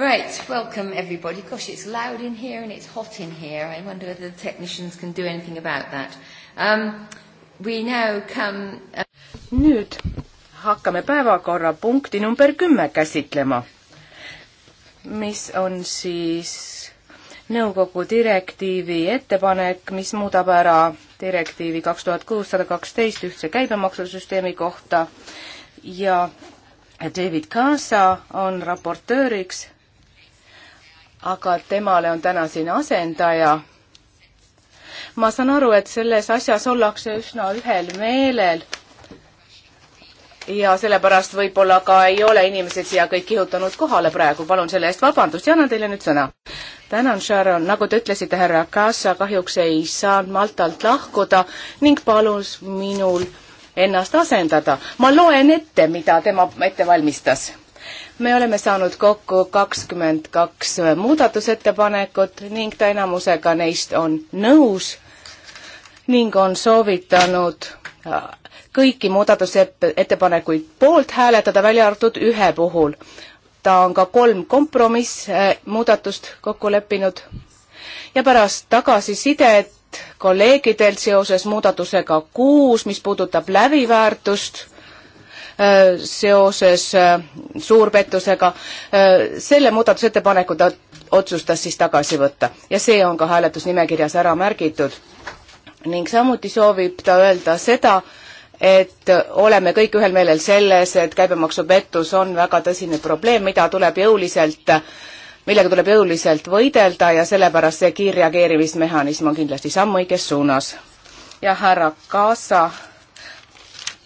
Right, welcome everybody. Gosh, it's loud in here and it's hot in here. I wonder whether the technicians can do anything about that. Um, we now come... Uh... Nüüd hakkame päevakorrapunkti number kümme käsitlema, mis on siis nõukogu direktiivi ettepanek, mis muudab ära direktiivi kaks tuhat kuussada kaksteist ühtse käibemaksusüsteemi kohta ja David Kaasa on raportööriks aga temale on täna siin asendaja. ma saan aru, et selles asjas ollakse üsna ühel meelel ja sellepärast võib-olla ka ei ole inimesed siia kõik kihutanud kohale praegu, palun selle eest vabandust ja annan teile nüüd sõna. tänan, Sharon, nagu te ütlesite, härra Kassa kahjuks ei saanud Maltalt lahkuda ning palus minul ennast asendada. ma loen ette, mida tema ette valmistas me oleme saanud kokku kakskümmend kaks muudatusettepanekut ning ta enamusega neist on nõus ning on soovitanud äh, kõiki muudatusettepanekuid poolt hääletada, välja arvatud ühe puhul. ta on ka kolm kompromissmuudatust äh, kokku leppinud ja pärast tagasisidet kolleegidelt seoses muudatusega kuus, mis puudutab läbiväärtust Äh, seoses äh, suurpettusega. Äh, selle muudatusettepaneku ta otsustas siis tagasi võtta ja see on ka hääletusnimekirjas ära märgitud. ning samuti soovib ta öelda seda, et oleme kõik ühel meelel selles, et käibemaksupettus on väga tõsine probleem, mida tuleb jõuliselt millega tuleb jõuliselt võidelda ja sellepärast see kiirreageerimismehhanism on kindlasti samm õiges suunas. ja härra Kaasa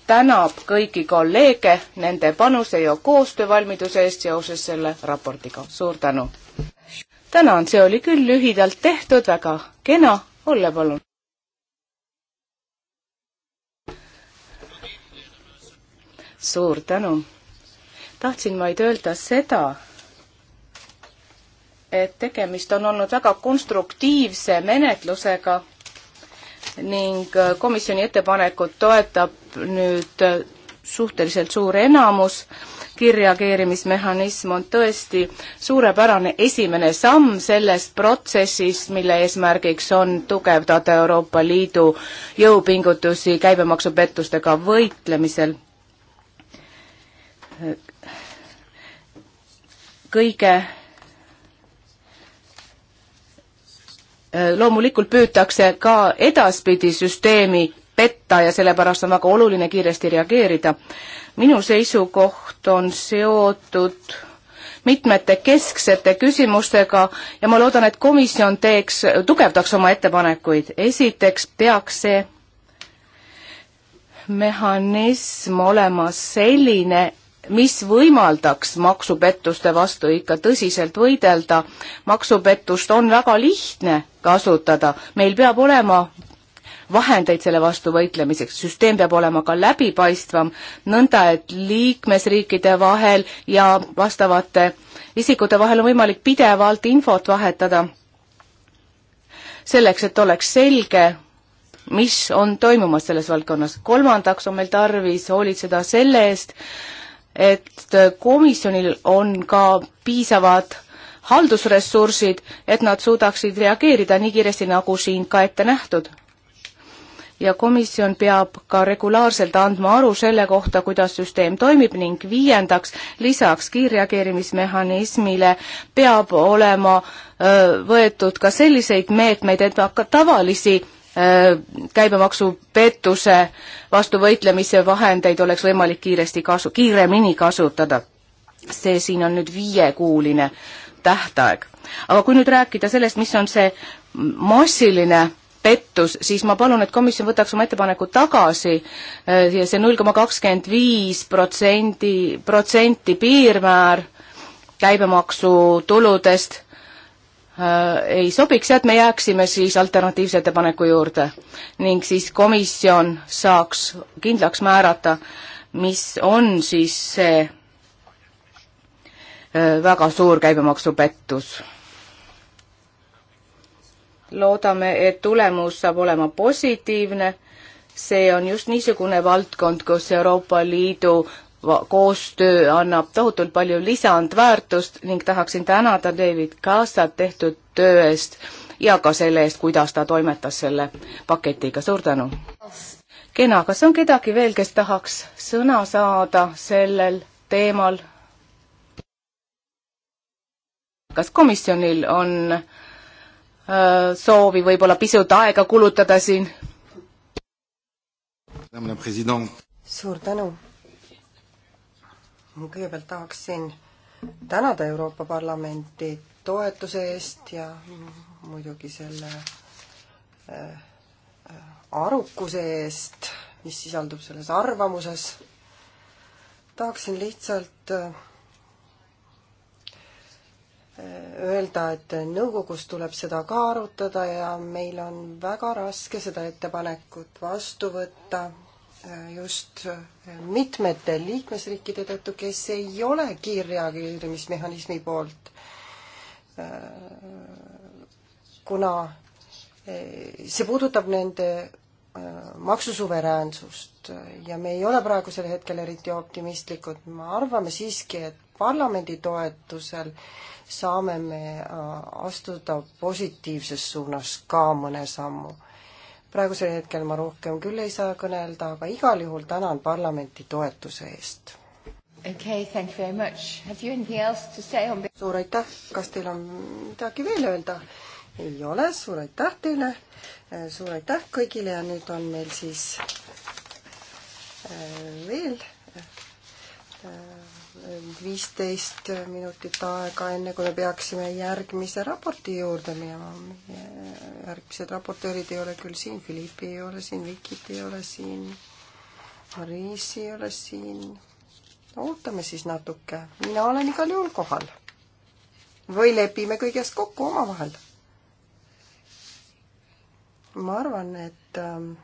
tänab kõiki kolleege nende panuse ja koostöövalmiduse eest seoses selle raportiga. suur tänu! tänan, see oli küll lühidalt tehtud, väga kena, Olle palun! suur tänu! tahtsin vaid öelda seda, et tegemist on olnud väga konstruktiivse menetlusega ning äh, komisjoni ettepanekut toetab nüüd äh, suhteliselt suur enamus, kiirreageerimismehhanism on tõesti suurepärane esimene samm selles protsessis, mille eesmärgiks on tugevdada Euroopa Liidu jõupingutusi käibemaksupettustega võitlemisel. kõige Äh, loomulikult püütakse ka edaspidi süsteemi petta ja sellepärast on väga oluline kiiresti reageerida. minu seisukoht on seotud mitmete kesksete küsimustega ja ma loodan, et komisjon teeks, tugevdaks oma ettepanekuid. esiteks peaks see mehhanism olema selline, mis võimaldaks maksupettuste vastu ikka tõsiselt võidelda. maksupettust on väga lihtne kasutada. meil peab olema vahendeid selle vastu võitlemiseks, süsteem peab olema ka läbipaistvam, nõnda et liikmesriikide vahel ja vastavate isikute vahel on võimalik pidevalt infot vahetada, selleks et oleks selge, mis on toimumas selles valdkonnas. kolmandaks on meil tarvis hoolitseda selle eest, et komisjonil on ka piisavad haldusressursid, et nad suudaksid reageerida nii kiiresti, nagu siin ka ette nähtud. ja komisjon peab ka regulaarselt andma aru selle kohta, kuidas süsteem toimib ning viiendaks, lisaks kiirreageerimismehhanismile peab olema öö, võetud ka selliseid meetmeid, et ka tavalisi käibemaksupettuse vastu võitlemise vahendeid oleks võimalik kiiresti kasu, kiiremini kasutada. see siin on nüüd viiekuuline äh, tähtaeg. aga kui nüüd rääkida sellest, mis on see massiline pettus, siis ma palun, et komisjon võtaks oma ettepaneku tagasi eh, ja see null koma kakskümmend viis protsendi, protsenti piirmäär käibemaksu tuludest eh, ei sobiks ja et me jääksime siis alternatiivse ettepaneku juurde ning siis komisjon saaks kindlaks määrata, mis on siis see Äh, väga suur käibemaksupettus. loodame, et tulemus saab olema positiivne. see on just niisugune valdkond, kus Euroopa Liidu koostöö annab tohutult palju lisandväärtust ning tahaksin tänada David Kassat tehtud töö eest ja ka selle eest, kuidas ta toimetas selle paketiga, suur tänu! kena, kas on kedagi veel, kes tahaks sõna saada sellel teemal? kas komisjonil on äh, soovi võib-olla pisut aega kulutada siin? suur tänu. kõigepealt tahaksin tänada Euroopa Parlamenti toetuse eest ja muidugi selle äh, arukuse eest, mis sisaldub selles arvamuses. tahaksin lihtsalt äh, öelda, et nõukogus tuleb seda ka arutada ja meil on väga raske seda ettepanekut vastu võtta äh, just äh, mitmete liikmesriikide tõttu, kes ei ole kiirreageerimismehhanismi poolt, äh, kuna see puudutab nende maksusuveräänsust ja me ei ole praegusel hetkel eriti optimistlikud, me arvame siiski, et parlamendi toetusel äh, saame me äh, astuda positiivses suunas ka mõne sammu. praegusel hetkel ma rohkem küll ei saa kõnelda, aga igal juhul tänan parlamenti toetuse eest. Okay, thank you very much. Have you anything else to say on suur aitäh, kas teil on midagi veel öelda? ei ole, suur aitäh teile, äh, suur aitäh kõigile ja nüüd on meil siis äh, veel viisteist minutit aega, enne kui me peaksime järgmise raporti juurde minema. järgmised raportöörid ei ole küll siin, Philippi ei ole siin, Vikit ei ole siin, Mariis ei ole siin. ootame siis natuke, mina olen igal juhul kohal. või lepime kõigest kokku omavahel. ma arvan, et äh,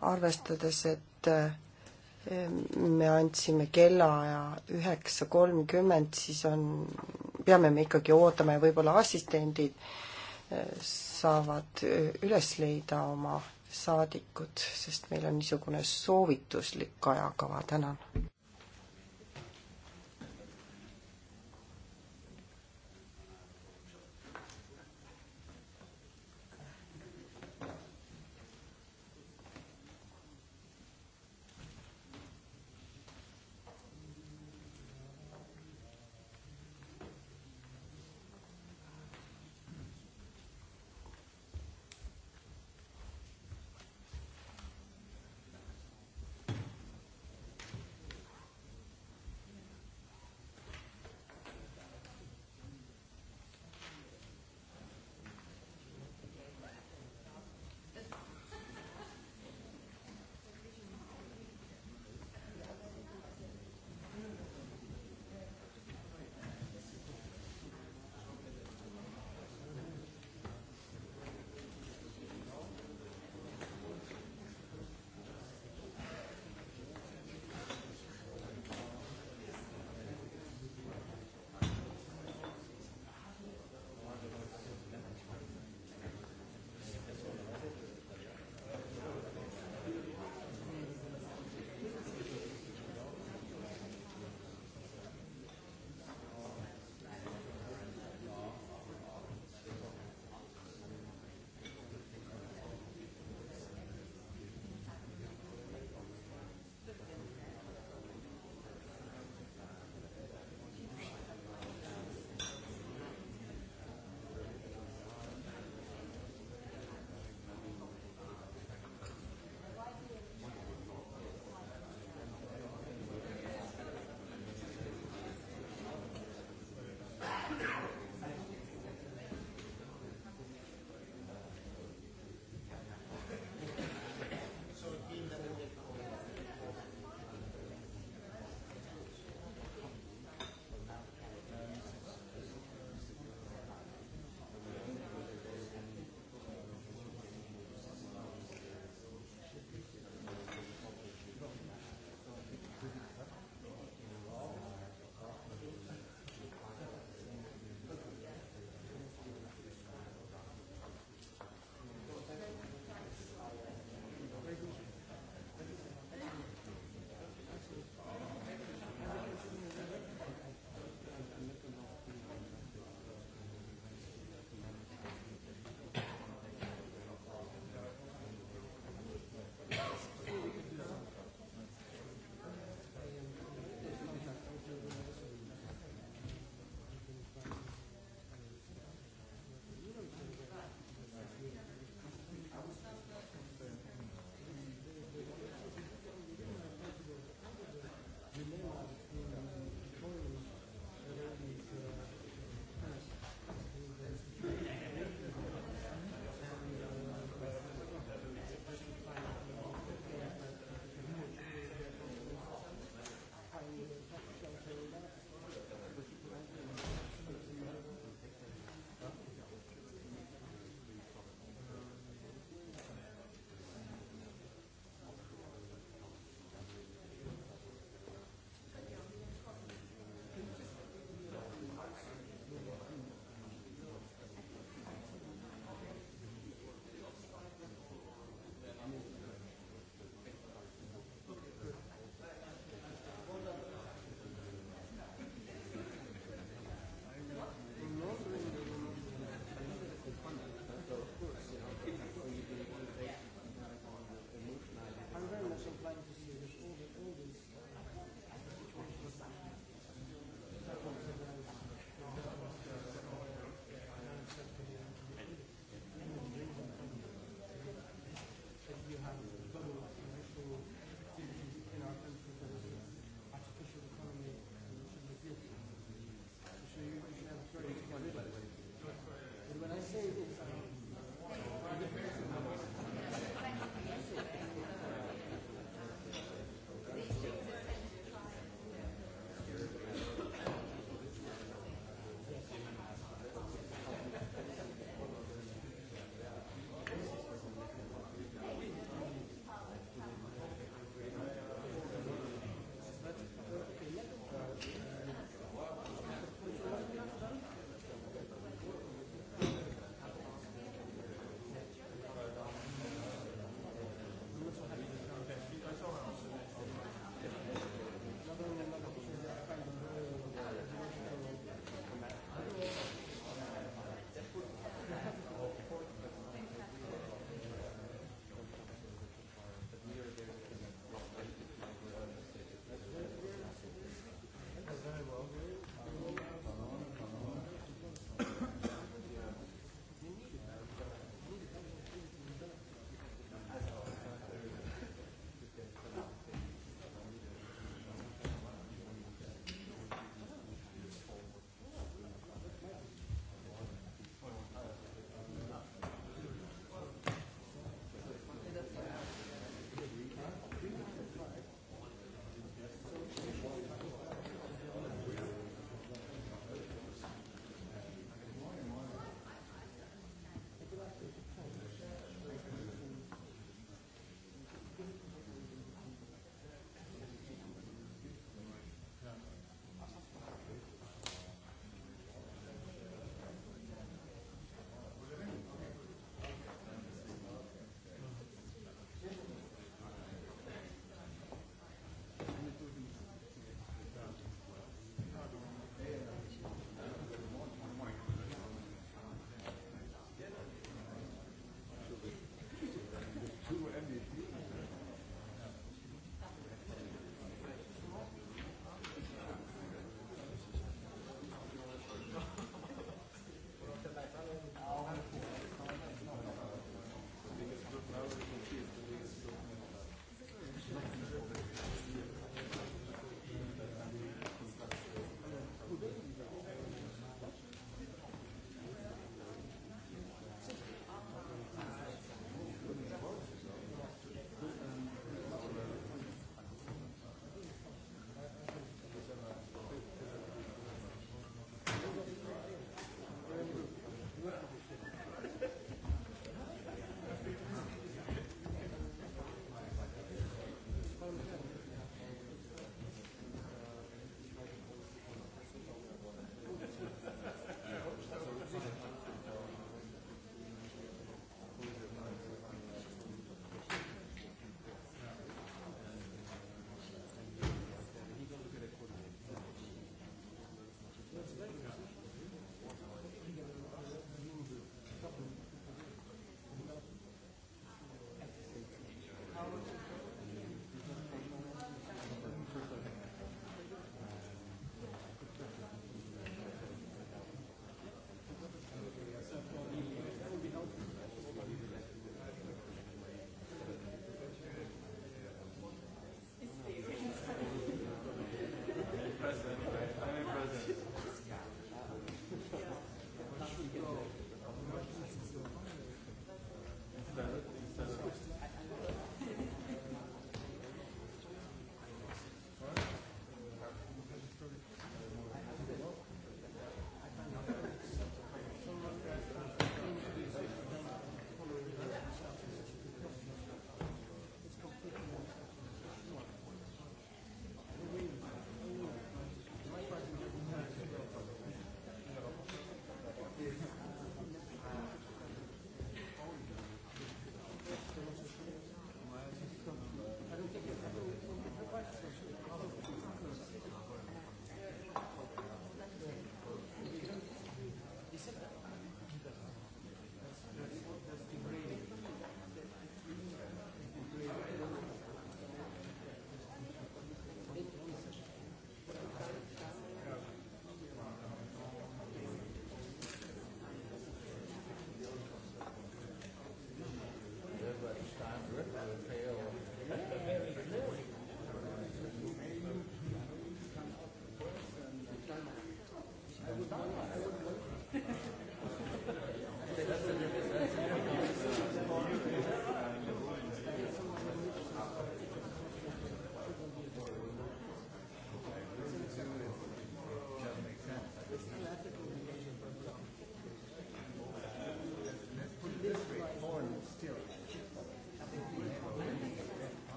arvestades, et äh, me andsime kellaaja üheksa kolmkümmend, siis on, peame me ikkagi ootama ja võib-olla assistendid eh, saavad eh, üles leida oma saadikud, sest meil on niisugune soovituslik ajakava, tänan.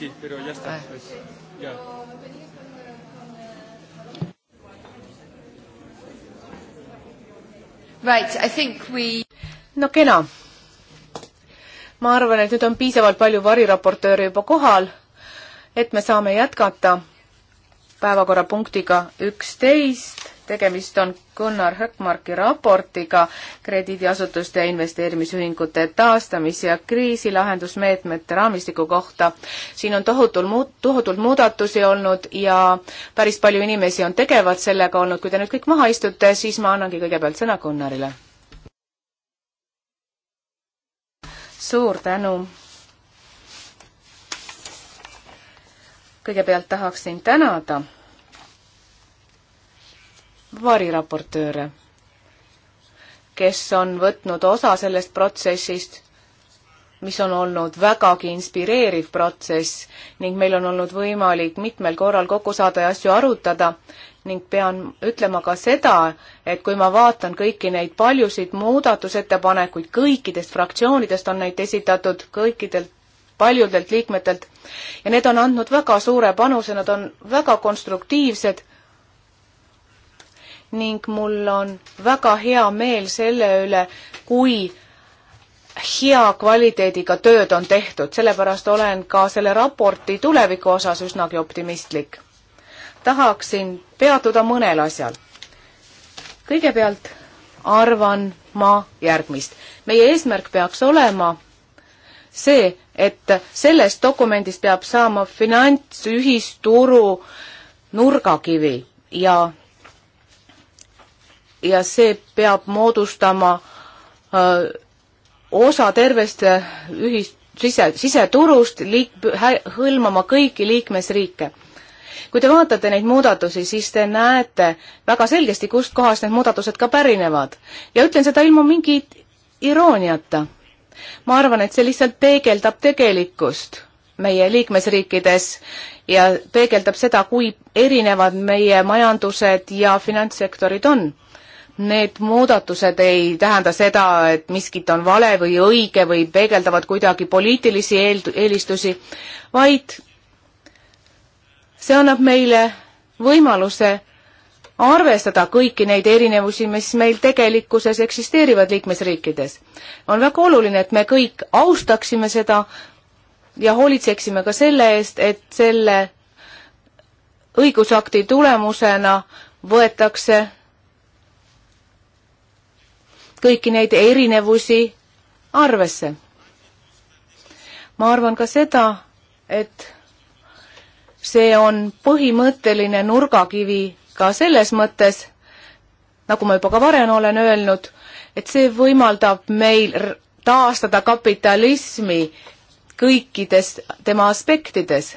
Sí, pero ya está. Ah. Pues, ya. Right, I think we... no kena. ma arvan, et nüüd on piisavalt palju variraportööre juba kohal, et me saame jätkata päevakorrapunktiga üksteist tegemist on Gunnar Höckmarki raportiga krediidiasutuste ja investeerimisühingute taastamis- ja kriisilahendusmeetmete raamistiku kohta. siin on tohutul muud, tohutult muudatusi olnud ja päris palju inimesi on tegevad sellega olnud. kui te nüüd kõik maha istute, siis ma annangi kõigepealt sõna Gunnarile. suur tänu kõigepealt tahaksin tänada variraportööre, kes on võtnud osa sellest protsessist, mis on olnud vägagi inspireeriv protsess ning meil on olnud võimalik mitmel korral kokku saada ja asju arutada ning pean ütlema ka seda, et kui ma vaatan kõiki neid paljusid muudatusettepanekuid, kõikidest fraktsioonidest on neid esitatud, kõikidelt paljudelt liikmetelt ja need on andnud väga suure panuse, nad on väga konstruktiivsed ning mul on väga hea meel selle üle, kui hea kvaliteediga tööd on tehtud, sellepärast olen ka selle raporti tuleviku osas üsnagi optimistlik. tahaksin peatuda mõnel asjal. kõigepealt arvan ma järgmist. meie eesmärk peaks olema see, et sellest dokumendist peab saama finantsühisturu nurgakivi ja ja see peab moodustama öö, äh, osa tervest äh, ühist sise, siseturust liik-, hõlmama kõiki liikmesriike. kui te vaatate neid muudatusi, siis te näete väga selgesti, kustkohast need muudatused ka pärinevad ja ütlen seda ilma mingi irooniata. ma arvan, et see lihtsalt peegeldab tegelikkust meie liikmesriikides ja peegeldab seda, kui erinevad meie majandused ja finantssektorid on Need muudatused ei tähenda seda, et miskit on vale või õige või peegeldavad kuidagi poliitilisi eeld-, eelistusi, vaid see annab meile võimaluse arvestada kõiki neid erinevusi, mis meil tegelikkuses eksisteerivad liikmesriikides. on väga oluline, et me kõik austaksime seda ja hoolitseksime ka selle eest, et selle õigusakti tulemusena võetakse kõiki neid erinevusi arvesse. ma arvan ka seda, et see on põhimõtteline nurgakivi ka selles mõttes, nagu ma juba ka varem olen öelnud, et see võimaldab meil taastada kapitalismi kõikides tema aspektides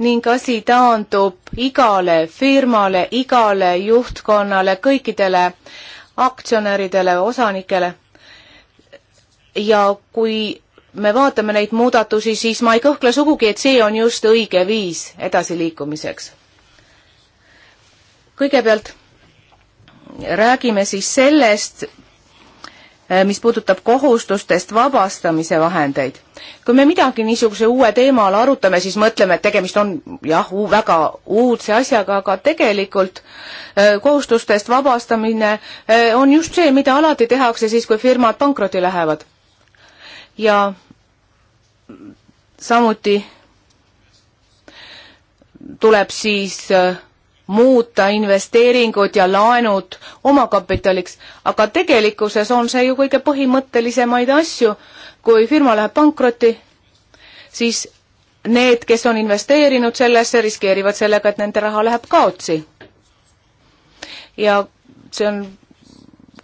ning asi taandub igale firmale, igale juhtkonnale, kõikidele aktsionäridele, osanikele. ja kui me vaatame neid muudatusi, siis ma ei kõhkle sugugi, et see on just õige viis edasiliikumiseks. kõigepealt räägime siis sellest, Äh, mis puudutab kohustustest vabastamise vahendeid. kui me midagi niisuguse uue teema all arutame, siis mõtleme, et tegemist on jah, väga uudse asjaga, aga tegelikult äh, kohustustest vabastamine äh, on just see, mida alati tehakse siis, kui firmad pankrotti lähevad. ja samuti tuleb siis äh, muuta investeeringud ja laenud omakapitaliks, aga tegelikkuses on see ju kõige põhimõttelisemaid asju, kui firma läheb pankrotti, siis need, kes on investeerinud sellesse, riskeerivad sellega, et nende raha läheb kaotsi. ja see on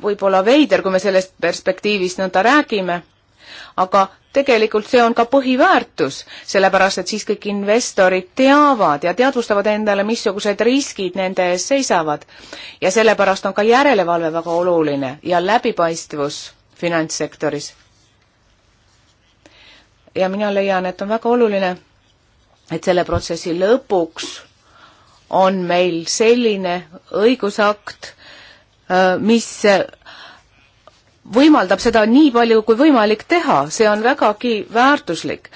võib-olla veider, kui me sellest perspektiivist nõnda räägime aga tegelikult see on ka põhiväärtus, sellepärast et siis kõik investorid teavad ja teadvustavad endale, missugused riskid nende ees seisavad. ja sellepärast on ka järelevalve väga oluline ja läbipaistvus finantssektoris. ja mina leian, et on väga oluline, et selle protsessi lõpuks on meil selline õigusakt, mis võimaldab seda nii palju kui võimalik teha, see on vägagi väärtuslik.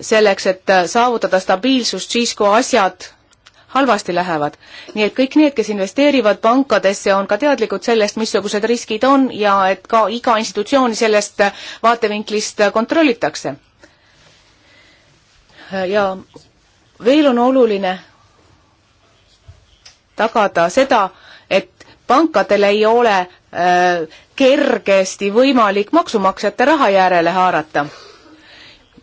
selleks, et äh, saavutada stabiilsust siis, kui asjad halvasti lähevad. nii et kõik need, kes investeerivad pankadesse, on ka teadlikud sellest, missugused riskid on ja et ka iga institutsiooni sellest äh, vaatevinklist äh, kontrollitakse. ja veel on oluline tagada seda, et pankadel ei ole äh, kergesti võimalik maksumaksjate raha järele haarata.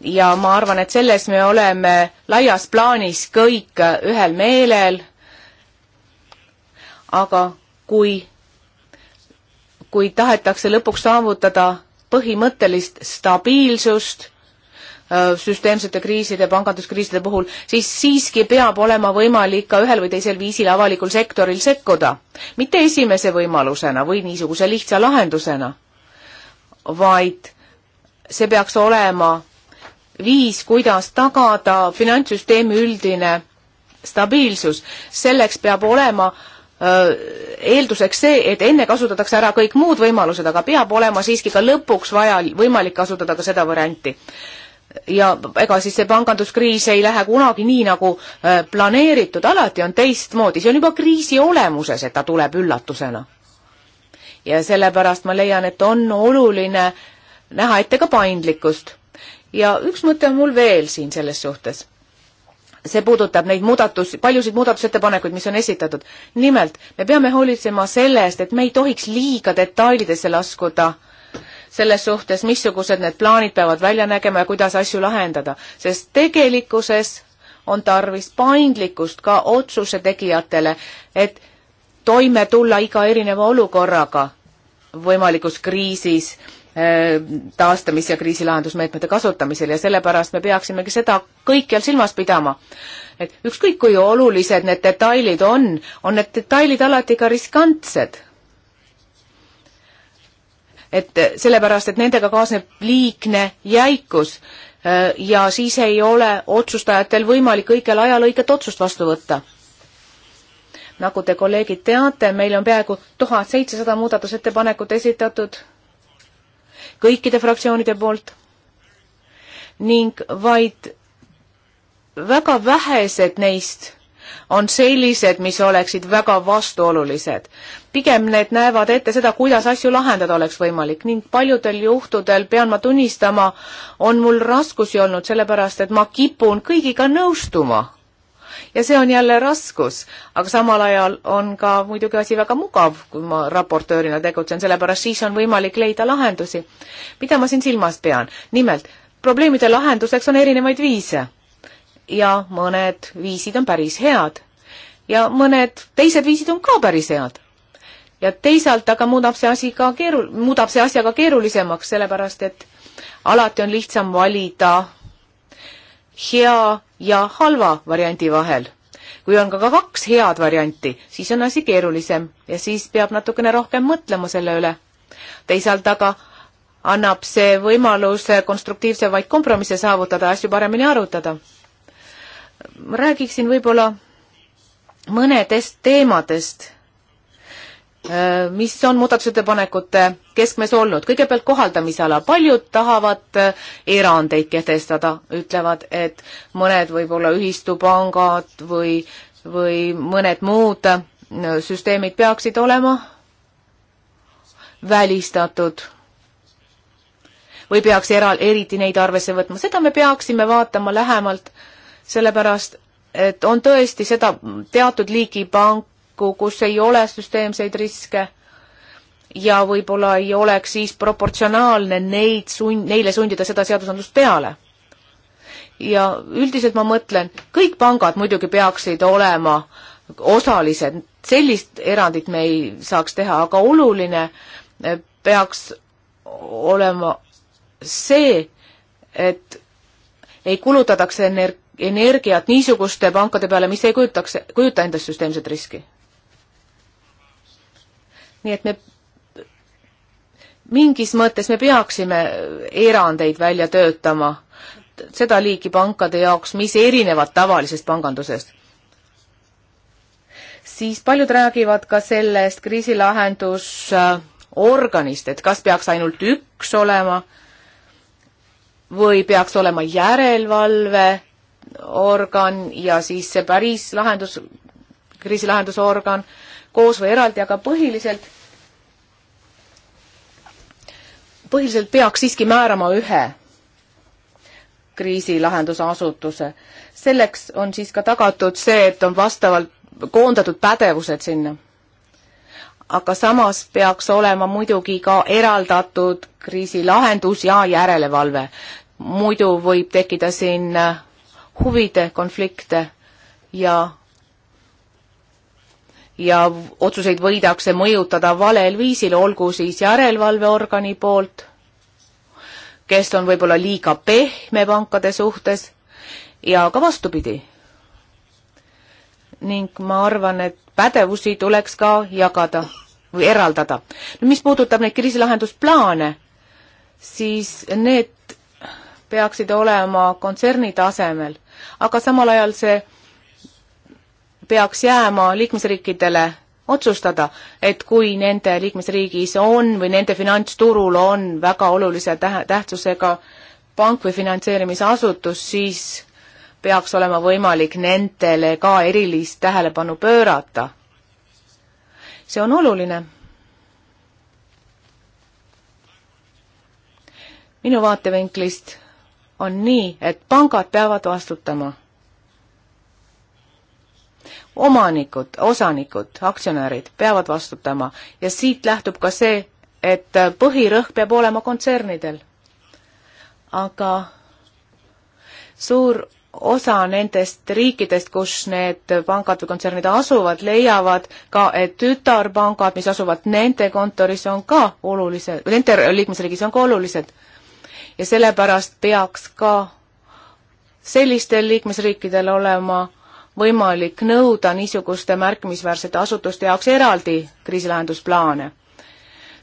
ja ma arvan, et selles me oleme laias plaanis kõik ühel meelel, aga kui, kui tahetakse lõpuks saavutada põhimõttelist stabiilsust Äh, süsteemsete kriiside, panganduskriiside puhul, siis siiski peab olema võimalik ka ühel või teisel viisil avalikul sektoril sekkuda. mitte esimese võimalusena või niisuguse lihtsa lahendusena, vaid see peaks olema viis, kuidas tagada finantssüsteemi üldine stabiilsus. selleks peab olema äh, eelduseks see, et enne kasutatakse ära kõik muud võimalused, aga peab olema siiski ka lõpuks vaja, võimalik kasutada ka seda varianti ja ega siis see panganduskriis ei lähe kunagi nii, nagu äh, planeeritud, alati on teistmoodi, see on juba kriisi olemuses, et ta tuleb üllatusena. ja sellepärast ma leian, et on oluline näha ette ka paindlikkust. ja üks mõte on mul veel siin selles suhtes. see puudutab neid muudatus, paljusid muudatusettepanekuid, mis on esitatud. nimelt, me peame hoolitsema selle eest, et me ei tohiks liiga detailidesse laskuda äh, selles suhtes, missugused need plaanid peavad välja nägema ja kuidas asju lahendada, sest tegelikkuses on tarvis paindlikkust ka otsuse tegijatele, et toime tulla iga erineva olukorraga võimalikus kriisis äh, taastamis- ja kriisilahendusmeetmete kasutamisel ja sellepärast me peaksimegi seda kõikjal silmas pidama. et ükskõik, kui olulised need detailid on, on need detailid alati ka riskantsed et sellepärast, et nendega kaasneb liigne jäikus äh, ja siis ei ole otsustajatel võimalik õigel ajal õiget otsust vastu võtta. nagu te, kolleegid, teate, meil on peaaegu tuhat seitsesada muudatusettepanekut esitatud kõikide fraktsioonide poolt ning vaid väga vähesed neist on sellised, mis oleksid väga vastuolulised. pigem need näevad ette seda, kuidas asju lahendada oleks võimalik ning paljudel juhtudel, pean ma tunnistama, on mul raskusi olnud, sellepärast et ma kipun kõigiga nõustuma. ja see on jälle raskus, aga samal ajal on ka muidugi asi väga mugav, kui ma raportöörina tegutsen, sellepärast siis on võimalik leida lahendusi. mida ma siin silmas pean? nimelt, probleemide lahenduseks on erinevaid viise ja mõned viisid on päris head. ja mõned teised viisid on ka päris head. ja teisalt aga muudab see asi ka keeru-, muudab see asja ka keerulisemaks, sellepärast et alati on lihtsam valida hea ja halva variandi vahel. kui on ka kaks head varianti, siis on asi keerulisem ja siis peab natukene rohkem mõtlema selle üle. teisalt aga annab see võimaluse konstruktiivsemaid kompromisse saavutada, asju paremini arutada räägiksin võib-olla mõnedest teemadest, äh, mis on muudatusettepanekute keskmes olnud. kõigepealt kohaldamisala, paljud tahavad äh, erandeid kehtestada, ütlevad, et mõned võib-olla ühistupangad või, või mõned muud äh, süsteemid peaksid olema välistatud või peaks era-, eriti neid arvesse võtma, seda me peaksime vaatama lähemalt äh, sellepärast et on tõesti seda teatud liigi panku, kus ei ole süsteemseid riske ja võib-olla ei oleks siis proportsionaalne neid sund, neile sundida seda seadusandlust peale. ja üldiselt ma mõtlen, kõik pangad muidugi peaksid olema osalised, sellist erandit me ei saaks teha, aga oluline eh, peaks olema see, et ei kulutataks ener-, energiat niisuguste pankade peale, mis ei kujutaks, kujuta endast süsteemset riski. nii et me mingis mõttes me peaksime erandeid välja töötama seda liiki pankade jaoks, mis erinevad tavalisest pangandusest. siis paljud räägivad ka sellest kriisilahendusorganist, et kas peaks ainult üks olema või peaks olema järelevalve organ ja siis see päris lahendus, kriisilahendusorgan koos või eraldi, aga põhiliselt, põhiliselt peaks siiski määrama ühe kriisilahendusasutuse. selleks on siis ka tagatud see, et on vastavalt koondatud pädevused sinna. aga samas peaks olema muidugi ka eraldatud kriisilahendus ja järelevalve. muidu võib tekkida siin huvide konflikte ja, ja otsuseid võidakse mõjutada valel viisil, olgu siis järelevalveorgani poolt, kes on võib-olla liiga pehme pankade suhtes ja ka vastupidi. ning ma arvan, et pädevusi tuleks ka jagada või eraldada. mis puudutab neid kriisilahendusplaane, siis need peaksid olema kontserni tasemel aga samal ajal see peaks jääma liikmesriikidele otsustada, et kui nende liikmesriigis on või nende finantsturul on väga olulise tähe, tähtsusega pank või finantseerimisasutus, siis peaks olema võimalik nendele ka erilist tähelepanu pöörata. see on oluline. minu vaatevinklist on nii, et pangad peavad vastutama. omanikud, osanikud, aktsionärid peavad vastutama ja siit lähtub ka see, et põhirõhk peab olema kontsernidel. aga suur osa nendest riikidest, kus need pangad või kontsernid asuvad, leiavad ka, et tütarpangad, mis asuvad nende kontoris, on ka olulised, nende liikmesriigis on ka olulised ja sellepärast peaks ka sellistel liikmesriikidel olema võimalik nõuda niisuguste märkimisväärsete asutuste jaoks eraldi kriisilahendusplaane.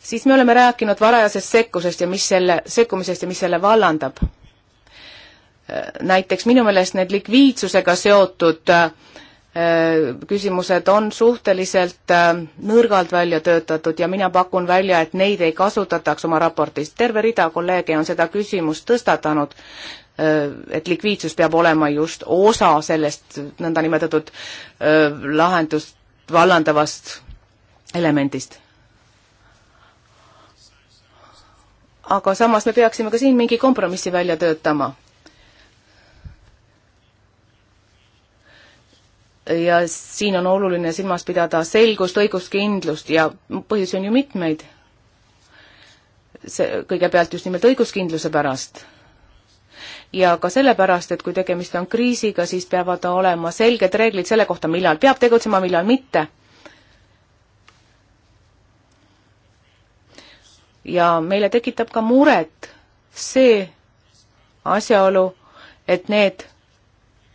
siis me oleme rääkinud varajasest sekkusest ja mis selle, sekkumisest ja mis selle vallandab. näiteks minu meelest need likviidsusega seotud äh, Äh, küsimused on suhteliselt äh, nõrgalt välja töötatud ja mina pakun välja, et neid ei kasutataks oma raportis. terve rida kolleege on seda küsimust tõstatanud, äh, et likviidsus peab olema just osa sellest nõndanimetatud lahendust vallandavast elemendist. aga samas me peaksime ka siin mingi kompromissi välja töötama ja siin on oluline silmas pidada selgust, õiguskindlust ja põhjusi on ju mitmeid. see, kõigepealt just nimelt õiguskindluse pärast. ja ka sellepärast, et kui tegemist on kriisiga, siis peavad olema selged reeglid selle kohta, millal peab tegutsema, millal mitte. ja meile tekitab ka muret see asjaolu, et need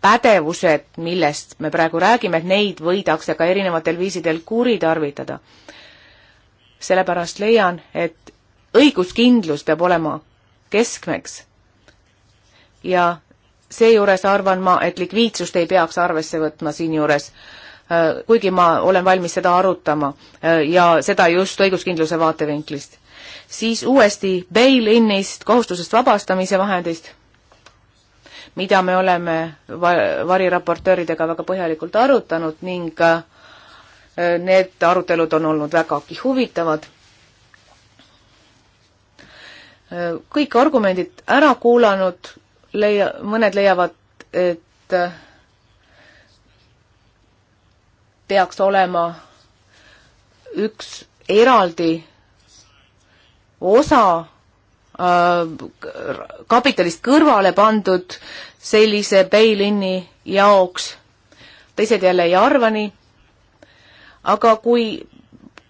pädevused, millest me praegu räägime, et neid võidakse ka erinevatel viisidel kuritarvitada. sellepärast leian, et õiguskindlus peab olema keskmeks. ja seejuures arvan ma, et likviidsust ei peaks arvesse võtma siinjuures, kuigi ma olen valmis seda arutama ja seda just õiguskindluse vaatevinklist. siis uuesti bail-in'ist, kohustusest vabastamise vahendist mida me oleme variraportööridega väga põhjalikult arutanud ning äh, need arutelud on olnud vägagi huvitavad. Äh, kõik argumendid ära kuulanud, leia-, mõned leiavad, et äh, peaks olema üks eraldi osa Äh, kapitalist kõrvale pandud sellise bail-in'i jaoks, teised jälle ei arva nii, aga kui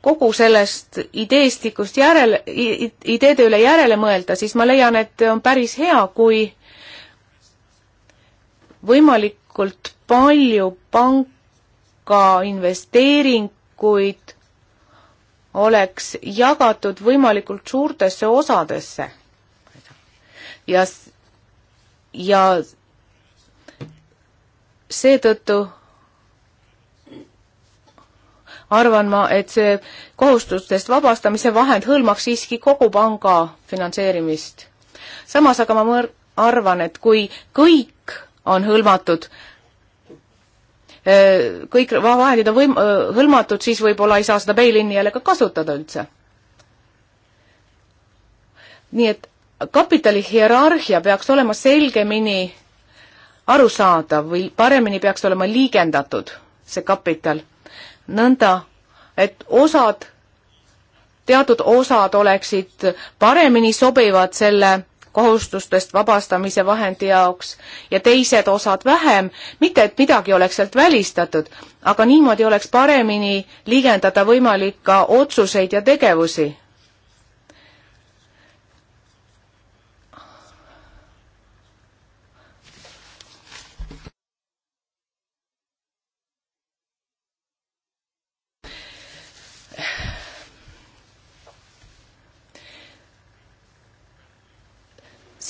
kogu sellest ideestikust järele, ideede üle järele mõelda, siis ma leian, et on päris hea, kui võimalikult palju panga investeeringuid oleks jagatud võimalikult suurtesse osadesse. ja, ja seetõttu arvan ma, et see kohustustest vabastamise vahend hõlmaks siiski kogu panga finantseerimist. samas aga ma mõr-, arvan, et kui kõik on hõlmatud, Äh, kõik vahendid on võim-, äh, hõlmatud, siis võib-olla ei saa seda bail-in'i jälle ka kasutada üldse. nii et kapitali hierarhia peaks olema selgemini arusaadav või paremini peaks olema liigendatud, see kapital, nõnda, et osad, teatud osad oleksid paremini sobivad selle kohustustest vabastamise vahendi jaoks ja teised osad vähem, mitte et midagi oleks sealt välistatud, aga niimoodi oleks paremini liigendada võimalik ka otsuseid ja tegevusi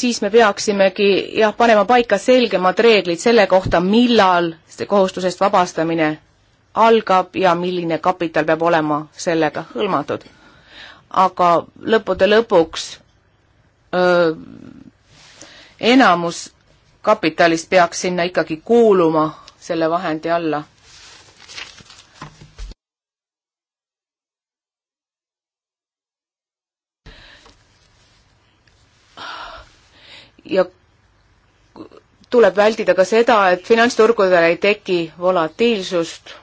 siis me peaksimegi jah, panema paika selgemad reeglid selle kohta, millal see kohustusest vabastamine algab ja milline kapital peab olema sellega hõlmatud. aga lõppude lõpuks öö, enamus kapitalist peaks sinna ikkagi kuuluma selle vahendi alla ja tuleb vältida ka seda, et finantsturgudel ei teki volatiilsust.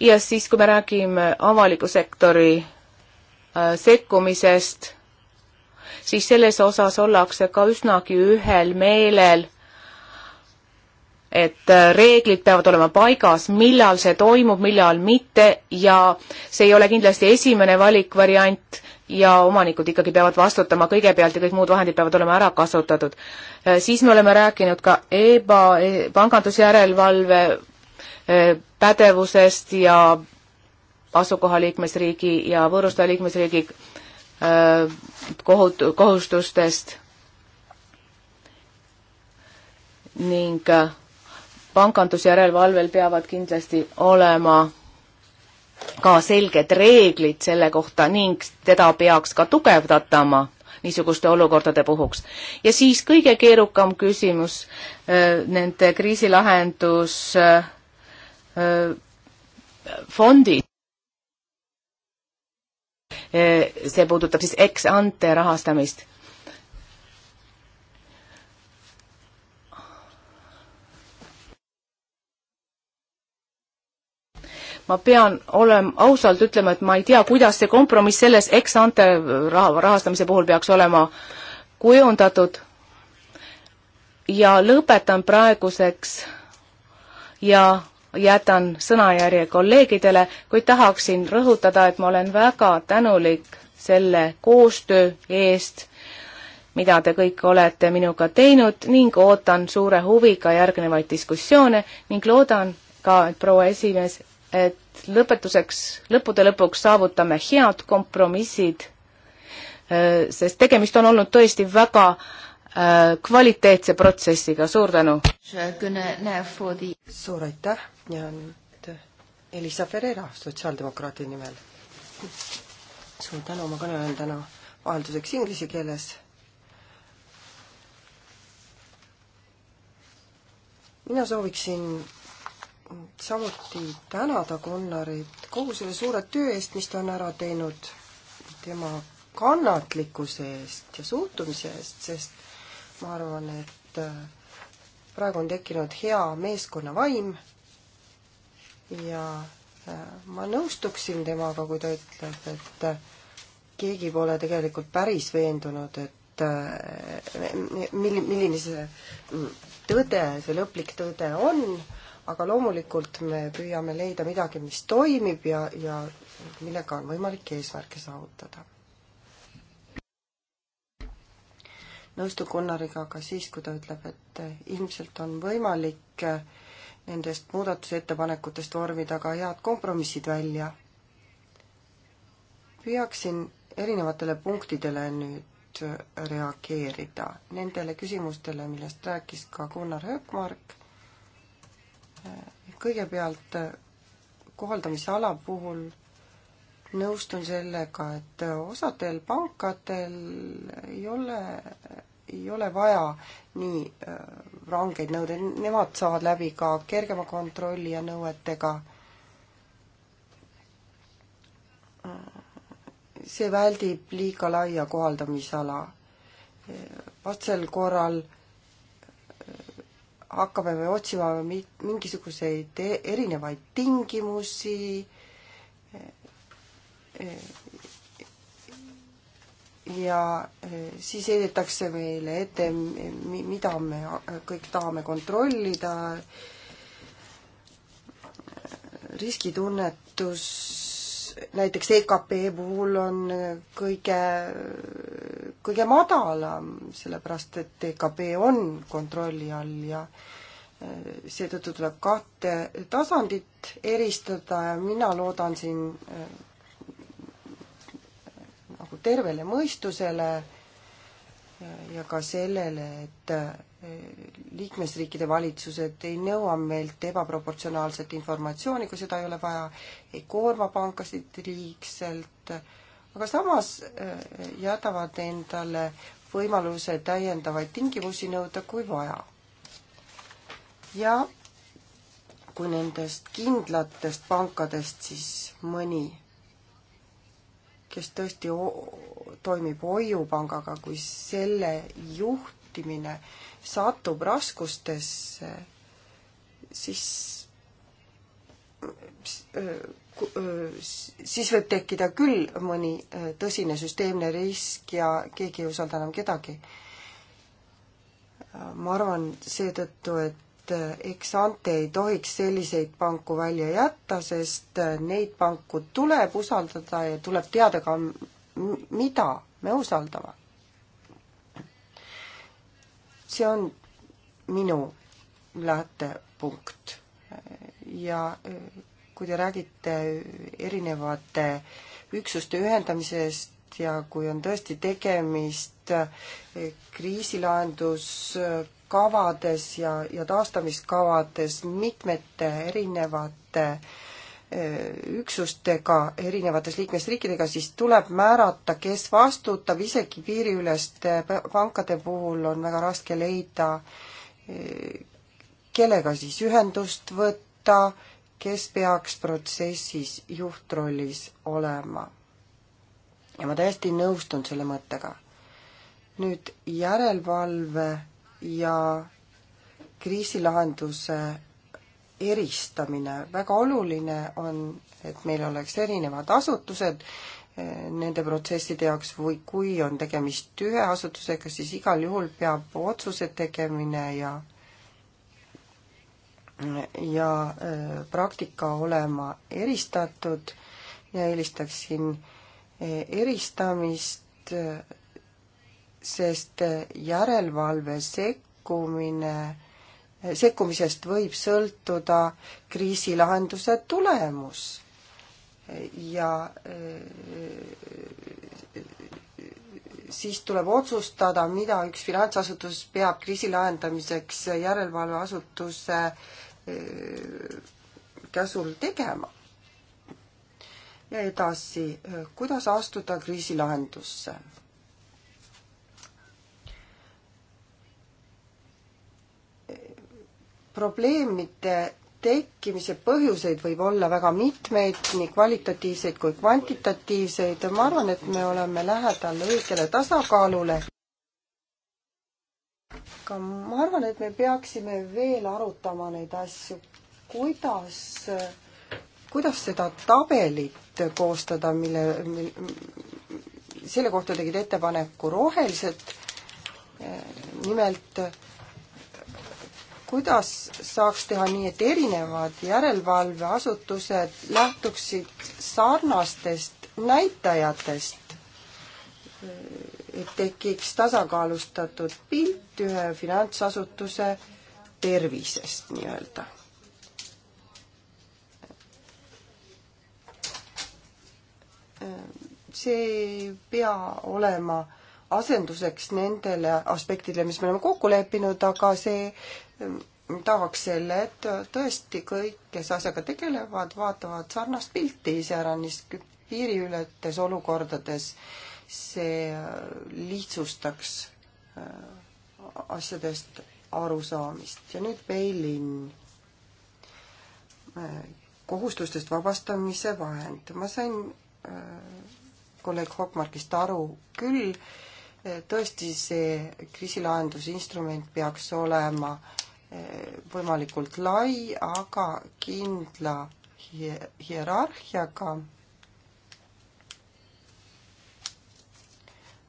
ja siis, kui me räägime avaliku sektori äh, sekkumisest, siis selles osas ollakse ka üsnagi ühel meelel, et äh, reeglid peavad olema paigas, millal see toimub, millal mitte ja see ei ole kindlasti esimene valikvariant ja omanikud ikkagi peavad vastutama kõigepealt ja kõik muud vahendid peavad olema ära kasutatud. Äh, siis me oleme rääkinud ka EBA, e, pangandusjärelevalve äh, pädevusest ja asukoha liikmesriigi ja võõrustaja liikmesriigi äh, kohut-, kohustustest ning pangandusjärelevalvel peavad kindlasti olema ka selged reeglid selle kohta ning teda peaks ka tugevdatama niisuguste olukordade puhuks. ja siis kõige keerukam küsimus äh, nende kriisilahendus äh, äh, fondid. see puudutab siis ex-ante rahastamist ma pean olema, ausalt ütlema, et ma ei tea, kuidas see kompromiss selles ex-ante raha, rahastamise puhul peaks olema kujundatud ja lõpetan praeguseks ja jätan sõnajärje kolleegidele, kuid tahaksin rõhutada, et ma olen väga tänulik selle koostöö eest, mida te kõik olete minuga teinud ning ootan suure huviga järgnevaid diskussioone ning loodan ka, et proua esimees, et lõpetuseks, lõppude lõpuks saavutame head kompromissid, äh, sest tegemist on olnud tõesti väga äh, kvaliteetse protsessiga, suur tänu! suur aitäh ja nüüd Elisa Ferreira sotsiaaldemokraadi nimel. suur tänu, ma kõnelen täna vahelduseks inglise keeles. mina sooviksin samuti tänada Konnarit kogu selle suure töö eest, mis ta on ära teinud, tema kannatlikkuse eest ja suhtumise eest, sest ma arvan, et äh, praegu on tekkinud hea meeskonna vaim ja äh, ma nõustuksin temaga, kui ta ütleb, et äh, keegi pole tegelikult päris veendunud, et milline see tõde, see lõplik tõde on aga loomulikult me püüame leida midagi, mis toimib ja, ja millega on võimalik eesmärke saavutada. nõustun Gunnariga ka siis, kui ta ütleb, et ilmselt on võimalik nendest muudatusettepanekutest vormida ka head kompromissid välja. püüaksin erinevatele punktidele nüüd reageerida, nendele küsimustele, millest rääkis ka Gunnar Höökmark kõigepealt äh, kohaldamisala puhul nõustun sellega, et äh, osadel pankadel ei ole, ei ole vaja nii äh, rangeid nõudeid, nemad saavad läbi ka kergema kontrolli ja nõuetega. see väldib liiga laia kohaldamisala. vastasel korral äh, hakkame me otsima mingisuguseid e-, erinevaid tingimusi e-, e-, ja siis heidetakse meile ette, mida me kõik tahame kontrollida, riskitunnetus näiteks EKP puhul on kõige, kõige madalam, sellepärast et EKP on kontrolli all ja eh, seetõttu tuleb kahte tasandit eristada ja mina loodan siin eh, nagu tervele mõistusele ja ka sellele, et liikmesriikide valitsused ei nõua meilt ebaproportsionaalset informatsiooni, kui seda ei ole vaja, ei koorma pankasid liigselt, aga samas äh, jätavad endale võimaluse täiendavaid tingimusi nõuda, kui vaja. ja kui nendest kindlatest pankadest siis mõni, kes tõesti toimib hoiupangaga, kui selle juhtimine äh, satub raskustesse, siis siis võib tekkida küll mõni äh, tõsine süsteemne risk ja keegi ei usalda enam kedagi. Äh, ma arvan seetõttu, et äh, eks ante ei tohiks selliseid panku välja jätta, sest neid panku tuleb usaldada ja tuleb teada ka, mida me usaldame see on minu lähtepunkt. ja eh, kui te räägite erinevate üksuste ühendamisest ja kui on tõesti tegemist eh, kriisilahenduskavades ja, ja taastamiskavades mitmete erinevate äh, üksustega erinevates liikmesriikidega, siis tuleb määrata, kes vastutab, isegi piiriüleste pankade puhul on väga raske leida, kellega siis ühendust võtta, kes peaks protsessis juhtrollis olema. ja ma täiesti nõustun selle mõttega. nüüd järelevalve ja kriisilahenduse eristamine. väga oluline on, et meil oleks erinevad asutused eh, nende protsesside jaoks või kui on tegemist ühe asutusega, siis igal juhul peab otsuse tegemine ja ja eh, praktika olema eristatud ja eelistaksin eh, eristamist, sest järelevalve sekkumine sekkumisest võib sõltuda kriisi lahenduse tulemus ja äh, siis tuleb otsustada, mida üks finantsasutus peab kriisi lahendamiseks järelevalveasutuse äh, käsul tegema. ja edasi, äh, kuidas astuda kriisi lahendusse? probleemide tekkimise põhjuseid võib olla väga mitmeid, nii kvalitatiivseid kui kvantitatiivseid. ma arvan, et me oleme lähedal õigele tasakaalule. aga ma arvan, et me peaksime veel arutama neid asju, kuidas, kuidas seda tabelit koostada, mille, mille, selle kohta tegid ettepaneku rohelised. nimelt kuidas saaks teha nii, et erinevad järelevalveasutused lähtuksid sarnastest näitajatest, et tekiks tasakaalustatud pilt ühe finantsasutuse tervisest nii-öelda see ei pea olema asenduseks nendele aspektidele, mis me oleme kokku leppinud, aga see mm, tahaks selle, et tõesti kõik, kes asjaga tegelevad, vaatavad sarnast pilti iseäranis piiriületes olukordades. see äh, lihtsustaks äh, asjadest arusaamist ja nüüd Beilin äh, kohustustest vabastamise vahend. ma sain kolleeg Hokmarkist aru küll äh, tõesti see kriisilahendusinstrument peaks olema eh, võimalikult lai, aga kindla hierarhiaga.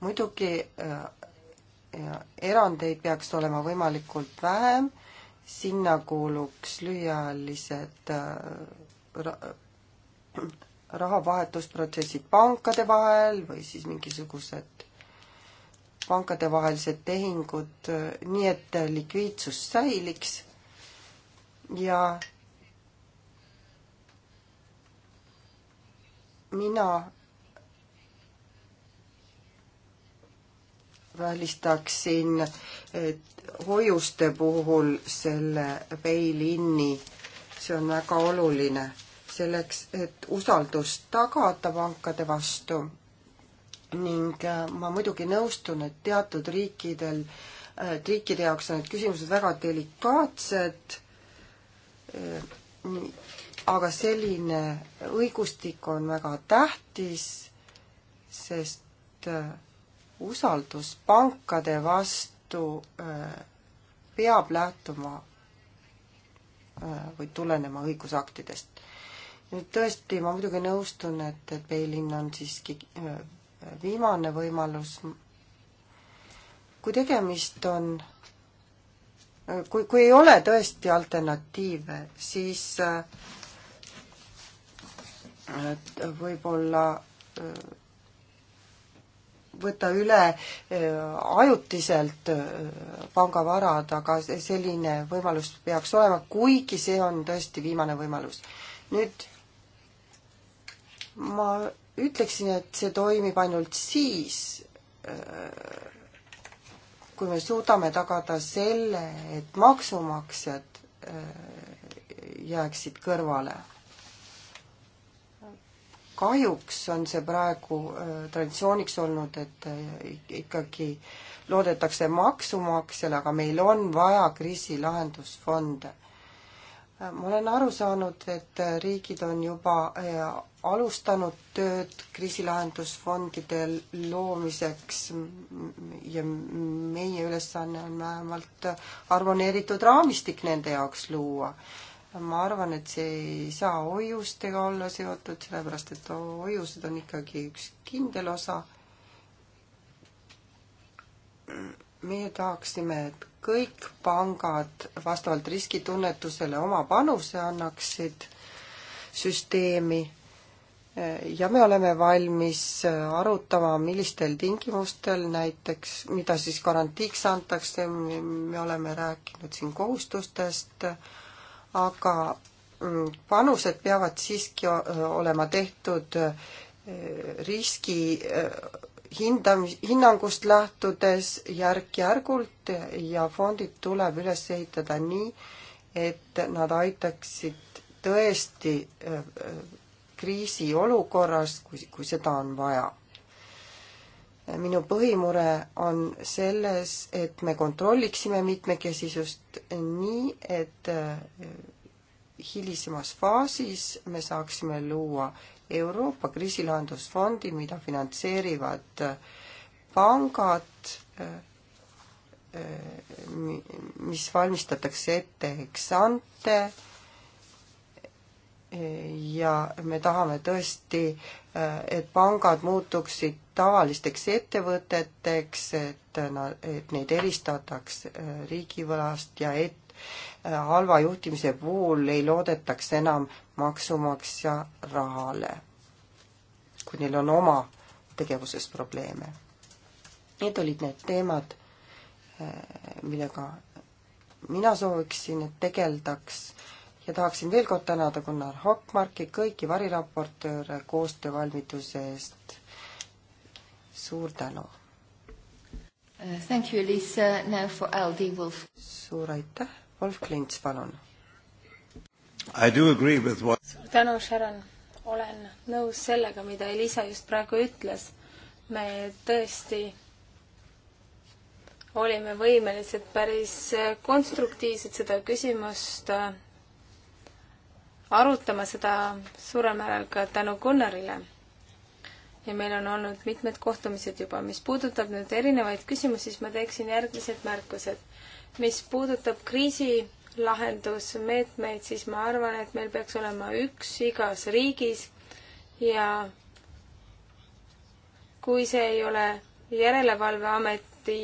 muidugi eh, erandeid peaks olema võimalikult vähem, sinna kuuluks lühiajalised eh, rahavahetusprotsessid pankade vahel või siis mingisugused pankadevahelised tehingud nii, et likviidsus säiliks ja mina välistaksin hoiuste puhul selle bail-in'i, see on väga oluline selleks, et usaldust tagada pankade vastu ning äh, ma muidugi nõustun, et teatud riikidel, äh, riikide jaoks on need küsimused väga delikaatsed, äh, aga selline õigustik on väga tähtis, sest usaldus pankade vastu peab lähtuma või tulenema õigusaktidest. nüüd tõesti, ma muidugi nõustun, et, et Beilin on siiski viimane võimalus. kui tegemist on, kui, kui ei ole tõesti alternatiive, siis võib-olla võtta üle äh, ajutiselt äh, pangavarad, aga selline võimalus peaks olema, kuigi see on tõesti viimane võimalus. nüüd ma ütleksin, et see toimib ainult siis, äh, kui me suudame tagada selle, et maksumaksjad äh, jääksid kõrvale. kahjuks on see praegu äh, traditsiooniks olnud, et ikkagi loodetakse maksumaksjale, aga meil on vaja kriisi lahendusfonde ma olen aru saanud, et riigid on juba alustanud tööd kriisilahendusfondide loomiseks ja meie ülesanne on vähemalt harmoneeritud raamistik nende jaoks luua. ma arvan, et see ei saa hoiustega olla seotud, sellepärast et hoiused on ikkagi üks kindel osa. meie tahaksime, et kõik pangad vastavalt riskitunnetusele oma panuse annaksid süsteemi ja me oleme valmis äh, arutama, millistel tingimustel näiteks, mida siis garantiiks antakse, me oleme rääkinud siin kohustustest, aga mm, panused peavad siiski äh, olema tehtud äh, riski hindam-, hinnangust lähtudes järk-järgult ja fondid tuleb üles ehitada nii, et nad aitaksid tõesti kriisiolukorras, kui, kui seda on vaja. minu põhimure on selles, et me kontrolliksime mitmekesisust nii, et eh, hilisemas faasis me saaksime luua Euroopa kriisilahendusfondi, mida finantseerivad eh, pangad, eh, mis valmistatakse ette eksante, ja me tahame tõesti, äh, et pangad muutuksid tavalisteks ettevõteteks, et nad, et neid eristataks äh, riigivõlast ja et äh, halva juhtimise puhul ei loodetaks enam maksumaksja rahale, kui neil on oma tegevuses probleeme. Need olid need teemad, millega mina sooviksin, et tegeldaks ja tahaksin veel kord tänada Gunnar Hokmarki, kõiki variraportööre koostöövalmiduse eest. suur tänu! Uh, thank you, Elisa. Now for Aldi Wolf. Suur aitäh. Wolf Klints, palun. I do agree with what... Suur tänu, Sharon. Olen nõus sellega, mida Elisa just praegu ütles. Me tõesti olime võimelised päris konstruktiivselt seda küsimust äh, arutama seda suurel määral ka tänu Gunnarile. ja meil on olnud mitmed kohtumised juba. mis puudutab nüüd erinevaid küsimusi, siis ma teeksin järgmised märkused. mis puudutab kriisi lahendusmeetmeid, siis ma arvan, et meil peaks olema üks igas riigis ja kui see ei ole Järelevalveameti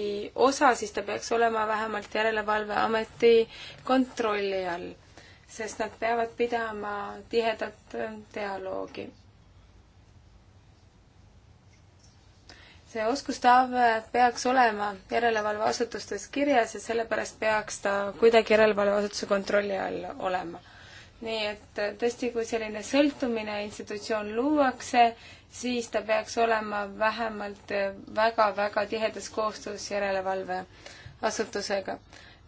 osa, siis ta peaks olema vähemalt Järelevalveameti kontrolli all sest nad peavad pidama tihedat äh, dialoogi. see oskustav äh, peaks olema järelevalveasutustes kirjas ja sellepärast peaks ta kuidagi järelevalveasutuse kontrolli all olema. nii et äh, tõesti, kui selline sõltumine institutsioon luuakse, siis ta peaks olema vähemalt väga-väga tihedas koostöös järelevalveasutusega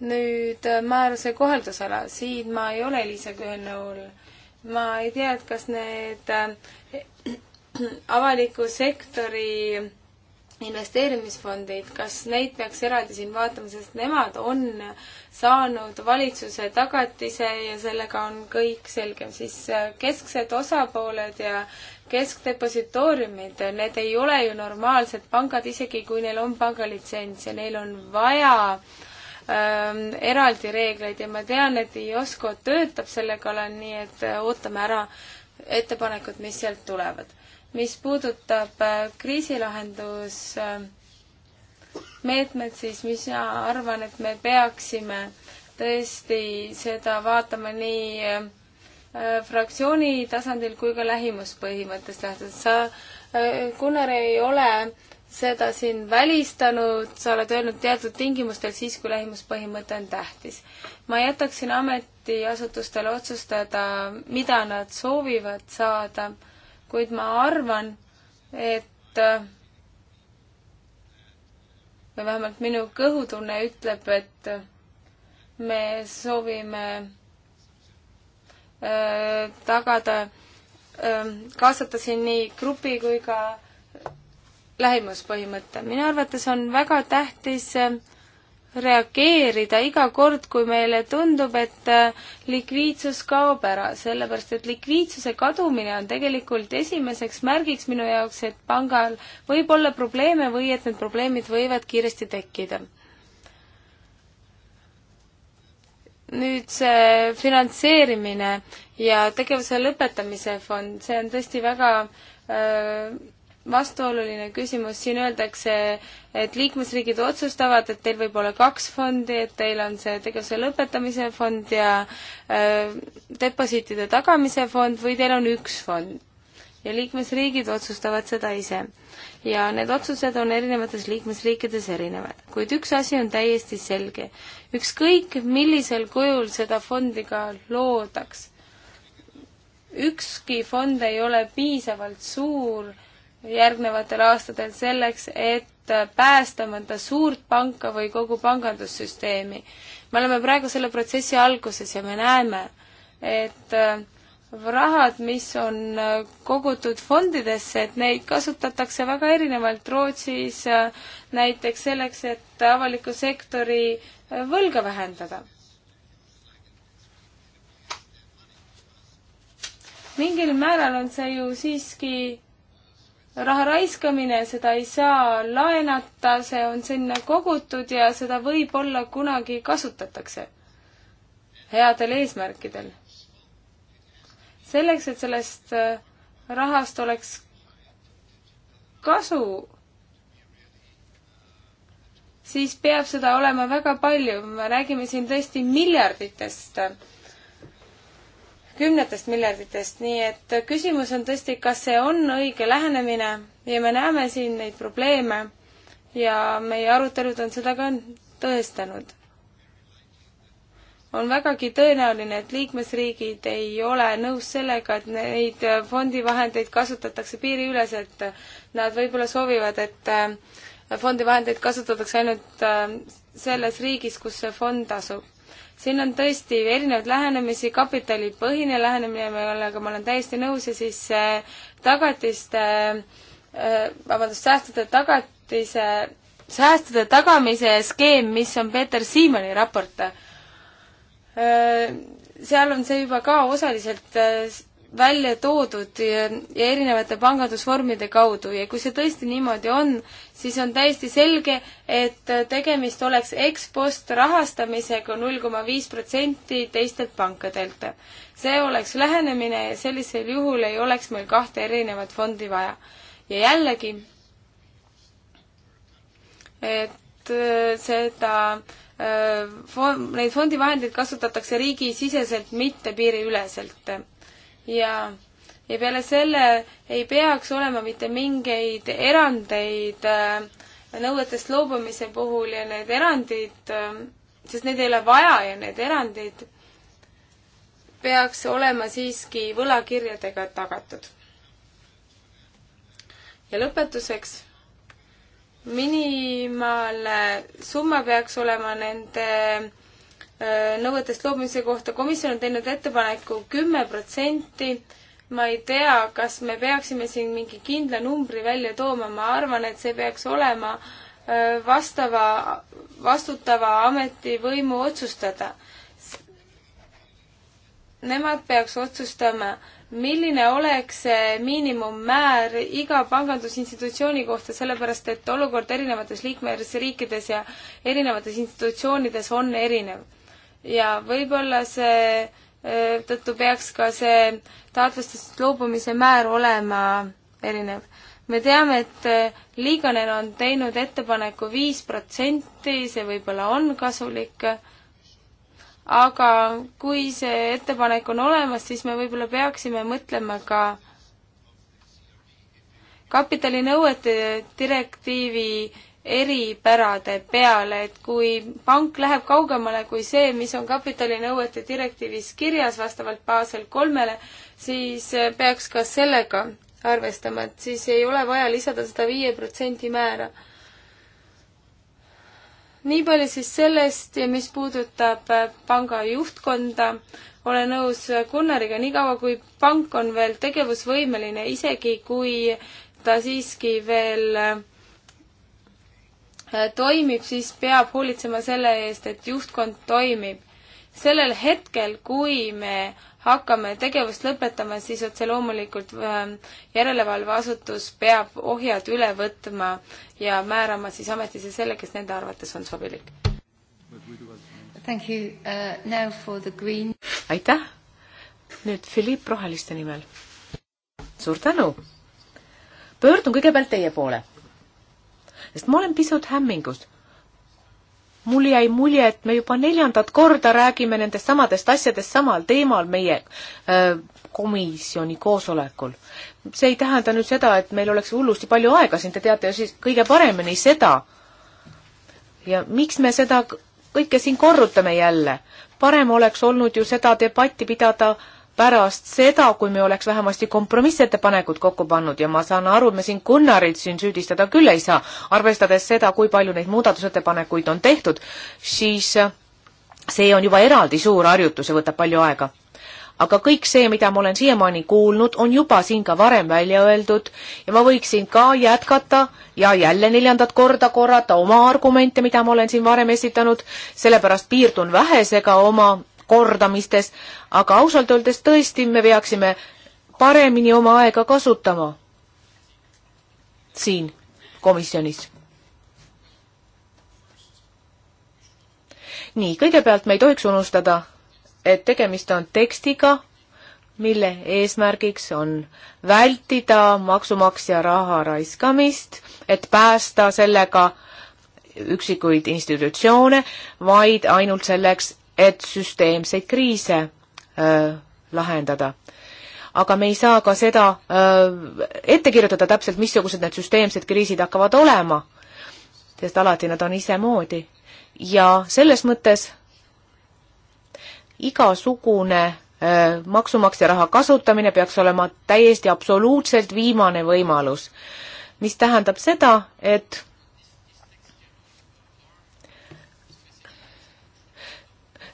nüüd äh, määruse kohaldusala, siin ma ei ole Eliisaga ühel nõul. ma ei tea, et kas need äh, avaliku sektori investeerimisfondid, kas neid peaks eraldi siin vaatama, sest nemad on saanud valitsuse tagatise ja sellega on kõik selgem. siis äh, kesksed osapooled ja keskdepositooriumid, need ei ole ju normaalsed pangad, isegi kui neil on pangalitsents ja neil on vaja äh, ähm, eraldi reegleid ja ma tean, et IOSCO töötab selle kallal, nii et äh, ootame ära ettepanekud, mis sealt tulevad. mis puudutab äh, kriisilahendusmeetmed ähm, äh,, siis mis mina arvan, et me peaksime tõesti seda vaatama nii äh, äh fraktsiooni tasandil kui ka lähimuspõhimõttest lähtudes. sa, äh, Gunnar, ei ole seda siin välistanud, sa oled öelnud teatud tingimustel siis, kui lähimuspõhimõte on tähtis. ma jätaksin ametiasutustele otsustada, mida nad soovivad saada, kuid ma arvan, et või vähemalt minu kõhutunne ütleb, et me soovime öö, äh, tagada, äh, kaasata siin nii grupi kui ka öö, lähimuspõhimõte. minu arvates on väga tähtis äh, reageerida iga kord, kui meile tundub, et äh, likviidsus kaob ära, sellepärast et likviidsuse kadumine on tegelikult esimeseks märgiks minu jaoks, et pangal võib olla probleeme või et need probleemid võivad kiiresti tekkida. nüüd see finantseerimine ja tegevuse lõpetamise fond, see on tõesti väga öö, äh, vastuoluline küsimus, siin öeldakse, et liikmesriigid otsustavad, et teil võib olla kaks fondi, et teil on see tegevuse lõpetamise fond ja äh, deposiitide tagamise fond või teil on üks fond. ja liikmesriigid otsustavad seda ise. ja need otsused on erinevates liikmesriikides erinevad, kuid üks asi on täiesti selge. ükskõik, millisel kujul seda fondi ka loodaks, ükski fond ei ole piisavalt suur järgnevatel aastatel selleks, et päästa mõnda suurt panka või kogu pangandussüsteemi. me oleme praegu selle protsessi alguses ja me näeme, et äh, rahad, mis on äh, kogutud fondidesse, et neid kasutatakse väga erinevalt Rootsis äh, näiteks selleks, et avaliku sektori võlga vähendada mingil määral on see ju siiski raha raiskamine, seda ei saa laenata, see on sinna kogutud ja seda võib-olla kunagi kasutatakse headel eesmärkidel. selleks, et sellest äh, rahast oleks kasu, siis peab seda olema väga palju, me räägime siin tõesti miljarditest kümnetest miljarditest, nii et küsimus on tõesti, kas see on õige lähenemine ja me näeme siin neid probleeme ja meie arutelud on seda ka tõestanud. on vägagi tõenäoline, et liikmesriigid ei ole nõus sellega, et neid fondivahendeid kasutatakse piiriüleselt. Nad võib-olla soovivad, et äh, fondivahendeid kasutatakse ainult äh, selles riigis, kus see fond asub siin on tõesti erinevaid lähenemisi, kapitalipõhine lähenemine, millega ma olen täiesti nõus ja siis äh, tagatiste, äh, vabandust, säästude tagatise, säästude tagamise skeem, mis on Peeter Siimoni raport. Äh, seal on see juba ka osaliselt välja toodud ja erinevate pangandusvormide kaudu ja kui see tõesti niimoodi on, siis on täiesti selge, et tegemist oleks ekspost rahastamisega null koma viis protsenti teistelt pankadelt. see oleks lähenemine ja sellisel juhul ei oleks meil kahte erinevat fondi vaja. ja jällegi, et äh, seda äh, fond, neid fondivahendeid kasutatakse riigisiseselt, mitte piiriüleselt. ja ja peale selle ei peaks olema mitte mingeid erandeid äh, nõuetest loobumise puhul ja need erandid, äh, sest neid ei ole vaja ja need erandid peaks olema siiski võlakirjadega tagatud. ja lõpetuseks, minimaalne summa peaks olema nende äh, nõuetest loobumise kohta, komisjon on teinud ettepaneku kümme protsenti ma ei tea, kas me peaksime siin mingi kindla numbri välja tooma, ma arvan, et see peaks olema vastava, vastutava ametivõimu otsustada. Nemad peaks otsustama, milline oleks see miinimummäär iga pangandusinstitutsiooni kohta, sellepärast et olukord erinevates liikmesriikides ja erinevates institutsioonides on erinev. ja võib-olla see äh, tõttu peaks ka see taotlustest loobumise määr olema erinev. me teame, et äh, Liiganen on teinud ettepaneku viis protsenti, see võib-olla on kasulik, aga kui see ettepanek on olemas, siis me võib-olla peaksime mõtlema ka kapitalinõuete direktiivi eripärade peale, et kui pank läheb kaugemale kui see, mis on kapitalinõuete direktiivis kirjas vastavalt baasel kolmele, siis eh, peaks ka sellega arvestama, et siis ei ole vaja lisada seda viie protsendi määra. nii palju siis sellest ja mis puudutab eh, panga juhtkonda, olen nõus eh, Gunnariga, niikaua kui pank on veel tegevusvõimeline, isegi kui ta siiski veel äh, toimib, siis peab hoolitsema selle eest, et juhtkond toimib. sellel hetkel, kui me hakkame tegevust lõpetama, siis otse loomulikult ähm, järelevalveasutus peab ohjad üle võtma ja määrama siis ametisse selle, kes nende arvates on sobilik. Uh, aitäh! nüüd Philipp Roheliste nimel. suur tänu! pöördun kõigepealt teie poole sest ma olen pisut hämmingus. mul jäi mulje, et me juba neljandat korda räägime nendest samadest asjadest samal teemal meie öö, äh, komisjoni koosolekul. see ei tähenda nüüd seda, et meil oleks hullusti palju aega siin, te teate ju siis kõige paremini seda. ja miks me seda kõike siin korrutame jälle? parem oleks olnud ju seda debatti pidada äh, pärast seda, kui me oleks vähemasti kompromissettepanekud kokku pannud ja ma saan aru, et me siin Gunnarit siin süüdistada küll ei saa, arvestades seda, kui palju neid muudatusettepanekuid on tehtud, siis see on juba eraldi suur harjutus ja võtab palju aega. aga kõik see, mida ma olen siiamaani kuulnud, on juba siin ka varem välja öeldud ja ma võiksin ka jätkata ja jälle neljandat korda korrata oma argumente, mida ma olen siin varem esitanud, sellepärast piirdun vähesega oma kordamistes, aga ausalt öeldes tõesti me peaksime paremini oma aega kasutama siin komisjonis. nii, kõigepealt me ei tohiks unustada, et tegemist on tekstiga, mille eesmärgiks on vältida maksumaksja raha raiskamist, et päästa sellega üksikuid institutsioone, vaid ainult selleks, et süsteemseid kriise öö, äh, lahendada. aga me ei saa ka seda öö, äh, ette kirjutada täpselt, missugused need süsteemsed kriisid hakkavad olema, sest alati nad on isemoodi. ja selles mõttes igasugune öö, äh, maksumaksja raha kasutamine peaks olema täiesti absoluutselt viimane võimalus, mis tähendab seda, et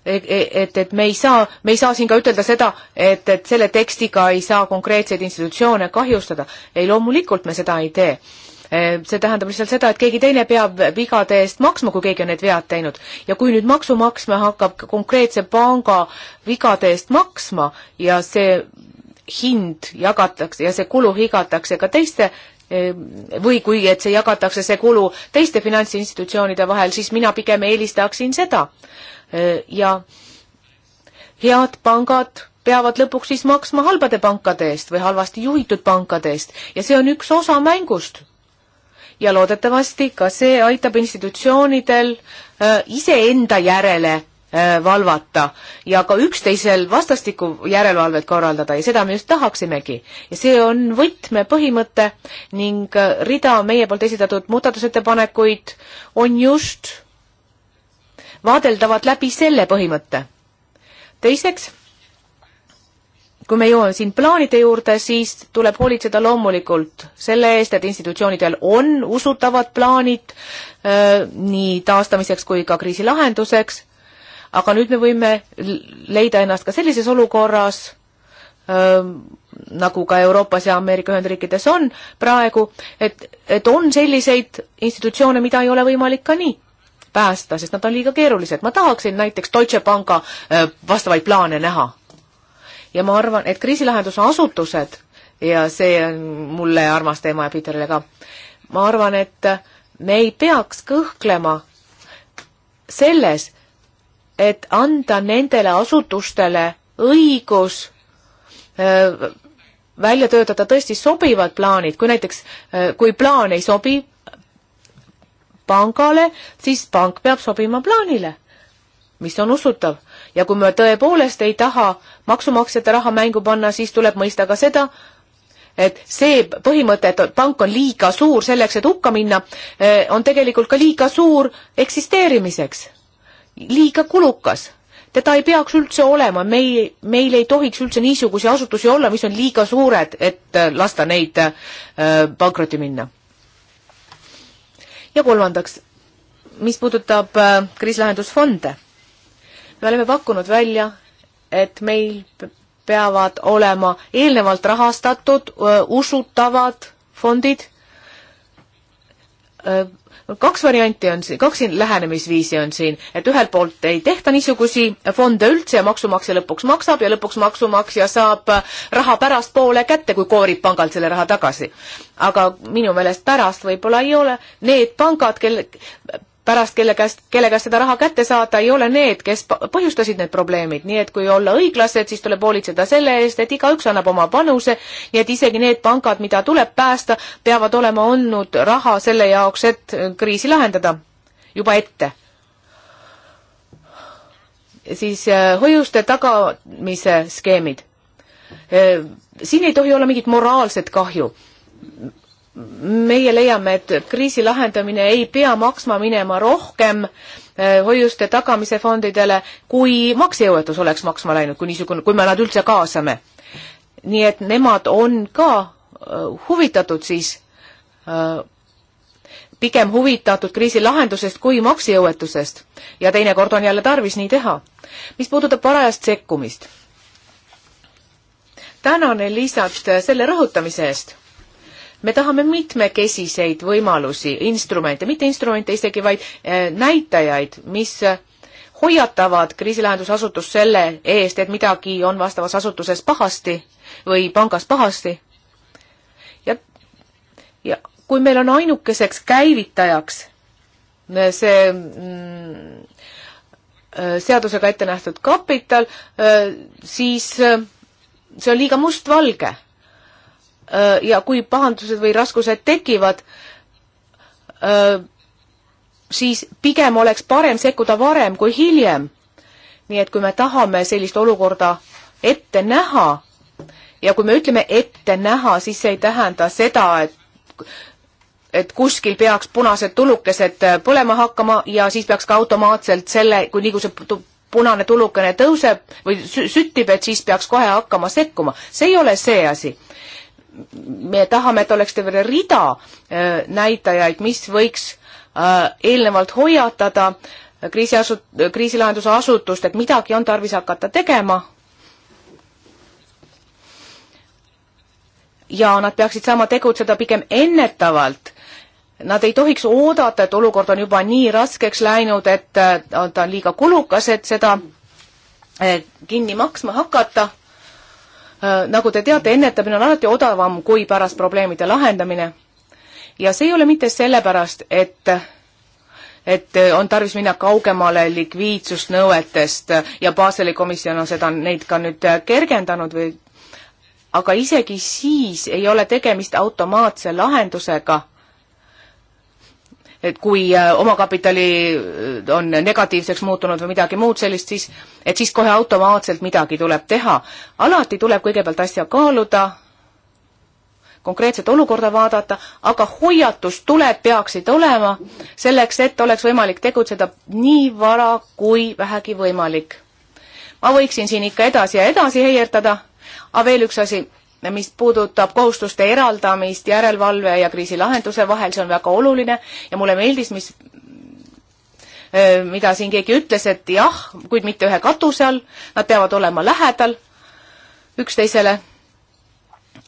et, et me ei saa, me ei saa siin ka ütelda seda, et, et selle tekstiga ei saa konkreetseid institutsioone kahjustada. ei, loomulikult me seda ei tee see tähendab lihtsalt seda, et keegi teine peab vigade eest maksma, kui keegi on need vead teinud. ja kui nüüd maksu maksma hakkab konkreetse panga vigade eest maksma ja see hind jagatakse ja see kulu jagatakse ka teiste või kui, et see jagatakse, see kulu teiste finantsinstitutsioonide vahel, siis mina pigem eelistaksin seda ja head pangad peavad lõpuks siis maksma halbade pankade eest või halvasti juhitud pankade eest ja see on üks osa mängust. ja loodetavasti ka see aitab institutsioonidel iseenda järele valvata ja ka üksteisel vastastikku järelevalvet korraldada ja seda me just tahaksimegi. ja see on võtmepõhimõte ning rida meie poolt esitatud muudatusettepanekuid on just vaadeldavad läbi selle põhimõtte. teiseks, kui me jõuame siin plaanide juurde, siis tuleb hoolitseda loomulikult selle eest, et institutsioonidel on usutavad plaanid äh, nii taastamiseks kui ka kriisi lahenduseks, aga nüüd me võime leida ennast ka sellises olukorras äh,, nagu ka Euroopas ja Ameerika Ühendriikides on praegu, et, et on selliseid institutsioone, mida ei ole võimalik ka nii päästa, sest nad on liiga keerulised. ma tahaksin näiteks Deutsche Panga äh, vastavaid plaane näha. ja ma arvan, et kriisilahenduse asutused ja see on mulle armas teema ja Peterile ka, ma arvan, et me ei peaks kõhklema selles, et anda nendele asutustele õigus äh, välja töötada tõesti sobivad plaanid, kui näiteks, äh, kui plaan ei sobi, pangale, siis pank peab sobima plaanile, mis on usutav. ja kui me tõepoolest ei taha maksumaksjate raha mängu panna, siis tuleb mõista ka seda, et see põhimõte, et pank on liiga suur selleks, et hukka minna, eh, on tegelikult ka liiga suur eksisteerimiseks, liiga kulukas teda ei peaks üldse olema, meil, meil ei tohiks üldse niisuguseid asutusi olla, mis on liiga suured, et eh, lasta neid eh, pankrotti minna ja kolmandaks, mis puudutab äh, kriisilahendusfonde, me oleme pakkunud välja, et meil peavad olema eelnevalt rahastatud äh, usutavad fondid, äh, kaks varianti on siin, kaks lähenemisviisi on siin, et ühelt poolt ei tehta niisugusi fonde üldse ja maksumaksja lõpuks maksab ja lõpuks maksumaksja saab raha pärast poole kätte, kui koorib pangalt selle raha tagasi. aga minu meelest pärast võib-olla ei ole, need pangad, kel pärast kelle käest, kelle käest seda raha kätte saada, ei ole need, kes põhjustasid need probleemid, nii et kui olla õiglased, siis tuleb hoolitseda selle eest, et igaüks annab oma panuse, nii et isegi need pangad, mida tuleb päästa, peavad olema olnud raha selle jaoks, et äh, kriisi lahendada juba ette siis äh, hoiuste tagamise skeemid. Äh, siin ei tohi olla mingit moraalset kahju meie leiame, et kriisi lahendamine ei pea maksma minema rohkem eh, hoiuste tagamise fondidele, kui maksejõuetus oleks maksma läinud, kui niisugune, kui me nad üldse kaasame. nii et nemad on ka eh, huvitatud siis eh, pigem huvitatud kriisi lahendusest kui maksejõuetusest ja teinekord on jälle tarvis nii teha. mis puudutab varajast sekkumist, tänan Elisat selle rõhutamise eest me tahame mitmekesiseid võimalusi, instrumente, mitte instrumente isegi, vaid eh, näitajaid, mis eh, hoiatavad kriisilahendusasutust selle eest, et midagi on vastavas asutuses pahasti või pangas pahasti. ja, ja kui meil on ainukeseks käivitajaks eh, see mm, seadusega ette nähtud kapital, siis see on liiga mustvalge. Äh, ja kui pahandused või raskused tekivad, äh, siis pigem oleks parem sekkuda varem kui hiljem. nii et kui me tahame sellist olukorda ette näha ja kui me ütleme ette näha, siis see ei tähenda seda, et et kuskil peaks punased tulukesed äh, põlema hakkama ja siis peaks ka automaatselt selle, kui nii kui see punane tulukene tõuseb või süttib, et siis peaks kohe hakkama sekkuma. see ei ole see asi me tahame, et oleks terve rida äh, näitajaid, mis võiks äh, eelnevalt hoiatada äh, kriisiasu-, kriisilahenduse asutust, et midagi on tarvis hakata tegema. ja nad peaksid saama tegutseda pigem ennetavalt. Nad ei tohiks oodata, et olukord on juba nii raskeks läinud, et ta on liiga kulukas, et seda kinni maksma hakata Äh, nagu te teate, ennetamine on alati odavam kui pärast probleemide lahendamine. ja see ei ole mitte sellepärast, et et on tarvis minna kaugemale likviidsusnõuetest ja Baseli komisjon on seda, neid ka nüüd kergendanud või aga isegi siis ei ole tegemist automaatse lahendusega et kui äh, omakapitali äh, on negatiivseks muutunud või midagi muud sellist, siis, et siis kohe automaatselt midagi tuleb teha. alati tuleb kõigepealt asja kaaluda, konkreetset olukorda vaadata, aga hoiatustuled peaksid olema selleks, et oleks võimalik tegutseda nii vara kui vähegi võimalik. ma võiksin siin ikka edasi ja edasi heiertada, aga veel üks asi mis puudutab kohustuste eraldamist järelevalve ja kriisilahenduse vahel, see on väga oluline ja mulle meeldis, mis mida siin keegi ütles, et jah, kuid mitte ühe katuse all, nad peavad olema lähedal üksteisele.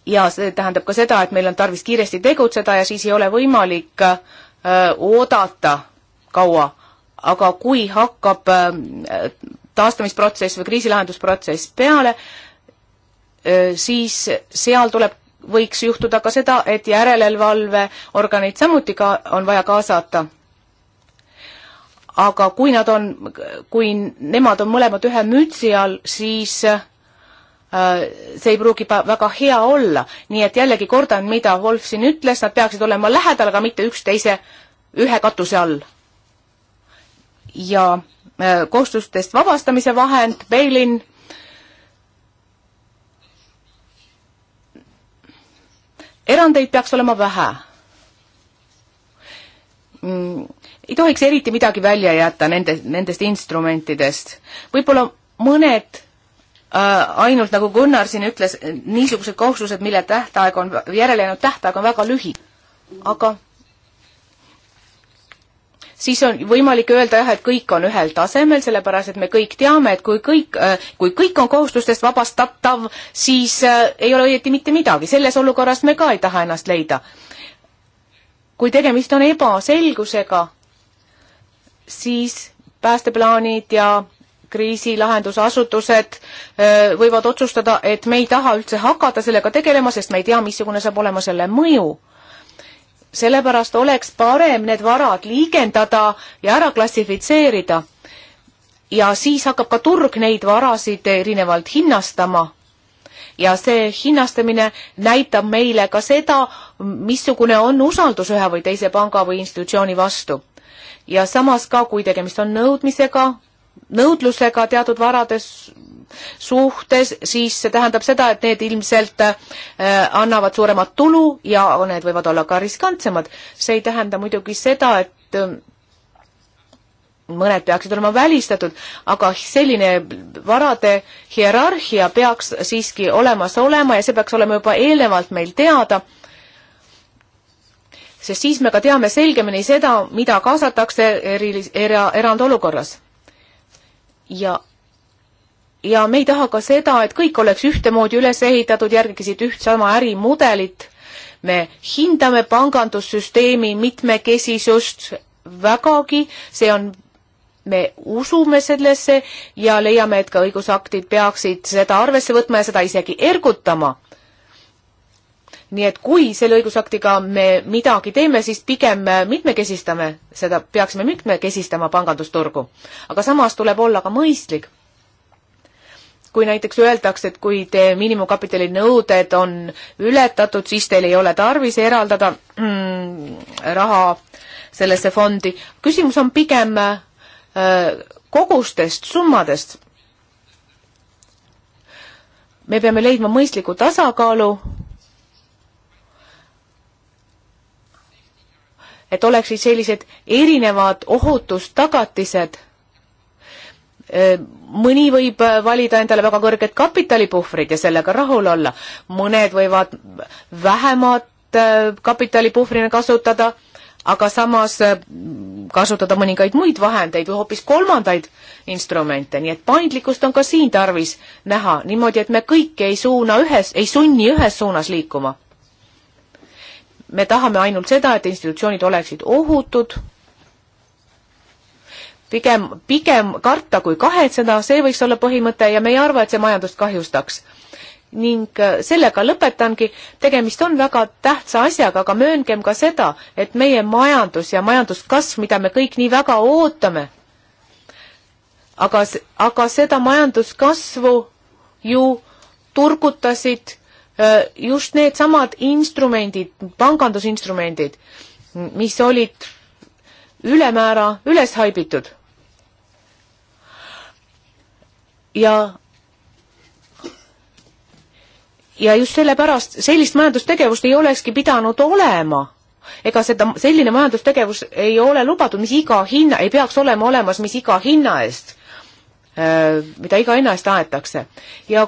ja see tähendab ka seda, et meil on tarvis kiiresti tegutseda ja siis ei ole võimalik öö, oodata kaua. aga kui hakkab öö, taastamisprotsess või kriisilahendusprotsess peale, siis seal tuleb, võiks juhtuda ka seda, et järelevalveorganid samuti ka on vaja kaasata. aga kui nad on, kui nemad on mõlemad ühe mütsi all, siis see ei pruugi väga hea olla, nii et jällegi kordan, mida Wolf siin ütles, nad peaksid olema lähedal, aga mitte üksteise ühe katuse all. ja kohustustest vabastamise vahend, bail-in erandeid peaks olema vähe mm,. ei tohiks eriti midagi välja jätta nende, nendest instrumentidest. võib-olla mõned äh, ainult nagu Gunnar siin ütles, niisugused kohustused, mille tähtaeg on, järele jäänud tähtaeg on väga lühi. aga siis on võimalik öelda jah, et kõik on ühel tasemel, sellepärast et me kõik teame, et kui kõik, äh, kui kõik on kohustustest vabastatav, siis äh, ei ole õieti mitte midagi, selles olukorras me ka ei taha ennast leida. kui tegemist on ebaselgusega, siis päästeplaanid ja kriisilahendusasutused äh, võivad otsustada, et me ei taha üldse hakata sellega tegelema, sest me ei tea, missugune saab olema selle mõju sellepärast oleks parem need varad liigendada ja ära klassifitseerida. ja siis hakkab ka turg neid varasid erinevalt hinnastama. ja see hinnastamine näitab meile ka seda, missugune on usaldus ühe või teise panga või institutsiooni vastu. ja samas ka, kui tegemist on nõudmisega, nõudlusega teatud varade suhtes, siis see tähendab seda, et need ilmselt äh, annavad suuremat tulu ja need võivad olla ka riskantsemad. see ei tähenda muidugi seda, et äh, mõned peaksid olema välistatud, aga selline varade hierarhia peaks siiski olemas olema ja see peaks olema juba eelnevalt meil teada sest siis me ka teame selgemini seda, mida kaasatakse eri, era, erandolukorras ja ja me ei taha ka seda, et kõik oleks ühtemoodi üles ehitatud, järgiksid üht sama ärimudelit. me hindame pangandussüsteemi mitmekesisust vägagi, see on, me usume sellesse ja leiame, et ka õigusaktid peaksid seda arvesse võtma ja seda isegi ergutama nii et kui selle õigusaktiga me midagi teeme, siis pigem mitmekesistame seda, peaksime mitmekesistama pangandusturgu. aga samas tuleb olla ka mõistlik. kui näiteks öeldakse, et kui te miinimumkapitali nõuded on ületatud, siis teil ei ole tarvis eraldada mm, raha sellesse fondi. küsimus on pigem äh, kogustest, summadest. me peame leidma mõistliku tasakaalu et oleksid sellised erinevad ohutustagatised. mõni võib äh, valida endale väga kõrged kapitalipuhvrid ja sellega rahul olla, mõned võivad vähemat äh, kapitalipuhvrina kasutada, aga samas äh, kasutada mõningaid muid vahendeid või hoopis kolmandaid instrumente, nii et paindlikkust on ka siin tarvis näha, niimoodi, et me kõiki ei suuna ühes, ei sunni ühes suunas liikuma me tahame ainult seda, et institutsioonid oleksid ohutud, pigem, pigem karta kui kahetseda, see võiks olla põhimõte ja me ei arva, et see majandust kahjustaks. ning äh, sellega lõpetangi, tegemist on väga tähtsa asjaga, aga mööngem ka seda, et meie majandus ja majanduskasv, mida me kõik nii väga ootame, aga, aga seda majanduskasvu ju turgutasid Äh, just needsamad instrumendid, pangandusinstrumendid, mis olid ülemäära üles haibitud. ja ja just sellepärast sellist majandustegevust ei olekski pidanud olema. ega seda, selline majandustegevus ei ole lubatud, mis iga hinna, ei peaks olema olemas, mis iga hinna eest, äh, mida iga hinna eest aetakse. ja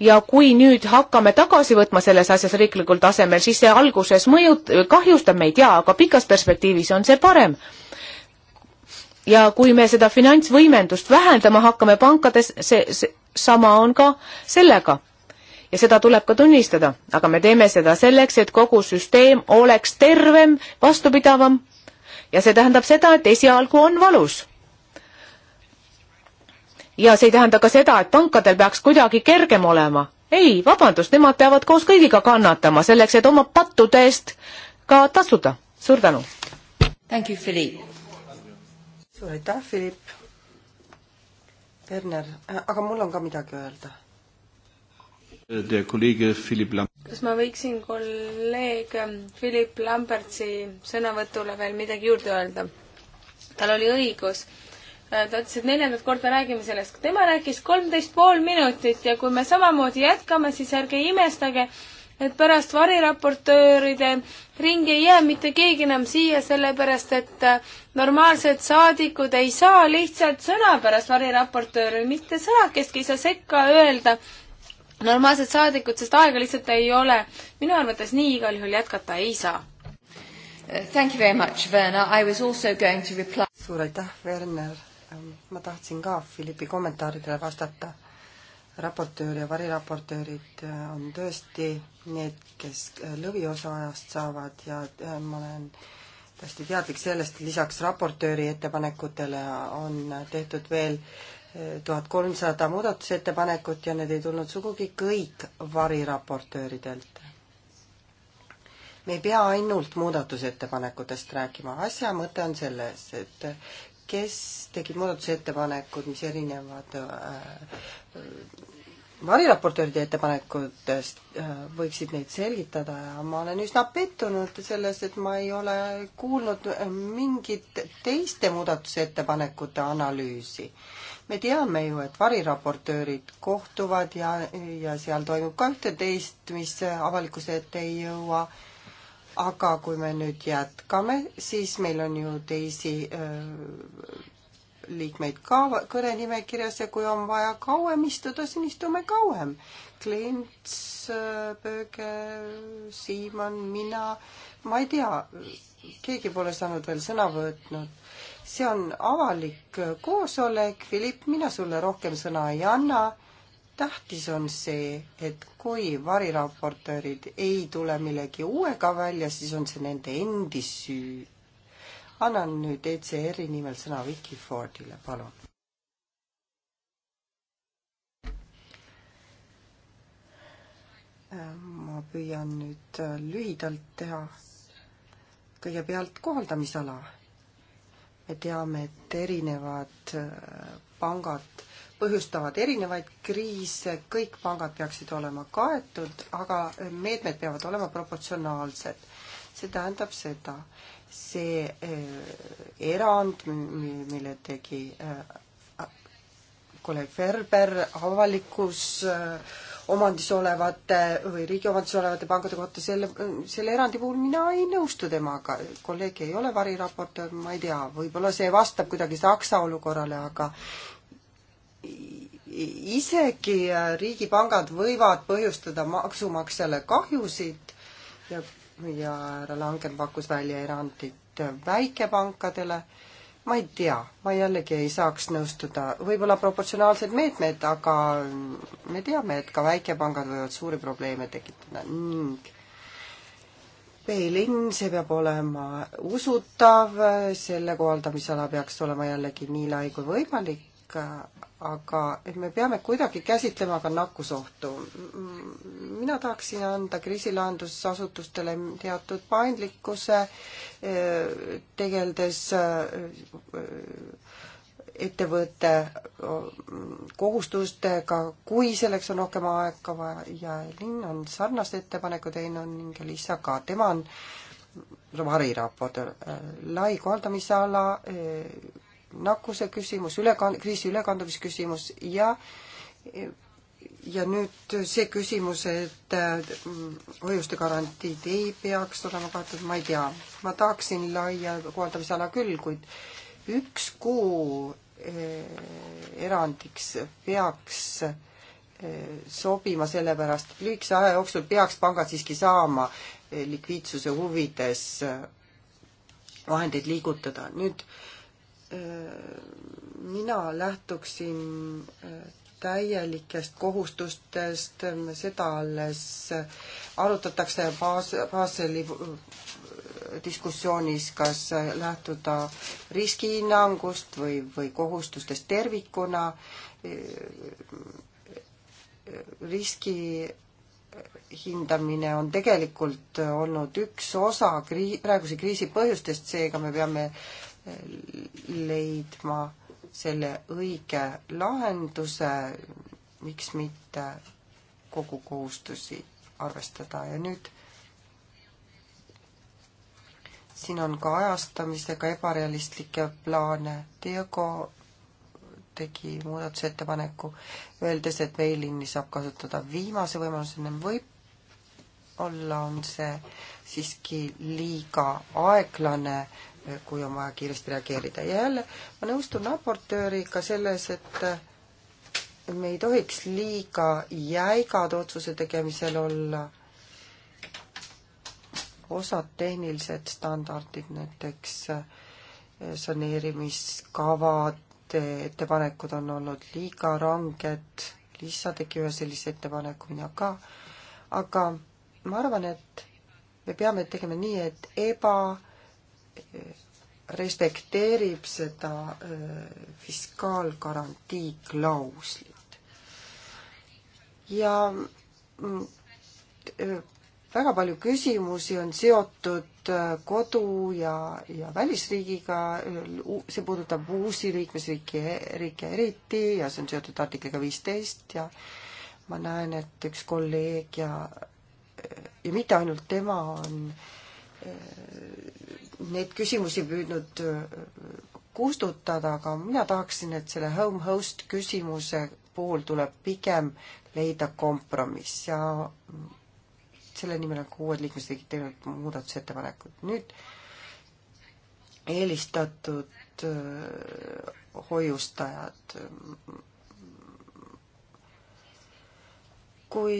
ja kui nüüd hakkame tagasi võtma selles asjas riiklikul tasemel, siis see alguses mõjut-, kahjustab meid jaa, aga pikas perspektiivis on see parem. ja kui me seda finantsvõimendust vähendama hakkame pankades, see, see sama on ka sellega. ja seda tuleb ka tunnistada, aga me teeme seda selleks, et kogu süsteem oleks tervem, vastupidavam ja see tähendab seda, et esialgu on valus ja see ei tähenda ka seda, et pankadel peaks kuidagi kergem olema. ei, vabandust, nemad peavad koos kõigiga kannatama selleks, et oma pattude eest ka tasuda. suur tänu! Thank you, Philipp! suur aitäh, Philipp! Werner, äh, aga mul on ka midagi öelda der Kollege Philipp Lam- kas ma võiksin kolleeg ähm, Philipp Lambertsi sõnavõtule veel midagi juurde öelda? tal oli õigus, Äh, ta ütles, et neljandat korda räägime sellest. tema rääkis kolmteist pool minutit ja kui me samamoodi jätkame, siis ärge imestage, et pärast variraportööride ringi ei jää mitte keegi enam siia, sellepärast et äh, normaalsed saadikud ei saa lihtsalt sõna pärast variraportööri, mitte sõnakestki ei saa sekka öelda. normaalsed saadikud, sest aega lihtsalt ei ole. minu arvates nii igal juhul jätkata ei saa. Thank you very much, Werner. I was also going to reply. suur aitäh, Werner. Ähm, ma tahtsin ka Philippi kommentaaridele vastata. raportöör ja variraportöörid äh, on tõesti need, kes äh, lõviosa ajast saavad ja äh, ma olen täiesti teadlik sellest, lisaks raportööri ettepanekutele on tehtud veel tuhat kolmsada muudatusettepanekut ja need ei tulnud sugugi kõik variraportööridelt. me ei pea ainult muudatusettepanekutest rääkima, asja mõte on selles, et kes tegid muudatusettepanekud, mis erinevad äh, variraportööride ettepanekutest, äh, võiksid neid selgitada ja ma olen üsna pettunud selles, et ma ei ole kuulnud äh, mingit teiste muudatusettepanekute analüüsi. me teame ju, et variraportöörid kohtuvad ja, ja seal toimub ka üht-teist, mis avalikkuse ette ei jõua aga kui me nüüd jätkame, siis meil on ju teisi öö, liikmeid ka kõnenimekirjas ja kui on vaja kauem istuda, siis istume kauem. Klints, Böger, Siimann, mina, ma ei tea, keegi pole saanud veel sõna võtnud. see on avalik koosolek, Philipp, mina sulle rohkem sõna ei anna tähtis on see, et kui variraportöörid ei tule millegi uuega välja, siis on see nende endi süü. annan nüüd ECR-i nimel sõna Vicky Fordile, palun. ma püüan nüüd lühidalt teha. kõigepealt kohaldamisala. me teame, et erinevad pangad põhjustavad erinevaid kriise, kõik pangad peaksid olema kaetud, aga meetmed peavad olema proportsionaalsed. see tähendab seda, see eh, erand, mille tegi eh, kolleeg Ferber avalikus eh, omandis olevate või riigi omandis olevate pankade kohta, selle, selle erandi puhul mina ei nõustu temaga. kolleeg ei ole variraportöör, ma ei tea, võib-olla see vastab kuidagi Saksa olukorrale, aga isegi riigipangad võivad põhjustada maksumaksjale kahjusid ja, ja härra Langen pakkus välja erandit väikepankadele. ma ei tea, ma jällegi ei saaks nõustuda, võib-olla proportsionaalsed meetmed, aga me teame, et ka väikepangad võivad suuri probleeme tekitada ning veelinn, see peab olema usutav, selle kohaldamisala peaks olema jällegi nii lai kui võimalik aga et me peame kuidagi käsitlema ka nakkusohtu. mina tahaksin anda kriisilahendusasutustele teatud paindlikkuse, eh, tegeldes eh, ettevõtte eh, kohustustega, kui selleks on rohkem aega vaja ja linn on sarnase ettepaneku teinud ning Liisa ka, tema on variraportöör, lai kohaldamisala nakkuse küsimus, ülekan-, kriisi ülekandumise küsimus ja ja nüüd see küsimus, et mm, hoiuste garantiid ei peaks olema kaetud, ma ei tea, ma tahaksin laia kohaldamisala küll, kuid üks kuu eh, erandiks peaks eh, sobima, sellepärast et lühikese aja jooksul peaks pangad siiski saama eh, likviidsuse huvides vahendeid liigutada. nüüd äh, Äh, mina lähtuksin äh, täielikest kohustustest, seda alles äh, arutatakse baas, baaseli diskussioonis, kas lähtuda riskihinnangust või, või kohustustest tervikuna, riski hindamine on tegelikult olnud üks osa krii-, praeguse kriisi põhjustest, seega me peame leidma selle õige lahenduse, miks mitte kogu kohustusi arvestada ja nüüd siin on ka ajastamisega ebarealistlikke plaane. Diego tegi muudatusettepaneku, öeldes, et veilinni saab kasutada viimase võimalusena, võib-olla on see siiski liiga aeglane kui on vaja kiiresti reageerida. ja jälle ma nõustun raportööriga selles, et me ei tohiks liiga jäigad otsuse tegemisel olla. osad tehnilised standardid, näiteks eh, saneerimiskavad, ettepanekud on olnud liiga ranged, Liisa tegi ühe sellise ettepaneku, mina ka, aga ma arvan, et me peame tegema nii, et eba respekteerib seda äh, fiskaalgarantii klauslit. ja mm, äh, väga palju küsimusi on seotud äh, kodu ja, ja välisriigiga, see puudutab uusi liikmesriiki, riike eriti ja see on seotud artikliga viisteist ja ma näen, et üks kolleeg ja, ja mitte ainult tema on äh, Äh, neid küsimusi püüdnud äh, kustutada, aga mina tahaksin, et selle home host küsimuse puhul tuleb pigem leida kompromiss ja selle nimel on ka uued liikmesriigid teinud muudatusettepanekud. nüüd eelistatud äh, hoiustajad. kui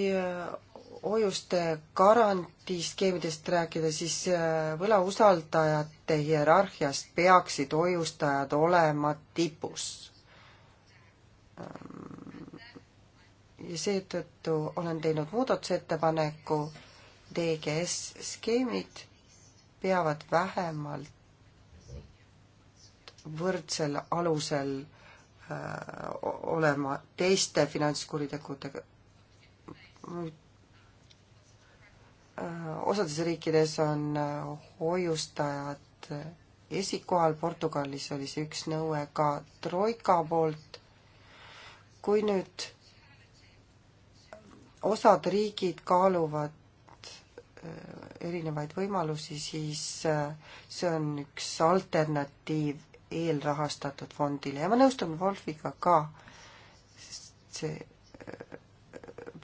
hoiuste garantiiskeemidest rääkida, siis äh, võlausaldajate hierarhias peaksid hoiustajad olema tipus. Ehm, ja seetõttu olen teinud muudatusettepaneku, DGS-skeemid peavad vähemalt võrdsel alusel äh, olema teiste finantskuritegudega Äh, osades riikides on äh, hoiustajad äh, esikohal, Portugalis oli see üks nõue ka Troika poolt. kui nüüd osad riigid kaaluvad erinevaid võimalusi, siis see on üks alternatiiv eelrahastatud fondile ja ma nõustun Wolfiga ka, sest see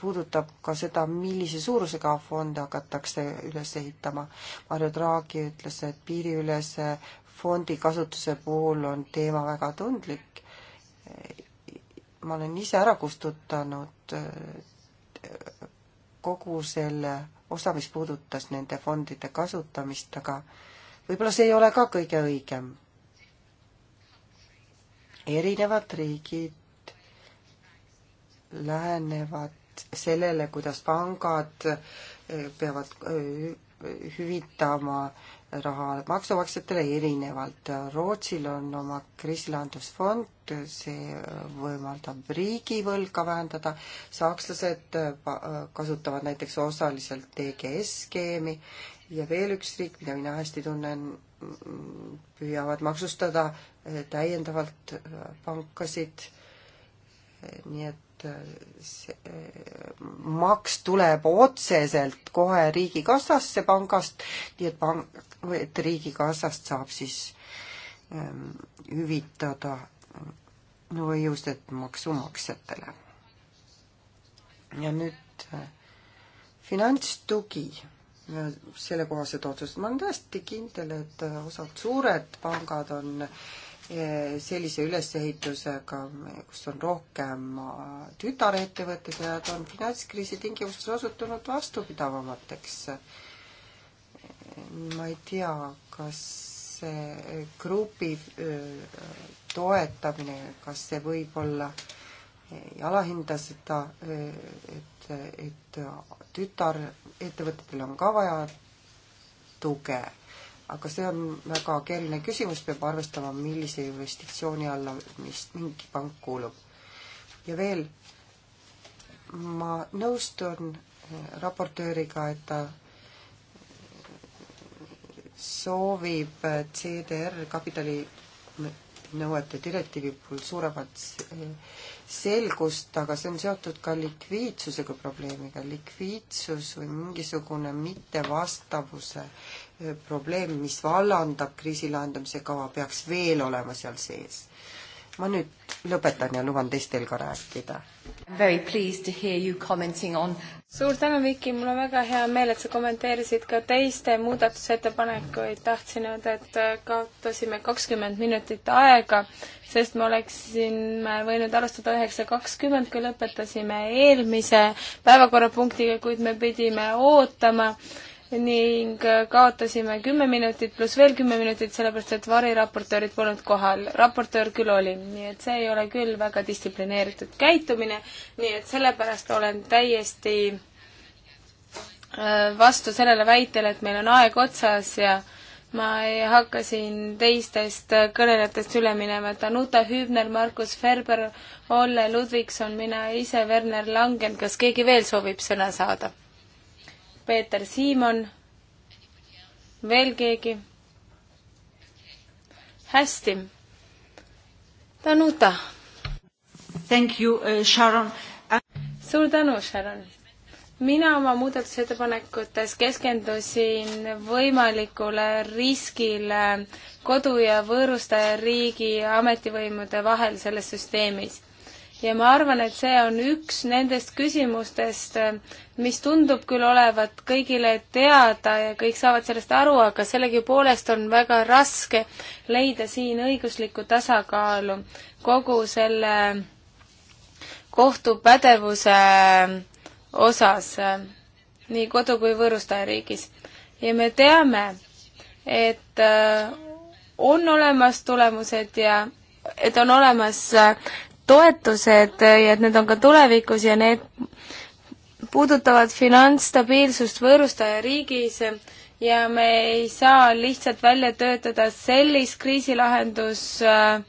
puudutab ka seda, millise suurusega fonde hakatakse üles ehitama. Mario Draghi ütles, et piiriülese fondi kasutuse puhul on teema väga tundlik. ma olen ise ära kustutanud kogu selle osa, mis puudutas nende fondide kasutamist, aga võib-olla see ei ole ka kõige õigem. erinevad riigid lähenevad sellele, kuidas pangad eh, peavad eh, hüvitama raha maksumaksjatele erinevalt. Rootsil on oma kriisilahendusfond, see võimaldab riigivõlga vähendada, sakslased eh, kasutavad näiteks osaliselt DGS-skeemi ja veel üks riik, mida mina hästi tunnen, püüavad maksustada täiendavalt pankasid, nii et Äh, äh, maks tuleb otseselt kohe riigikassasse pangast, nii et pank, et riigikassast saab siis ähm, hüvitada hoiused äh, no, maksumaksjatele. ja nüüd äh, finantstugi ja sellekohased otsused. ma olen täiesti kindel, et osad suured pangad on äh, Eh, sellise ülesehitusega, kus on rohkem eh, tütarettevõtted ja ta on finantskriisi tingimustes osutunud vastupidavamateks. Eh, ma ei tea, kas see grupi toetamine, kas see võib olla ei alahinda seda, et, et tütarettevõtetel on ka vaja tuge aga see on väga keeruline küsimus, peab arvestama, millise jurisdiktsiooni alla mis mingi pank kuulub. ja veel, ma nõustun äh, raportööriga, et ta äh, soovib äh, CDR kapitali nõuete direktiivi puhul suuremat selgust, aga see on seotud ka likviidsusega probleemiga, likviidsus või mingisugune mittevastavuse äh, probleem, mis vallandab kriisi lahendamise kava, peaks veel olema seal sees. ma nüüd lõpetan ja luban teistel ka rääkida. On... suur tänu, Viki, mul on väga hea meel, et sa kommenteerisid ka teiste muudatusettepanekuid. tahtsin öelda, et äh, kaotasime kakskümmend minutit aega, sest me oleksime võinud alustada üheksa kakskümmend, kui lõpetasime eelmise päevakorrapunktiga, kuid me pidime ootama ning äh, kaotasime kümme minutit pluss veel kümme minutit, sellepärast et variraportöörid polnud kohal. raportöör küll oli, nii et see ei ole küll väga distsiplineeritud käitumine, nii et sellepärast olen täiesti äh, vastu sellele väitele, et meil on aeg otsas ja ma ei hakka siin teistest äh, kõnelejatest üle minema, Danuta Hübner, Markus Ferber, Olle Ludvigson, mina ise, Werner Langen, kas keegi veel soovib sõna saada? Peeter Siimon, veel keegi? hästi. Danuta. Thank you uh,, Sharon. suur tänu, Sharon. mina oma muudatusettepanekutes keskendusin võimalikule riskile kodu ja võõrustaja riigi ametivõimude vahel selles süsteemis ja ma arvan, et see on üks nendest küsimustest, mis tundub küll olevat kõigile teada ja kõik saavad sellest aru, aga sellegipoolest on väga raske leida siin õiguslikku tasakaalu kogu selle kohtupädevuse osas nii kodu- kui võõrustajariigis. ja me teame, et äh, on olemas tulemused ja et on olemas äh, toetused ja et need on ka tulevikus ja need puudutavad finantsstabiilsust võõrustaja riigis ja me ei saa lihtsalt välja töötada sellist kriisilahendusfondi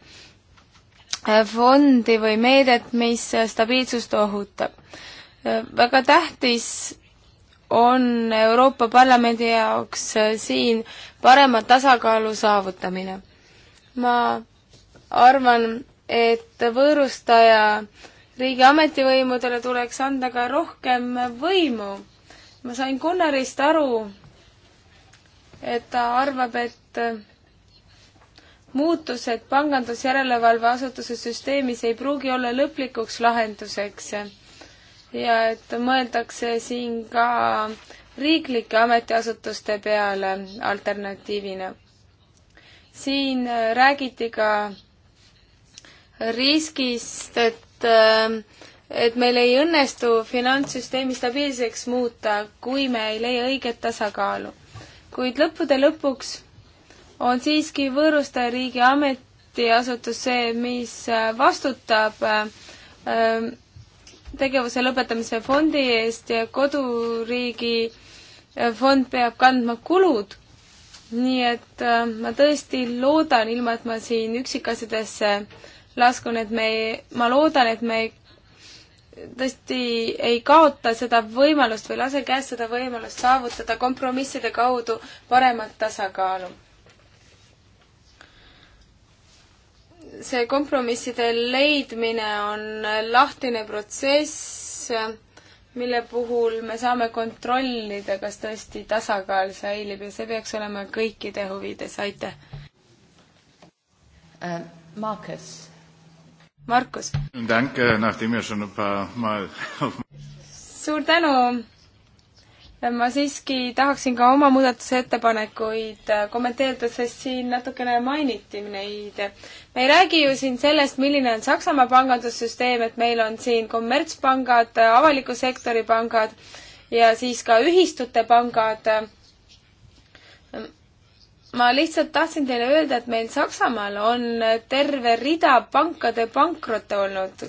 äh, või meedet, mis stabiilsust ohutab. Äh, väga tähtis on Euroopa Parlamendi jaoks äh, siin parema tasakaalu saavutamine. ma arvan, et võõrustaja riigi ametivõimudele tuleks anda ka rohkem võimu. ma sain Gunnarist aru, et ta arvab, et muutused pangandusjärelevalve asutuse süsteemis ei pruugi olla lõplikuks lahenduseks ja et mõeldakse siin ka riiklike ametiasutuste peale alternatiivina. siin räägiti ka riskist, et äh, et meil ei õnnestu finantssüsteemi stabiilseks muuta, kui me ei leia õiget tasakaalu. kuid lõppude lõpuks on siiski võõrustaja riigi ametiasutus see, mis äh, vastutab äh, tegevuse lõpetamise fondi eest ja koduriigi fond peab kandma kulud. nii et ma tõesti loodan, ilma et ma siin üksikasjadesse laskun, et me, ma loodan, et me tõesti ei kaota seda võimalust või lase käest seda võimalust saavutada kompromisside kaudu paremat tasakaalu. see kompromisside leidmine on lahtine protsess, mille puhul me saame kontrollida, kas tõesti tasakaal säilib ja see peaks olema kõikide huvides, aitäh uh,. Markus Markus. suur tänu. ma siiski tahaksin ka oma muudatusettepanekuid äh, kommenteerida, sest siin natukene mainiti neid. me ei räägi ju siin sellest, milline on Saksamaa pangandussüsteem, et meil on siin kommertspangad, avaliku sektori pangad ja siis ka ühistute pangad ma lihtsalt tahtsin teile öelda, et meil Saksamaal on terve rida pankade pankrotte olnud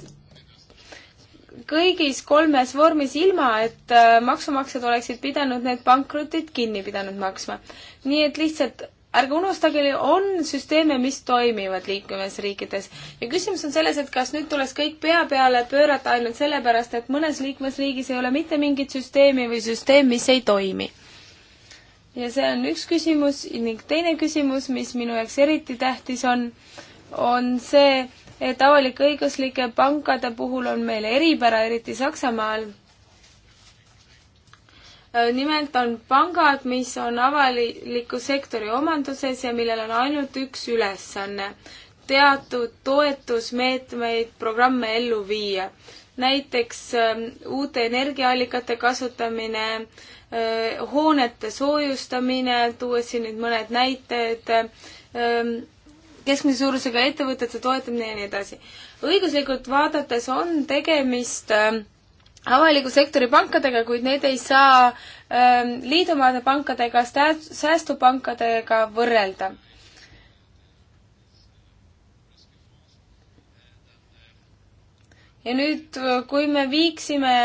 kõigis kolmes vormis, ilma et äh, maksumaksjad oleksid pidanud need pankrotid kinni pidanud maksma. nii et lihtsalt ärge unustage, on süsteeme, mis toimivad liikmesriikides ja küsimus on selles, et kas nüüd tuleks kõik pea peale pöörata ainult sellepärast, et mõnes liikmesriigis ei ole mitte mingit süsteemi või süsteem, mis ei toimi ja see on üks küsimus ning teine küsimus, mis minu jaoks eriti tähtis on, on see, et avalik-õiguslike pankade puhul on meil eripära, eriti Saksamaal. Äh, nimelt on pangad, mis on avaliku sektori omanduses ja millel on ainult üks ülesanne, teatud toetusmeetmeid, programme ellu viia näiteks ähm, uute energiaallikate kasutamine, Äh, hoonete soojustamine, tuues siin nüüd mõned näited, ähm, keskmise suurusega ettevõtete toetamine ja nii edasi. õiguslikult vaadates on tegemist ähm, avaliku sektori pankadega, kuid need ei saa ähm, liidumaade pankadega, säästupankadega võrrelda ja nüüd, äh, kui me viiksime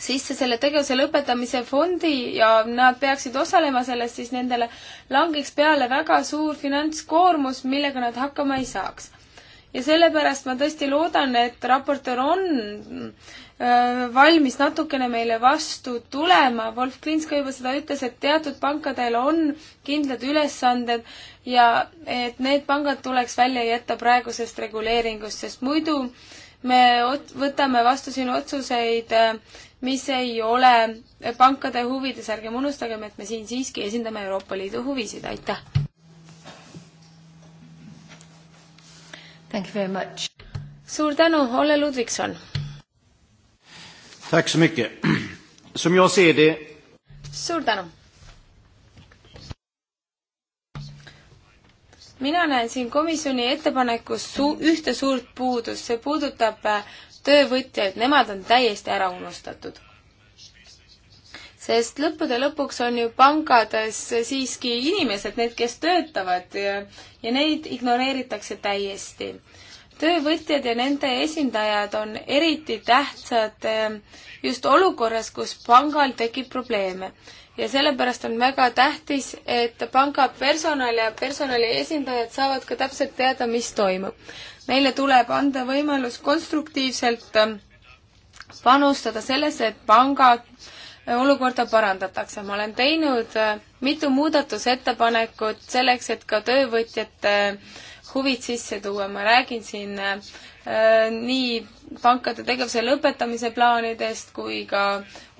sisse selle tegevuse lõpetamise fondi ja nad peaksid osalema selles, siis nendele langeks peale väga suur finantskoormus, millega nad hakkama ei saaks. ja sellepärast ma tõesti loodan, et raportöör on äh, valmis natukene meile vastu tulema, Wolf Klints ka juba seda ütles, et teatud pankadel on kindlad ülesanded ja et need pangad tuleks välja jätta praegusest reguleeringust, sest muidu äh, me ot-, võtame vastu siin otsuseid, äh, mis ei ole äh, pankade huvides, ärgem unustagem, et me siin siiski esindame Euroopa Liidu huvisid, aitäh! suur tänu, Olle Ludvigson! suur tänu! mina näen siin komisjoni ettepanekus su-, ühte suurt puudust, see puudutab äh, töövõtjaid, nemad on täiesti ära unustatud. sest lõppude lõpuks on ju pangades siiski inimesed, need, kes töötavad ja, ja neid ignoreeritakse täiesti. töövõtjad ja nende esindajad on eriti tähtsad äh, just olukorras, kus pangal tekib probleeme ja sellepärast on väga tähtis, et panga personal ja personali esindajad saavad ka täpselt teada, mis toimub. Neile tuleb anda võimalus konstruktiivselt ähm, panustada sellesse, et panga äh, olukorda parandatakse. ma olen teinud äh, mitu muudatusettepanekut selleks, et ka töövõtjate äh, huvid sisse tuua. ma räägin siin Äh, nii pankade tegevuse lõpetamise plaanidest kui ka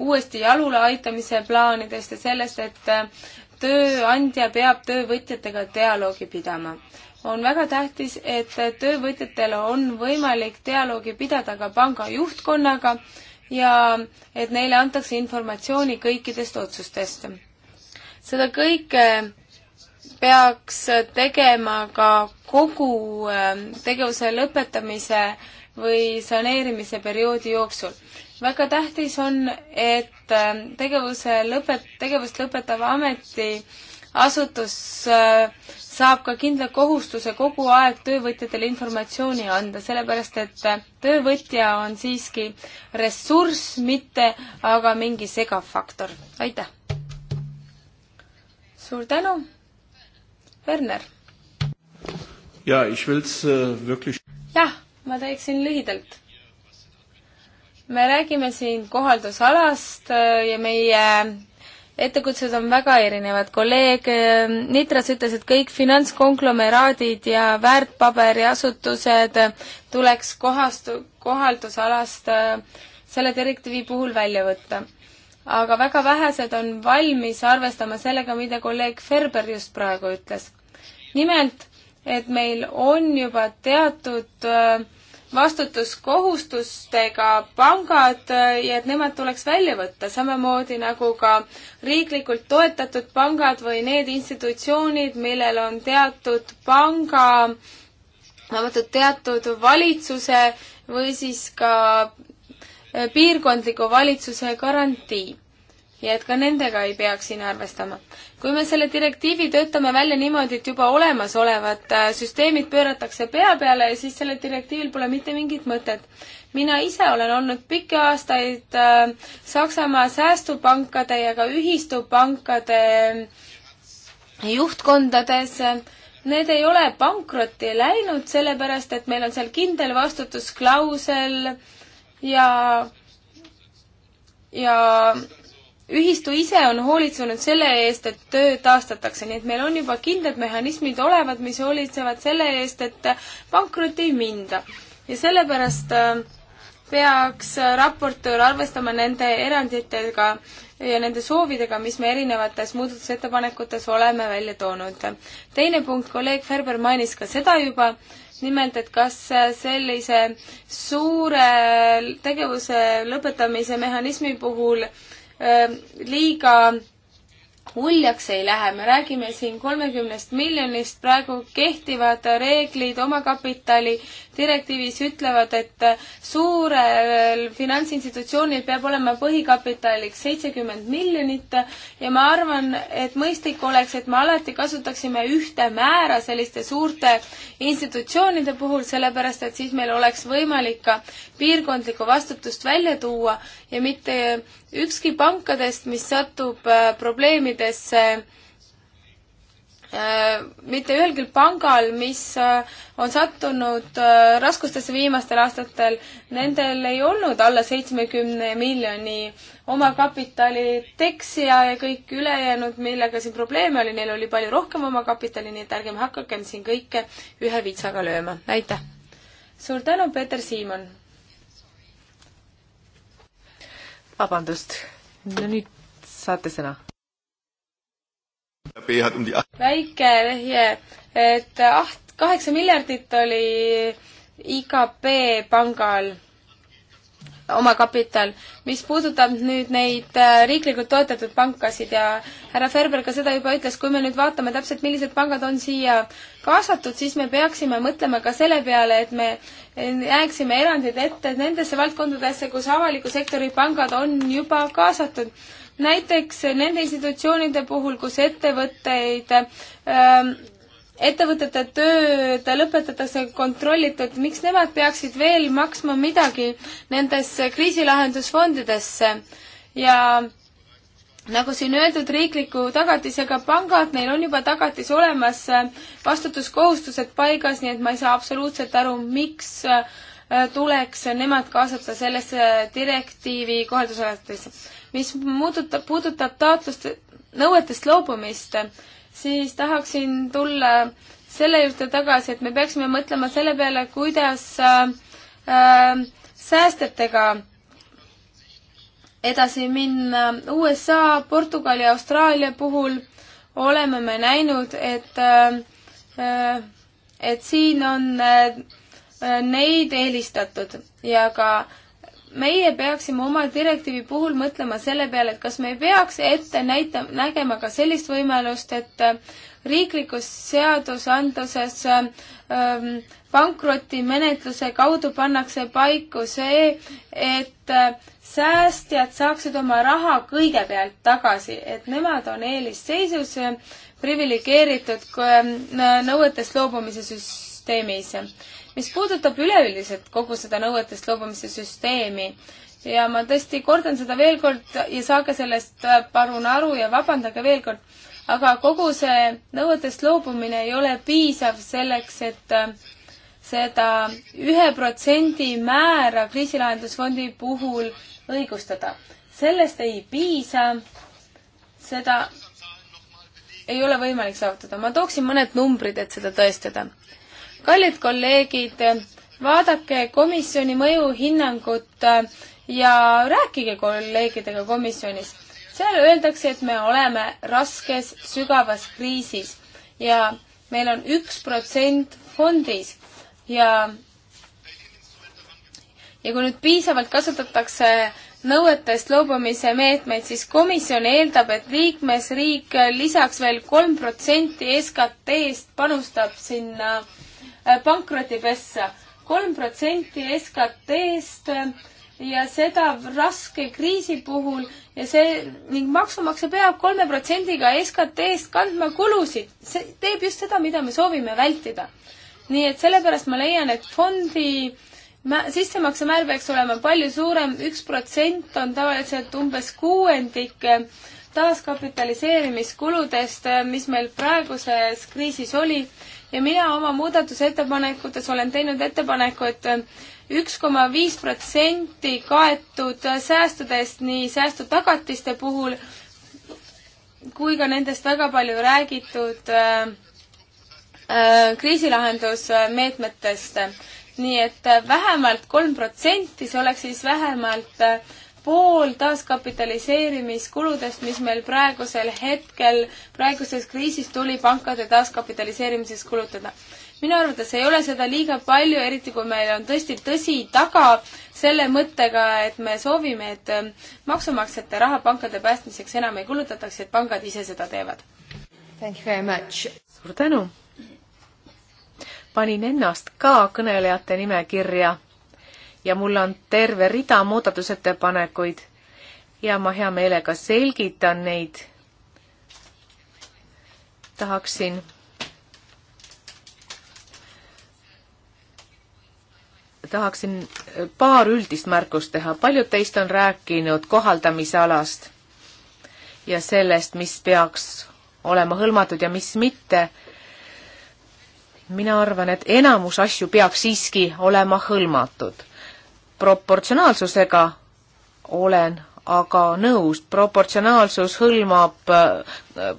uuesti jalule aitamise plaanidest ja sellest, et äh, tööandja peab töövõtjatega dialoogi pidama. on väga tähtis, et äh, töövõtjatel on võimalik dialoogi pidada ka panga juhtkonnaga ja et neile antakse informatsiooni kõikidest otsustest. seda kõike peaks tegema ka kogu äh, tegevuse lõpetamise või saneerimise perioodi jooksul. väga tähtis on, et äh, tegevuse lõpet, tegevust lõpetav ametiasutus äh, saab ka kindla kohustuse kogu aeg töövõtjatele informatsiooni anda, sellepärast et töövõtja on siiski ressurss, mitte aga mingi segav faktor. aitäh! suur tänu! Werner. ja, ich will's äh, wirklich. jah, ma teeksin lühidalt. me räägime siin kohaldusalast äh, ja meie ettekutsed on väga erinevad. kolleeg äh, Nitras ütles, et kõik finantskonglomeraadid ja väärtpaberiasutused äh, tuleks kohastu-, kohaldusalast selle direktiivi puhul välja võtta. aga väga vähesed on valmis arvestama sellega, mida kolleeg Ferber just praegu ütles nimelt, et meil on juba teatud äh, vastutuskohustustega pangad äh, ja et nemad tuleks välja võtta, samamoodi nagu ka riiklikult toetatud pangad või need institutsioonid, millel on teatud panga, vähemalt teatud valitsuse või siis ka äh, piirkondliku valitsuse garantii ja et ka nendega ei peaks siin arvestama. kui me selle direktiivi töötame välja niimoodi, et juba olemasolevad äh, süsteemid pööratakse pea peale, siis sellel direktiivil pole mitte mingit mõtet. mina ise olen olnud pikki aastaid äh, Saksamaa säästupankade ja ka ühistupankade äh, juhtkondades äh, Need ei ole pankrotti läinud, sellepärast et meil on seal kindel vastutusklausel ja, ja ühistu ise on hoolitsenud selle eest, et töö taastatakse, nii et meil on juba kindlad mehhanismid olevad, mis hoolitsevad selle eest, et pankrotti ei minda. ja sellepärast äh, peaks äh, raportöör arvestama nende eranditega ja nende soovidega, mis me erinevates muudatusettepanekutes oleme välja toonud. teine punkt, kolleeg Ferber mainis ka seda juba, nimelt, et kas äh, sellise suure tegevuse lõpetamise mehhanismi puhul äh, Ehm, liiga uljaks ei lähe, me räägime siin kolmekümnest miljonist, praegu kehtivad reeglid omakapitali direktiivis ütlevad, et suurel finantsinstitutsioonil peab olema põhikapitaliks seitsekümmend miljonit ja ma arvan, et mõistlik oleks, et me alati kasutaksime ühte määra selliste suurte institutsioonide puhul, sellepärast et siis meil oleks võimalik ka piirkondlikku vastutust välja tuua ja mitte ükski pankadest, mis satub äh, probleemidesse, äh, mitte ühelgi pangal, mis äh, on sattunud raskustesse viimastel aastatel, nendel ei olnud alla seitsmekümne miljoni omakapitali teksija ja kõik ülejäänud, millega siin probleeme oli, neil oli palju rohkem omakapitali, nii et ärgem hakakem siin kõike ühe vitsaga lööma. aitäh! suur tänu, Peeter Siimon! vabandust, no nüüd saate sõna. Um väike vehje, et aht, kaheksa miljardit oli IKP pangal omakapital. mis puudutab nüüd neid äh, riiklikult toetatud pankasid ja härra Ferber ka seda juba ütles, kui me nüüd vaatame täpselt, millised pangad on siia kaasatud, siis me peaksime mõtlema ka selle peale, et me eh, jääksime erandid ette nendesse valdkondadesse, kus avaliku sektori pangad on juba kaasatud. näiteks nende institutsioonide puhul, kus ettevõtteid ähm, ettevõtete tööd lõpetatakse kontrollitud, miks nemad peaksid veel maksma midagi nendesse kriisilahendusfondidesse ja nagu siin öeldud, riikliku tagatisega pangad, neil on juba tagatis olemas, vastutuskohustused paigas, nii et ma ei saa absoluutselt aru, miks äh, tuleks nemad kaasata sellesse direktiivi kohaldusalatesse. mis muudutab, puudutab taotlust, nõuetest loobumist, siis tahaksin tulla selle juurde tagasi, et me peaksime mõtlema selle peale, kuidas äh, äh, säästetega edasi minna. USA, Portugali, Austraalia puhul oleme me näinud, et äh,, äh et siin on äh, äh, neid eelistatud ja ka meie peaksime oma direktiivi puhul mõtlema selle peale, et kas me ei peaks ette näita-, nägema ka sellist võimalust, et äh, riiklikus seadusandluses ähm, pankrotimenetluse kaudu pannakse paiku see, et äh, säästjad saaksid oma raha kõigepealt tagasi, et nemad on eelisseisus äh, priviligeeritud ähm, nõuetest loobumise süsteemis mis puudutab üleüldiselt kogu seda nõuetest loobumise süsteemi ja ma tõesti kordan seda veel kord ja saage sellest palun aru ja vabandage veel kord, aga kogu see nõuetest loobumine ei ole piisav selleks, et äh, seda ühe protsendi määra kriisilahendusfondi puhul õigustada. sellest ei piisa, seda ei ole võimalik saavutada. ma tooksin mõned numbrid, et seda tõestada kallid kolleegid, vaadake komisjoni mõjuhinnangut äh, ja rääkige kolleegidega komisjonis. seal öeldakse, et me oleme raskes sügavas kriisis ja meil on üks protsent fondis ja ja kui nüüd piisavalt kasutatakse nõuetest loobumise meetmeid, siis komisjon eeldab, et liikmesriik lisaks veel kolm protsenti SKT-st panustab sinna äh, Äh, pankrotipessa. kolm protsenti SKT-st äh, ja seda raske kriisi puhul ja see ning maksumaksja peab kolme protsendiga SKT-st kandma kulusid. see teeb just seda, mida me soovime vältida. nii et sellepärast ma leian, et fondi sissemaksemäär peaks olema palju suurem, üks protsent on tavaliselt umbes kuuendik äh, taaskapitaliseerimiskuludest, mis meil praeguses kriisis oli ja mina oma muudatusettepanekutes olen teinud ettepaneku, et üks koma viis protsenti kaetud säästudest nii säästutagatiste puhul kui ka nendest väga palju räägitud äh, äh, kriisilahendusmeetmetest. nii et vähemalt kolm protsenti, see oleks siis vähemalt äh, pool taaskapitaliseerimiskuludest, mis meil praegusel hetkel, praeguses kriisis tuli pankade taaskapitaliseerimises kulutada. minu arvates ei ole seda liiga palju, eriti kui meil on tõesti tõsi taga selle mõttega, et me soovime, et ähm, maksumaksjate raha pankade päästmiseks enam ei kulutataks, et pangad ise seda teevad. suur tänu! panin ennast ka kõnelejate nimekirja ja mul on terve rida muudatusettepanekuid ja ma hea meelega selgitan neid. tahaksin tahaksin paar üldist märkust teha. paljud teist on rääkinud kohaldamise alast ja sellest, mis peaks olema hõlmatud ja mis mitte. mina arvan, et enamus asju peaks siiski olema hõlmatud proportsionaalsusega olen aga nõus, proportsionaalsus hõlmab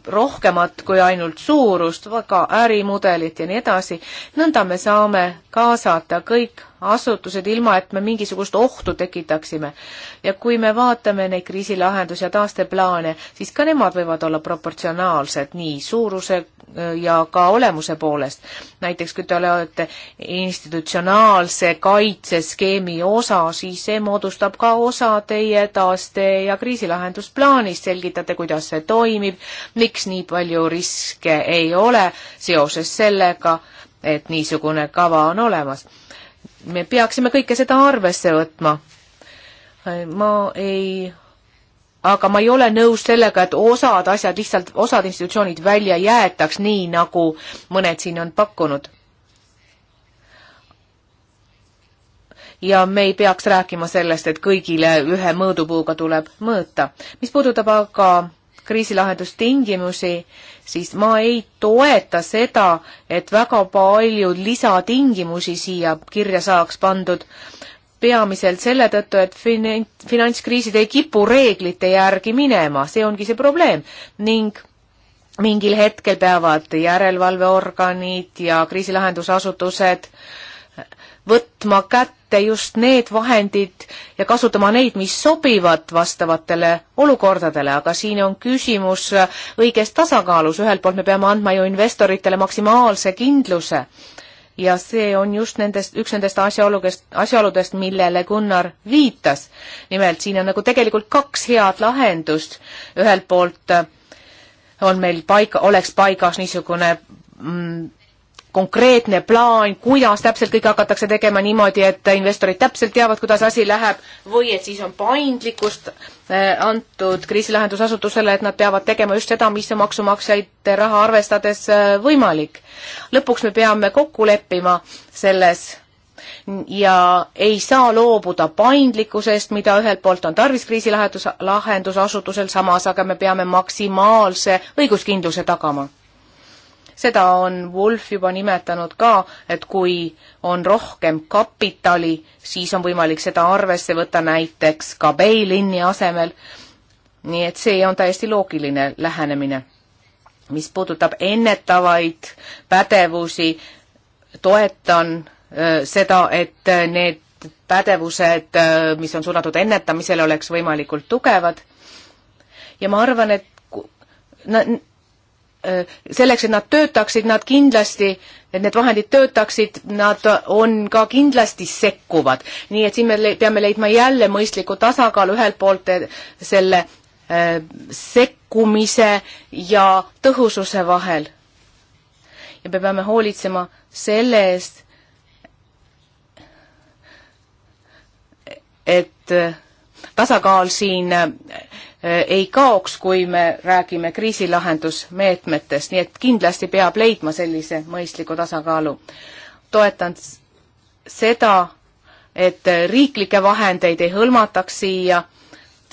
rohkemat kui ainult suurust, ka ärimudelit ja nii edasi, nõnda me saame kaasata kõik asutused, ilma et me mingisugust ohtu tekitaksime. ja kui me vaatame neid kriisilahendus- ja taasteplaane, siis ka nemad võivad olla proportsionaalsed nii suuruse äh, ja ka olemuse poolest. näiteks kui te olete institutsionaalse kaitseskeemi osa, siis see moodustab ka osa teie taaste- ja kriisilahendusplaanist, selgitate, kuidas see toimib, miks nii palju riske ei ole seoses sellega, et niisugune kava on olemas. me peaksime kõike seda arvesse võtma. ma ei aga ma ei ole nõus sellega, et osad asjad lihtsalt, osad institutsioonid välja jäetaks, nii nagu mõned siin on pakkunud. ja me ei peaks rääkima sellest, et kõigile ühe mõõdupuuga tuleb mõõta. mis puudutab aga kriisilahendustingimusi, siis ma ei toeta seda, et väga palju lisatingimusi siia kirja saaks pandud, peamiselt selle tõttu, et fin-, finantskriisid ei kipu reeglite järgi minema, see ongi see probleem ning mingil hetkel peavad järelevalveorganid ja kriisilahendusasutused äh, võtma kätte just need vahendid ja kasutama neid, mis sobivad vastavatele olukordadele, aga siin on küsimus õiges tasakaalus, ühelt poolt me peame andma ju investoritele maksimaalse kindluse ja see on just nendest, üks nendest asjaoludest, asjaoludest, millele Gunnar viitas. nimelt siin on nagu tegelikult kaks head lahendust, ühelt poolt on meil paika, oleks paigas niisugune mm, konkreetne plaan, kuidas täpselt kõike hakatakse tegema niimoodi, et investorid täpselt teavad, kuidas asi läheb või et siis on paindlikkust eh, antud kriisilahendusasutusele, et nad peavad tegema just seda, mis on maksumaksjaid raha arvestades eh, võimalik. lõpuks me peame kokku leppima selles ja ei saa loobuda paindlikkusest, mida ühelt poolt on tarvis kriisilahendus, lahendusasutusel, samas aga me peame maksimaalse õiguskindluse tagama seda on Wolf juba nimetanud ka, et kui on rohkem kapitali, siis on võimalik seda arvesse võtta näiteks ka bail-in'i asemel. nii et see on täiesti loogiline lähenemine. mis puudutab ennetavaid pädevusi, toetan öö, seda, et need pädevused, mis on suunatud ennetamisele, oleks võimalikult tugevad. ja ma arvan, et na, Äh, selleks, et nad töötaksid, nad kindlasti, et need vahendid töötaksid, nad on ka kindlasti sekkuvad. nii et siin me peame leidma jälle mõistliku tasakaalu ühelt poolt selle äh, sekkumise ja tõhususe vahel. ja me peame hoolitsema selle eest, et äh, tasakaal siin Eh, ei kaoks, kui me räägime kriisilahendusmeetmetest, nii et kindlasti peab leidma sellise mõistliku tasakaalu. toetan seda, et riiklikke vahendeid ei hõlmataks siia,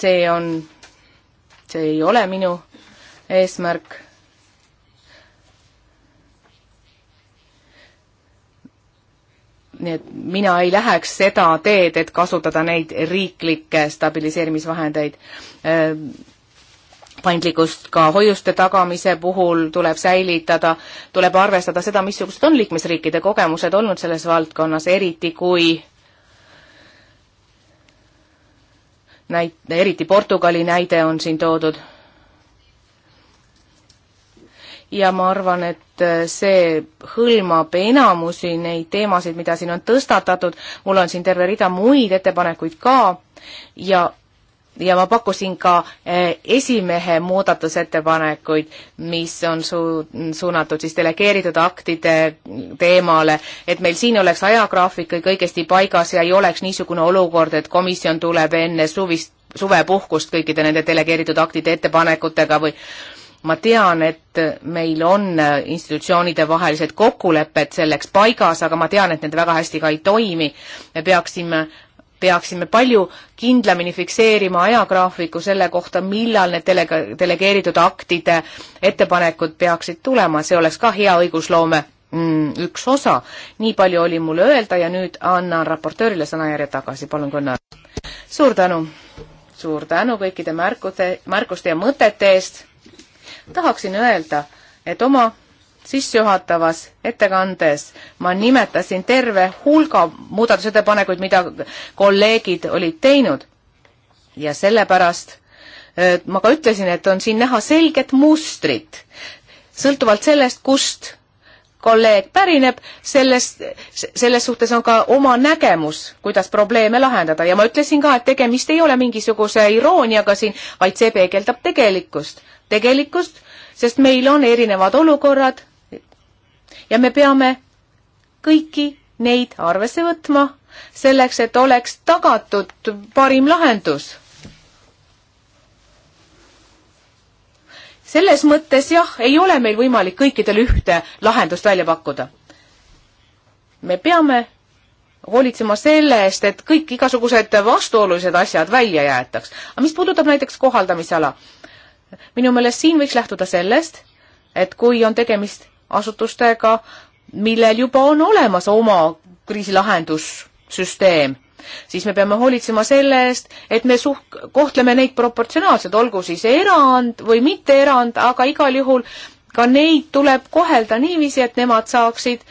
see on, see ei ole minu eesmärk nii et mina ei läheks seda teed, et kasutada neid riiklikke stabiliseerimisvahendeid. Äh, paindlikkust ka hoiuste tagamise puhul tuleb säilitada, tuleb arvestada seda, missugused on liikmesriikide kogemused olnud selles valdkonnas, eriti kui näit-, eriti Portugali näide on siin toodud ja ma arvan, et äh, see hõlmab enamusi neid teemasid, mida siin on tõstatatud, mul on siin terve rida muid ettepanekuid ka ja ja ma pakkusin ka äh, esimehe muudatusettepanekuid, mis on su-, suunatud siis delegeeritud aktide teemale, et meil siin oleks ajagraafik kõik õigesti paigas ja ei oleks niisugune olukord, et komisjon tuleb enne suvist, suvepuhkust kõikide nende delegeeritud aktide ettepanekutega või ma tean, et meil on institutsioonide vahelised kokkulepped selleks paigas, aga ma tean, et need väga hästi ka ei toimi. me peaksime, peaksime palju kindlamini fikseerima ajagraafiku selle kohta, millal need delega-, delegeeritud aktide ettepanekud peaksid tulema, see oleks ka hea õigusloome mm, üks osa. nii palju oli mul öelda ja nüüd annan raportöörile sõnajärje tagasi, palun, Gunnar. suur tänu! suur tänu kõikide märkude, märkuste ja mõtete eest tahaksin öelda, et oma sissejuhatavas ettekandes ma nimetasin terve hulga muudatusettepanekuid, mida kolleegid olid teinud ja sellepärast ma ka ütlesin, et on siin näha selget mustrit, sõltuvalt sellest, kust kolleeg pärineb, selles, selles suhtes on ka oma nägemus, kuidas probleeme lahendada ja ma ütlesin ka, et tegemist ei ole mingisuguse irooniaga siin, vaid see peegeldab tegelikkust tegelikkust, sest meil on erinevad olukorrad ja me peame kõiki neid arvesse võtma selleks, et oleks tagatud parim lahendus. selles mõttes jah, ei ole meil võimalik kõikidel ühte lahendust välja pakkuda. me peame hoolitsema selle eest, et kõik igasugused vastuolulised asjad välja jäetaks. aga mis puudutab näiteks kohaldamisala, minu meelest siin võiks lähtuda sellest, et kui on tegemist asutustega, millel juba on olemas oma kriisilahendussüsteem, siis me peame hoolitsema selle eest, et me suht-, kohtleme neid proportsionaalselt, olgu siis erand või mitte erand, aga igal juhul ka neid tuleb kohelda niiviisi, et nemad saaksid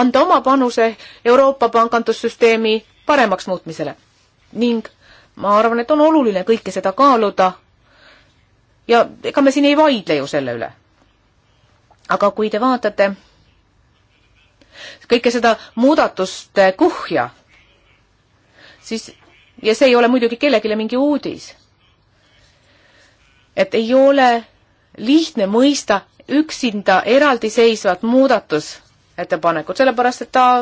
anda oma panuse Euroopa pangandussüsteemi paremaks muutmisele. ning ma arvan, et on oluline kõike seda kaaluda ja ega me siin ei vaidle ju selle üle. aga kui te vaatate kõike seda muudatuste kuhja, siis, ja see ei ole muidugi kellelegi mingi uudis, et ei ole lihtne mõista üksinda eraldiseisvat muudatusettepanekut, sellepärast et ta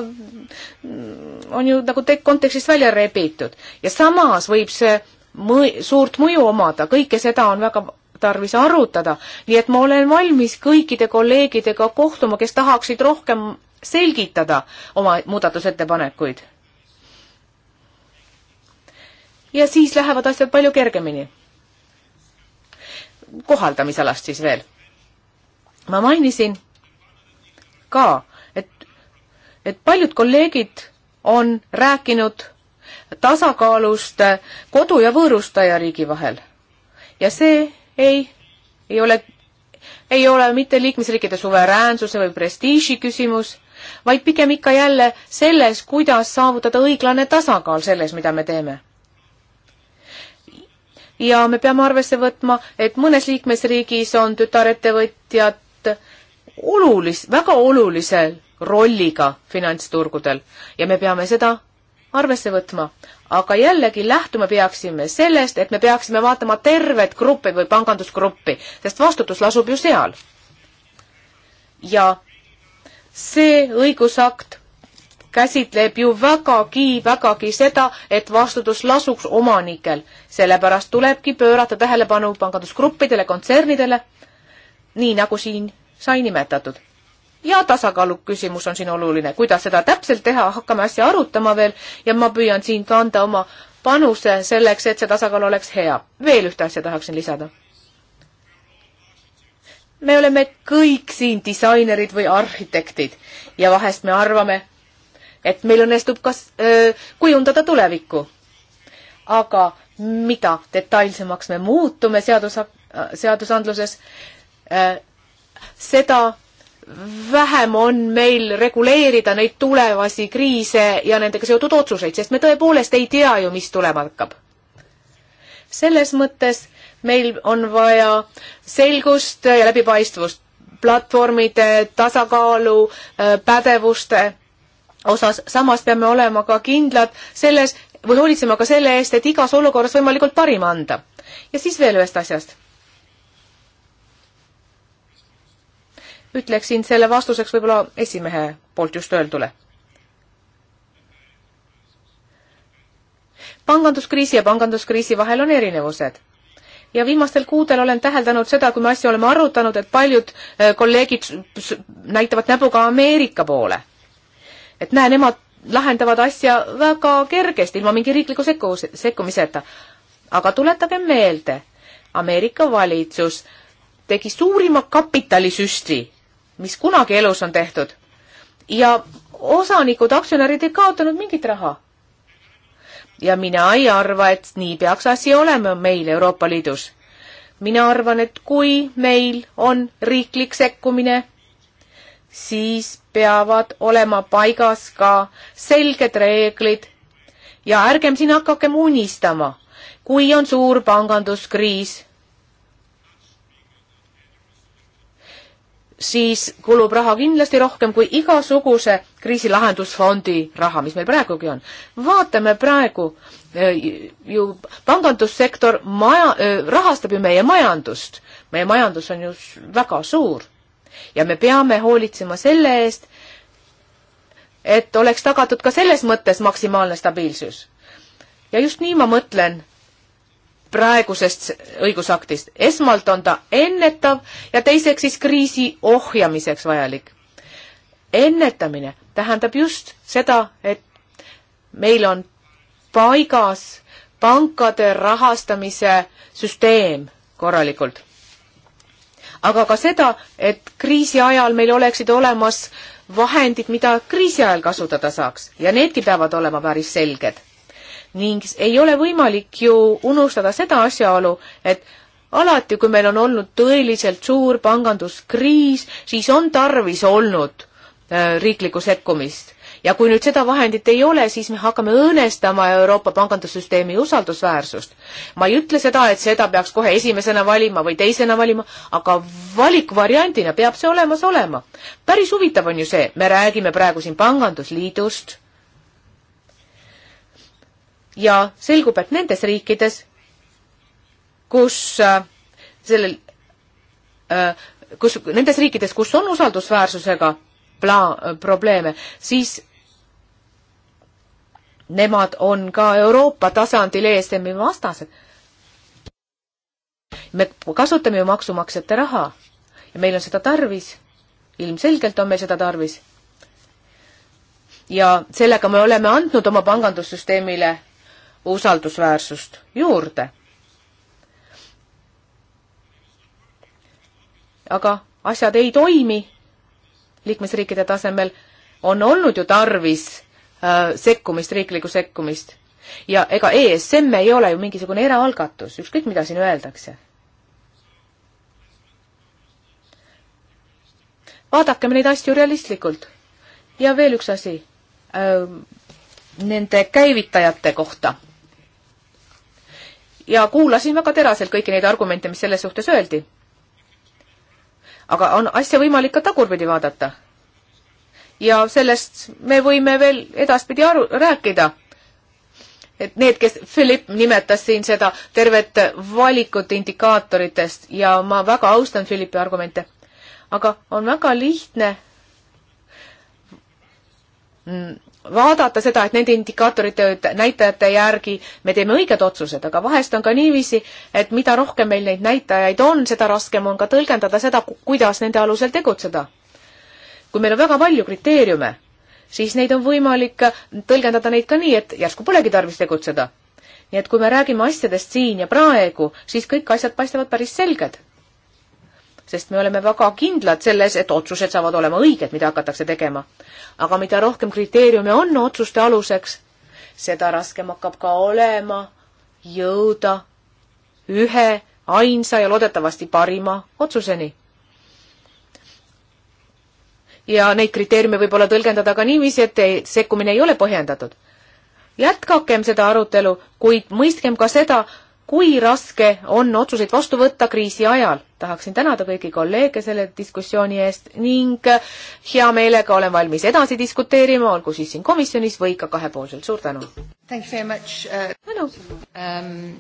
on ju nagu kontekstist välja rebitud ja samas võib see mõ-, suurt mõju omada, kõike seda on väga tarvis arutada. nii et ma olen valmis kõikide kolleegidega kohtuma, kes tahaksid rohkem selgitada oma muudatusettepanekuid. ja siis lähevad asjad palju kergemini. kohaldamisalast siis veel. ma mainisin ka, et, et paljud kolleegid on rääkinud tasakaalust kodu- ja võõrustajariigi vahel ja see ei, ei ole, ei ole mitte liikmesriikide suveräänsuse või prestiiži küsimus, vaid pigem ikka jälle selles, kuidas saavutada õiglane tasakaal selles, mida me teeme ja me peame arvesse võtma, et mõnes liikmesriigis on tütarettevõtjad olulis-, väga olulise rolliga finantsturgudel ja me peame seda arvesse võtma aga jällegi lähtuma peaksime sellest, et me peaksime vaatama tervet gruppi või pangandusgruppi, sest vastutus lasub ju seal. ja see õigusakt käsitleb ju vägagi, vägagi seda, et vastutus lasuks omanikel. sellepärast tulebki pöörata tähelepanu pangandusgruppidele, kontsernidele, nii nagu siin sai nimetatud ja tasakaalu küsimus on siin oluline. kuidas seda täpselt teha, hakkame asja arutama veel ja ma püüan siin ka anda oma panuse selleks, et see tasakaal oleks hea. veel ühte asja tahaksin lisada. me oleme kõik siin disainerid või arhitektid ja vahest me arvame, et meil õnnestub kas öö, kujundada tulevikku. aga mida detailsemaks me muutume seadus, seadusandluses, seda vähem on meil reguleerida neid tulevasi kriise ja nendega seotud otsuseid, sest me tõepoolest ei tea ju, mis tulema hakkab. selles mõttes meil on vaja selgust ja läbipaistvust platvormide tasakaalu, äh, pädevuste osas, samas peame olema ka kindlad selles või hoolitsema ka selle eest, et igas olukorras võimalikult parim anda. ja siis veel ühest asjast ütleksin selle vastuseks võib-olla esimehe poolt just öeldule. panganduskriisi ja panganduskriisi vahel on erinevused ja viimastel kuudel olen täheldanud seda, kui me asju oleme arutanud, et paljud äh, kolleegid näitavad näpuga Ameerika poole. et näe, nemad lahendavad asja väga kergesti, ilma mingi riikliku sekku-, sekkumiseta. aga tuletagem meelde, Ameerika valitsus tegi suurima kapitalisüsti mis kunagi elus on tehtud. ja osanikud, aktsionärid ei kaotanud mingit raha. ja mina ei arva, et nii peaks asi olema meil Euroopa Liidus. mina arvan, et kui meil on riiklik sekkumine, siis peavad olema paigas ka selged reeglid ja ärgem siin hakakem unistama, kui on suur panganduskriis siis kulub raha kindlasti rohkem kui igasuguse kriisilahendusfondi raha, mis meil praegugi on. vaatame praegu eh, ju pangandussektor maja, eh, rahastab ju meie majandust. meie majandus on ju väga suur ja me peame hoolitsema selle eest, et oleks tagatud ka selles mõttes maksimaalne stabiilsus. ja just nii ma mõtlen praegusest õigusaktist. esmalt on ta ennetav ja teiseks siis kriisi ohjamiseks vajalik. ennetamine tähendab just seda, et meil on paigas pankade rahastamise süsteem korralikult. aga ka seda, et kriisi ajal meil oleksid olemas vahendid, mida kriisi ajal kasutada saaks ja needki peavad olema päris selged ning ei ole võimalik ju unustada seda asjaolu, et alati, kui meil on olnud tõeliselt suur panganduskriis, siis on tarvis olnud äh, riiklikku sekkumist. ja kui nüüd seda vahendit ei ole, siis me hakkame õõnestama Euroopa pangandussüsteemi usaldusväärsust. ma ei ütle seda, et seda peaks kohe esimesena valima või teisena valima, aga valikvariandina peab see olemas olema. päris huvitav on ju see, me räägime praegu siin pangandusliidust ja selgub, et nendes riikides, kus äh, sellel, äh, kus, nendes riikides, kus on usaldusväärsusega pla-, äh, probleeme, siis nemad on ka Euroopa tasandil ESM-i vastased. me kasutame ju maksumaksjate raha ja meil on seda tarvis. ilmselgelt on meil seda tarvis. ja sellega me oleme andnud oma pangandussüsteemile usaldusväärsust juurde. aga asjad ei toimi liikmesriikide tasemel, on olnud ju tarvis äh, sekkumist, riiklikku sekkumist. ja ega ESM ei ole ju mingisugune eraalgatus, ükskõik mida siin öeldakse. vaadakem neid asju realistlikult. ja veel üks asi äh,, nende käivitajate kohta ja kuulasin väga teraselt kõiki neid argumente, mis selle suhtes öeldi. aga on asja võimalik ka tagurpidi vaadata. ja sellest me võime veel edaspidi aru, rääkida. et need, kes, Philipp nimetas siin seda tervet valikut indikaatoritest ja ma väga austan Philippi argumente, aga on väga lihtne vaadata seda, et nende indikaatorite, näitajate järgi me teeme õiged otsused, aga vahest on ka niiviisi, et mida rohkem meil neid näitajaid on, seda raskem on ka tõlgendada seda, kuidas nende alusel tegutseda. kui meil on väga palju kriteeriume, siis neid on võimalik tõlgendada neid ka nii, et järsku polegi tarvis tegutseda. nii et kui me räägime asjadest siin ja praegu, siis kõik asjad paistavad päris selged sest me oleme väga kindlad selles, et otsused saavad olema õiged, mida hakatakse tegema. aga mida rohkem kriteeriume on otsuste aluseks, seda raskem hakkab ka olema jõuda ühe, ainsa ja loodetavasti parima otsuseni. ja neid kriteeriume võib olla tõlgendada ka niiviisi, et ei, sekkumine ei ole põhjendatud. jätkakem seda arutelu, kuid mõistkem ka seda, kui raske on otsuseid vastu võtta kriisi ajal. tahaksin tänada kõiki kolleege selle diskussiooni eest ning hea meelega olen valmis edasi diskuteerima, olgu siis siin komisjonis või ka kahepoolselt. suur tänu! Uh, tänu! Um,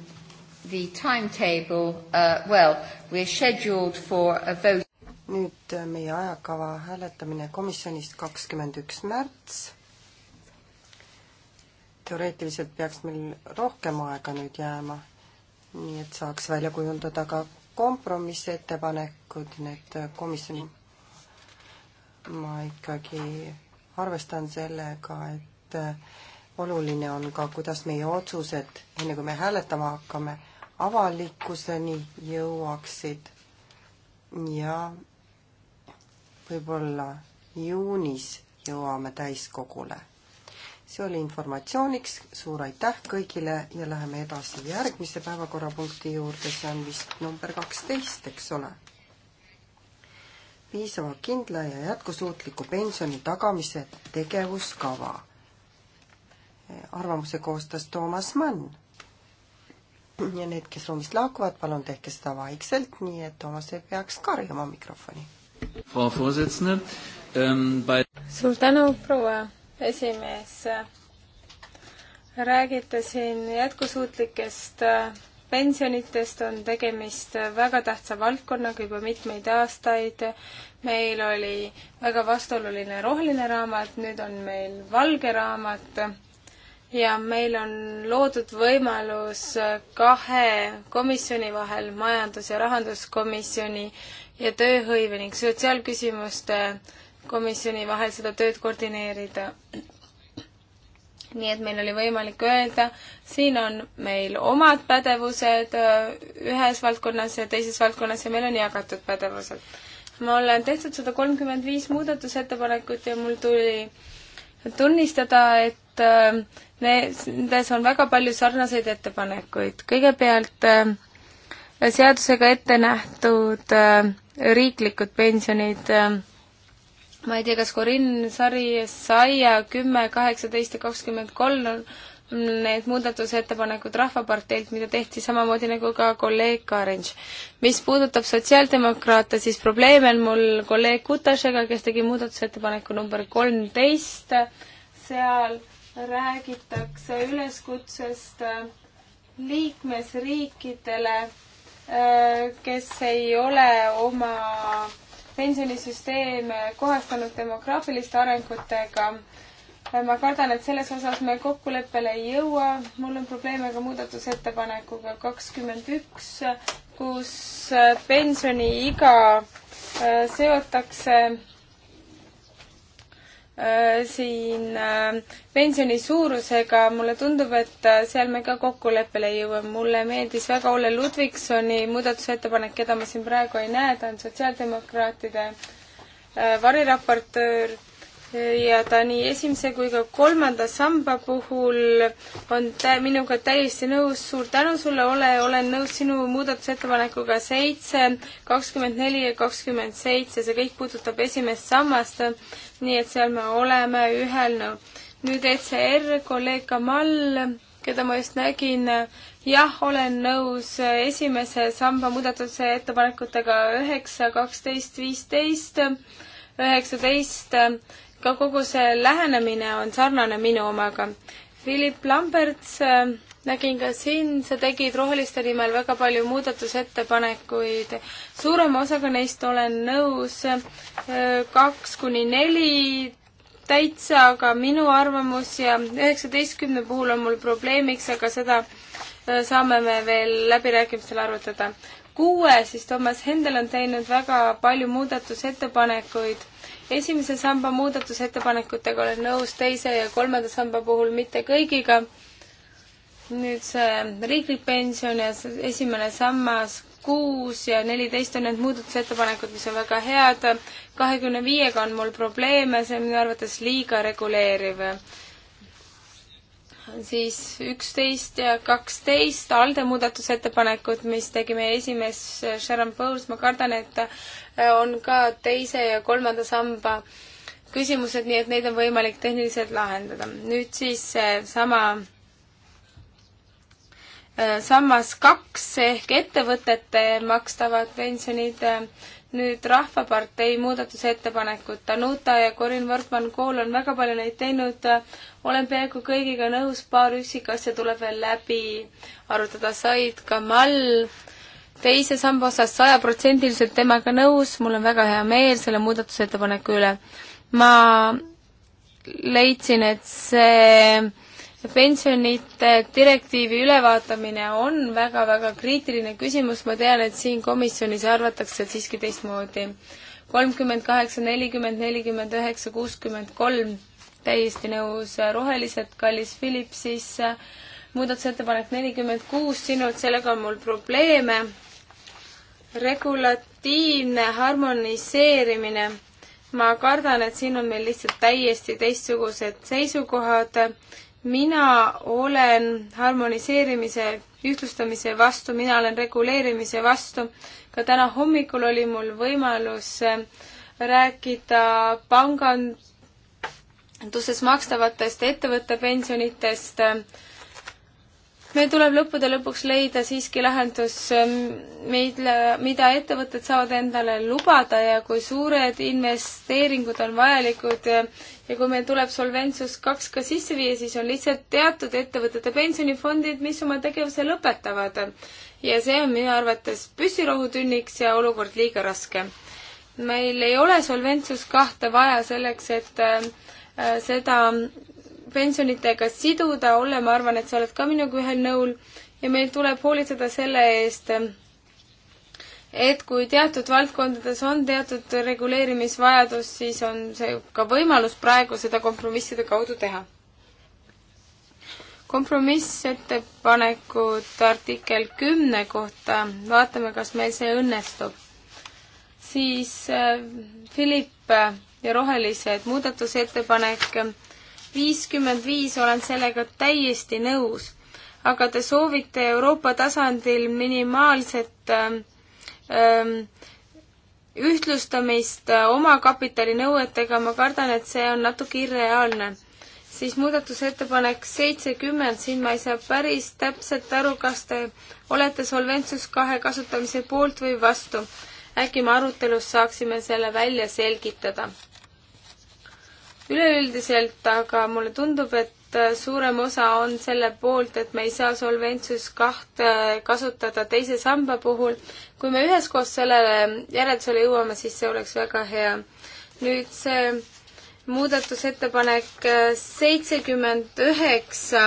the timetable uh,, well, we are scheduled for a vote. nüüd uh, meie ajakava hääletamine komisjonist kakskümmend üks märts teoreetiliselt peaks meil rohkem aega nüüd jääma nii et saaks välja kujundada ka kompromissettepanekud, need komisjoni. ma ikkagi arvestan sellega, et äh, oluline on ka, kuidas meie otsused, enne kui me hääletama hakkame, avalikkuseni jõuaksid ja võib-olla juunis jõuame täiskogule see oli informatsiooniks, suur aitäh kõigile ja läheme edasi järgmise päevakorrapunkti juurde, see on vist number kaksteist, eks ole piisava kindla ja jätkusuutliku pensioni tagamise tegevuskava. arvamuse koostas Toomas Mann. ja need, kes ruumist lahkuvad, palun tehke seda vaikselt, nii et Toomas ei peaks karjuma mikrofoni. Ähm, bei... suur tänu, proua esimees. räägite siin jätkusuutlikest äh, pensionitest, on tegemist äh, väga tähtsa valdkonnaga juba mitmeid aastaid. meil oli väga vastuoluline roheline raamat, nüüd on meil valge raamat ja meil on loodud võimalus äh, kahe komisjoni vahel, majandus- ja rahanduskomisjoni ja tööhõive ning sotsiaalküsimuste komisjoni vahel seda tööd koordineerida. nii et meil oli võimalik öelda, siin on meil omad pädevused äh, ühes valdkonnas ja teises valdkonnas ja meil on jagatud pädevused. ma olen tehtud sada kolmkümmend viis muudatusettepanekut ja mul tuli tunnistada, et äh, nendes on väga palju sarnaseid ettepanekuid. kõigepealt äh, seadusega ette nähtud riiklikud pensionid ma ei tea, kas Corinne sari saia kümme, kaheksateist ja kakskümmend kolm need muudatusettepanekud Rahvaparteilt, mida tehti samamoodi nagu ka kolleeg Karinš. mis puudutab sotsiaaldemokraate, siis probleeme on mul kolleeg Kutašega, kes tegi muudatusettepaneku number kolmteist, seal räägitakse üleskutsest liikmesriikidele, äh, kes ei ole oma pensionisüsteem kohastanud demograafiliste arengutega. ma kardan, et selles osas me kokkuleppele ei jõua. mul on probleeme ka muudatusettepanekuga kakskümmend üks, kus pensioniiga äh, seotakse Äh, siin äh, pensioni suurusega, mulle tundub, et äh, seal me ka kokkuleppele ei jõua. mulle meeldis väga Olle Ludvigsoni muudatusettepanek, keda ma siin praegu ei näe, ta on sotsiaaldemokraatide variraportöör ja ta nii esimese kui ka kolmanda samba puhul on tä-, minuga täiesti nõus, suur tänu sulle, Ole, olen nõus sinu muudatusettepanekuga seitse, kakskümmend neli ja kakskümmend seitse, see kõik puudutab esimest sammast, nii et seal me oleme ühel nõul no.. nüüd ECR, kolleeg Kamal, keda ma just nägin, jah, olen nõus esimese samba muudatuse ettepanekutega üheksa, kaksteist, viisteist, üheksateist ka kogu see lähenemine on sarnane minu omaga. Philip Lamberts äh, nägin ka siin, sa tegid Roheliste nimel väga palju muudatusettepanekuid. suurema osaga neist olen nõus, äh, kaks kuni neli täitsa, aga minu arvamus ja üheksateistkümne puhul on mul probleemiks, aga seda äh, saame me veel läbirääkimistel arutada. kuue siis Toomas Hendel on teinud väga palju muudatusettepanekuid esimese samba muudatusettepanekutega olen nõus, teise ja kolmanda samba puhul mitte kõigiga. nüüd see riiklik pension ja esimene sammas kuus ja neliteist on need muudatusettepanekud, mis on väga head. kahekümne viiega on mul probleeme, see on minu arvates liiga reguleeriv. siis üksteist ja kaksteist ALDE muudatusettepanekud, mis tegime esimees Sharon Bowles, ma kardan, et on ka teise ja kolmanda samba küsimused, nii et neid on võimalik tehniliselt lahendada. nüüd siis seesama äh, äh, sammas kaks ehk ettevõtete makstavad pensionid äh, nüüd Rahvapartei muudatusettepanekud. Danuta ja Corin Wortmann-Kool on väga palju neid teinud. olen peaaegu kõigiga nõus, paar üksikasja tuleb veel läbi arutada. Said Kamal teise samba osas sajaprotsendiliselt temaga nõus, mul on väga hea meel selle muudatusettepaneku üle. ma leidsin, et see pensionite direktiivi ülevaatamine on väga-väga kriitiline küsimus, ma tean, et siin komisjonis arvatakse siiski teistmoodi. kolmkümmend kaheksa, nelikümmend, nelikümmend üheksa, kuuskümmend kolm, täiesti nõus, rohelised, kallis Philips siis, muudatusettepanek nelikümmend kuus sinult, sellega on mul probleeme regulatiivne harmoniseerimine. ma kardan, et siin on meil lihtsalt täiesti teistsugused seisukohad. mina olen harmoniseerimise, ühtlustamise vastu, mina olen reguleerimise vastu. ka täna hommikul oli mul võimalus äh, rääkida pangand-, maksutavatest ettevõtte pensionitest äh, meil tuleb lõppude lõpuks leida siiski lahendus, ähm, mille, mida ettevõtted saavad endale lubada ja kui suured investeeringud on vajalikud ja, ja kui meil tuleb Solventsus kaks ka sisse viia, siis on lihtsalt teatud ettevõtete pensionifondid, mis oma tegevuse lõpetavad. ja see on minu arvates püssirohutünniks ja olukord liiga raske. meil ei ole Solventsus kahte vaja selleks, et äh, seda pensionitega siduda, Olle, ma arvan, et sa oled ka minuga ühel nõul ja meil tuleb hoolitseda selle eest, et kui teatud valdkondades on teatud reguleerimisvajadus, siis on see ka võimalus praegu seda kompromisside kaudu teha. kompromissettepanekud artikkel kümne kohta, vaatame, kas meil see õnnestub. siis äh, Philipp ja Rohelised muudatusettepanek viiskümmend viis olen sellega täiesti nõus, aga te soovite Euroopa tasandil minimaalset ähm, ähm ühtlustamist äh, omakapitalinõuetega, ma kardan, et see on natuke irreaalne. siis muudatusettepanek seitsekümmend, siin ma ei saa päris täpselt aru, kas te olete Solventsus kahe kasutamise poolt või vastu. äkki me arutelus saaksime selle välja selgitada üleüldiselt, aga mulle tundub, et äh, suurem osa on selle poolt, et me ei saa solventsus kahte äh, kasutada teise samba puhul. kui me üheskoos sellele järeldusele jõuame, siis see oleks väga hea. nüüd see muudatusettepanek äh, seitsekümmend üheksa,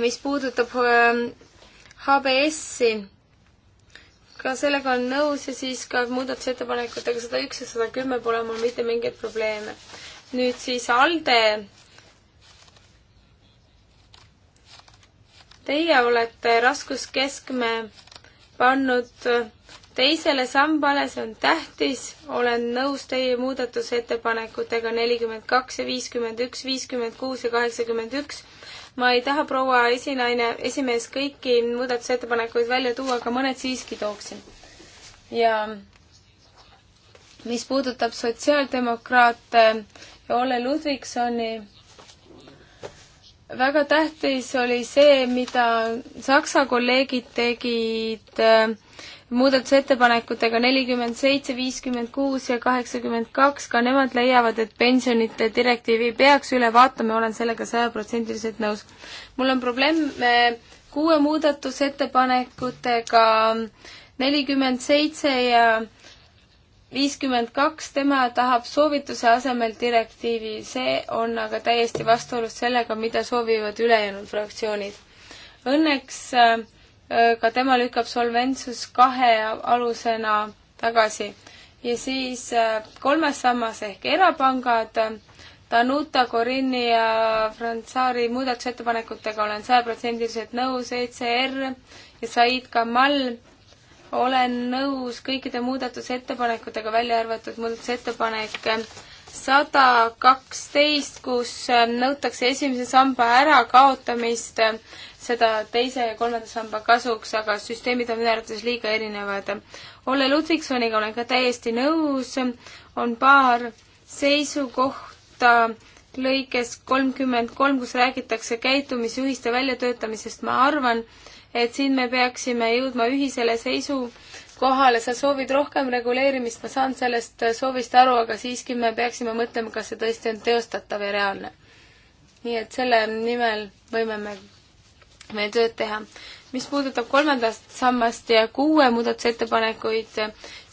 mis puudutab HBS-i ka sellega on nõus ja siis ka muudatusettepanekutega sada üks ja sada kümme pole mul mitte mingeid probleeme. nüüd siis ALDE. Teie olete raskuskeskme pannud teisele sambale, see on tähtis, olen nõus teie muudatusettepanekutega nelikümmend kaks ja viiskümmend üks, viiskümmend kuus ja kaheksakümmend üks ma ei taha, proua esinaine, esimees, kõiki muudatusettepanekuid välja tuua, aga mõned siiski tooksin. ja mis puudutab sotsiaaldemokraate ja Olle Ludvigsoni, väga tähtis oli see, mida Saksa kolleegid tegid äh, muudatusettepanekutega nelikümmend seitse, viiskümmend kuus ja kaheksakümmend kaks, ka nemad leiavad, et pensionite direktiivi peaks üle vaatama, olen sellega sajaprotsendiliselt nõus. mul on probleeme kuue muudatusettepanekutega nelikümmend seitse ja viiskümmend kaks, tema tahab soovituse asemel direktiivi, see on aga täiesti vastuolus sellega, mida soovivad ülejäänud fraktsioonid. Õnneks äh, Äh, ka tema lükkab solventsus kahe alusena tagasi. ja siis äh, kolmas sammas ehk erapangad, Danuta Corini ja Franzari muudatusettepanekutega olen sajaprotsendiliselt nõus, ECR ja Said Kamal olen nõus kõikide muudatusettepanekutega, välja arvatud muudatusettepanek sada kaksteist, kus ähm, nõutakse esimese samba ärakaotamist, äh, seda teise ja kolmanda samba kasuks, aga süsteemid on minu arvates liiga erinevad. Olle Ludvigsoniga olen ka täiesti nõus, on paar seisukohta lõikes kolmkümmend kolm, kus räägitakse käitumisjuhiste väljatöötamisest, ma arvan, et siin me peaksime jõudma ühisele seisukohale, kohale, sa soovid rohkem reguleerimist, ma saan sellest soovist aru, aga siiski me peaksime mõtlema, kas see tõesti on teostatav ja reaalne. nii et selle nimel võime me veel tööd teha. mis puudutab kolmandast sammast ja kuue muudatusettepanekuid,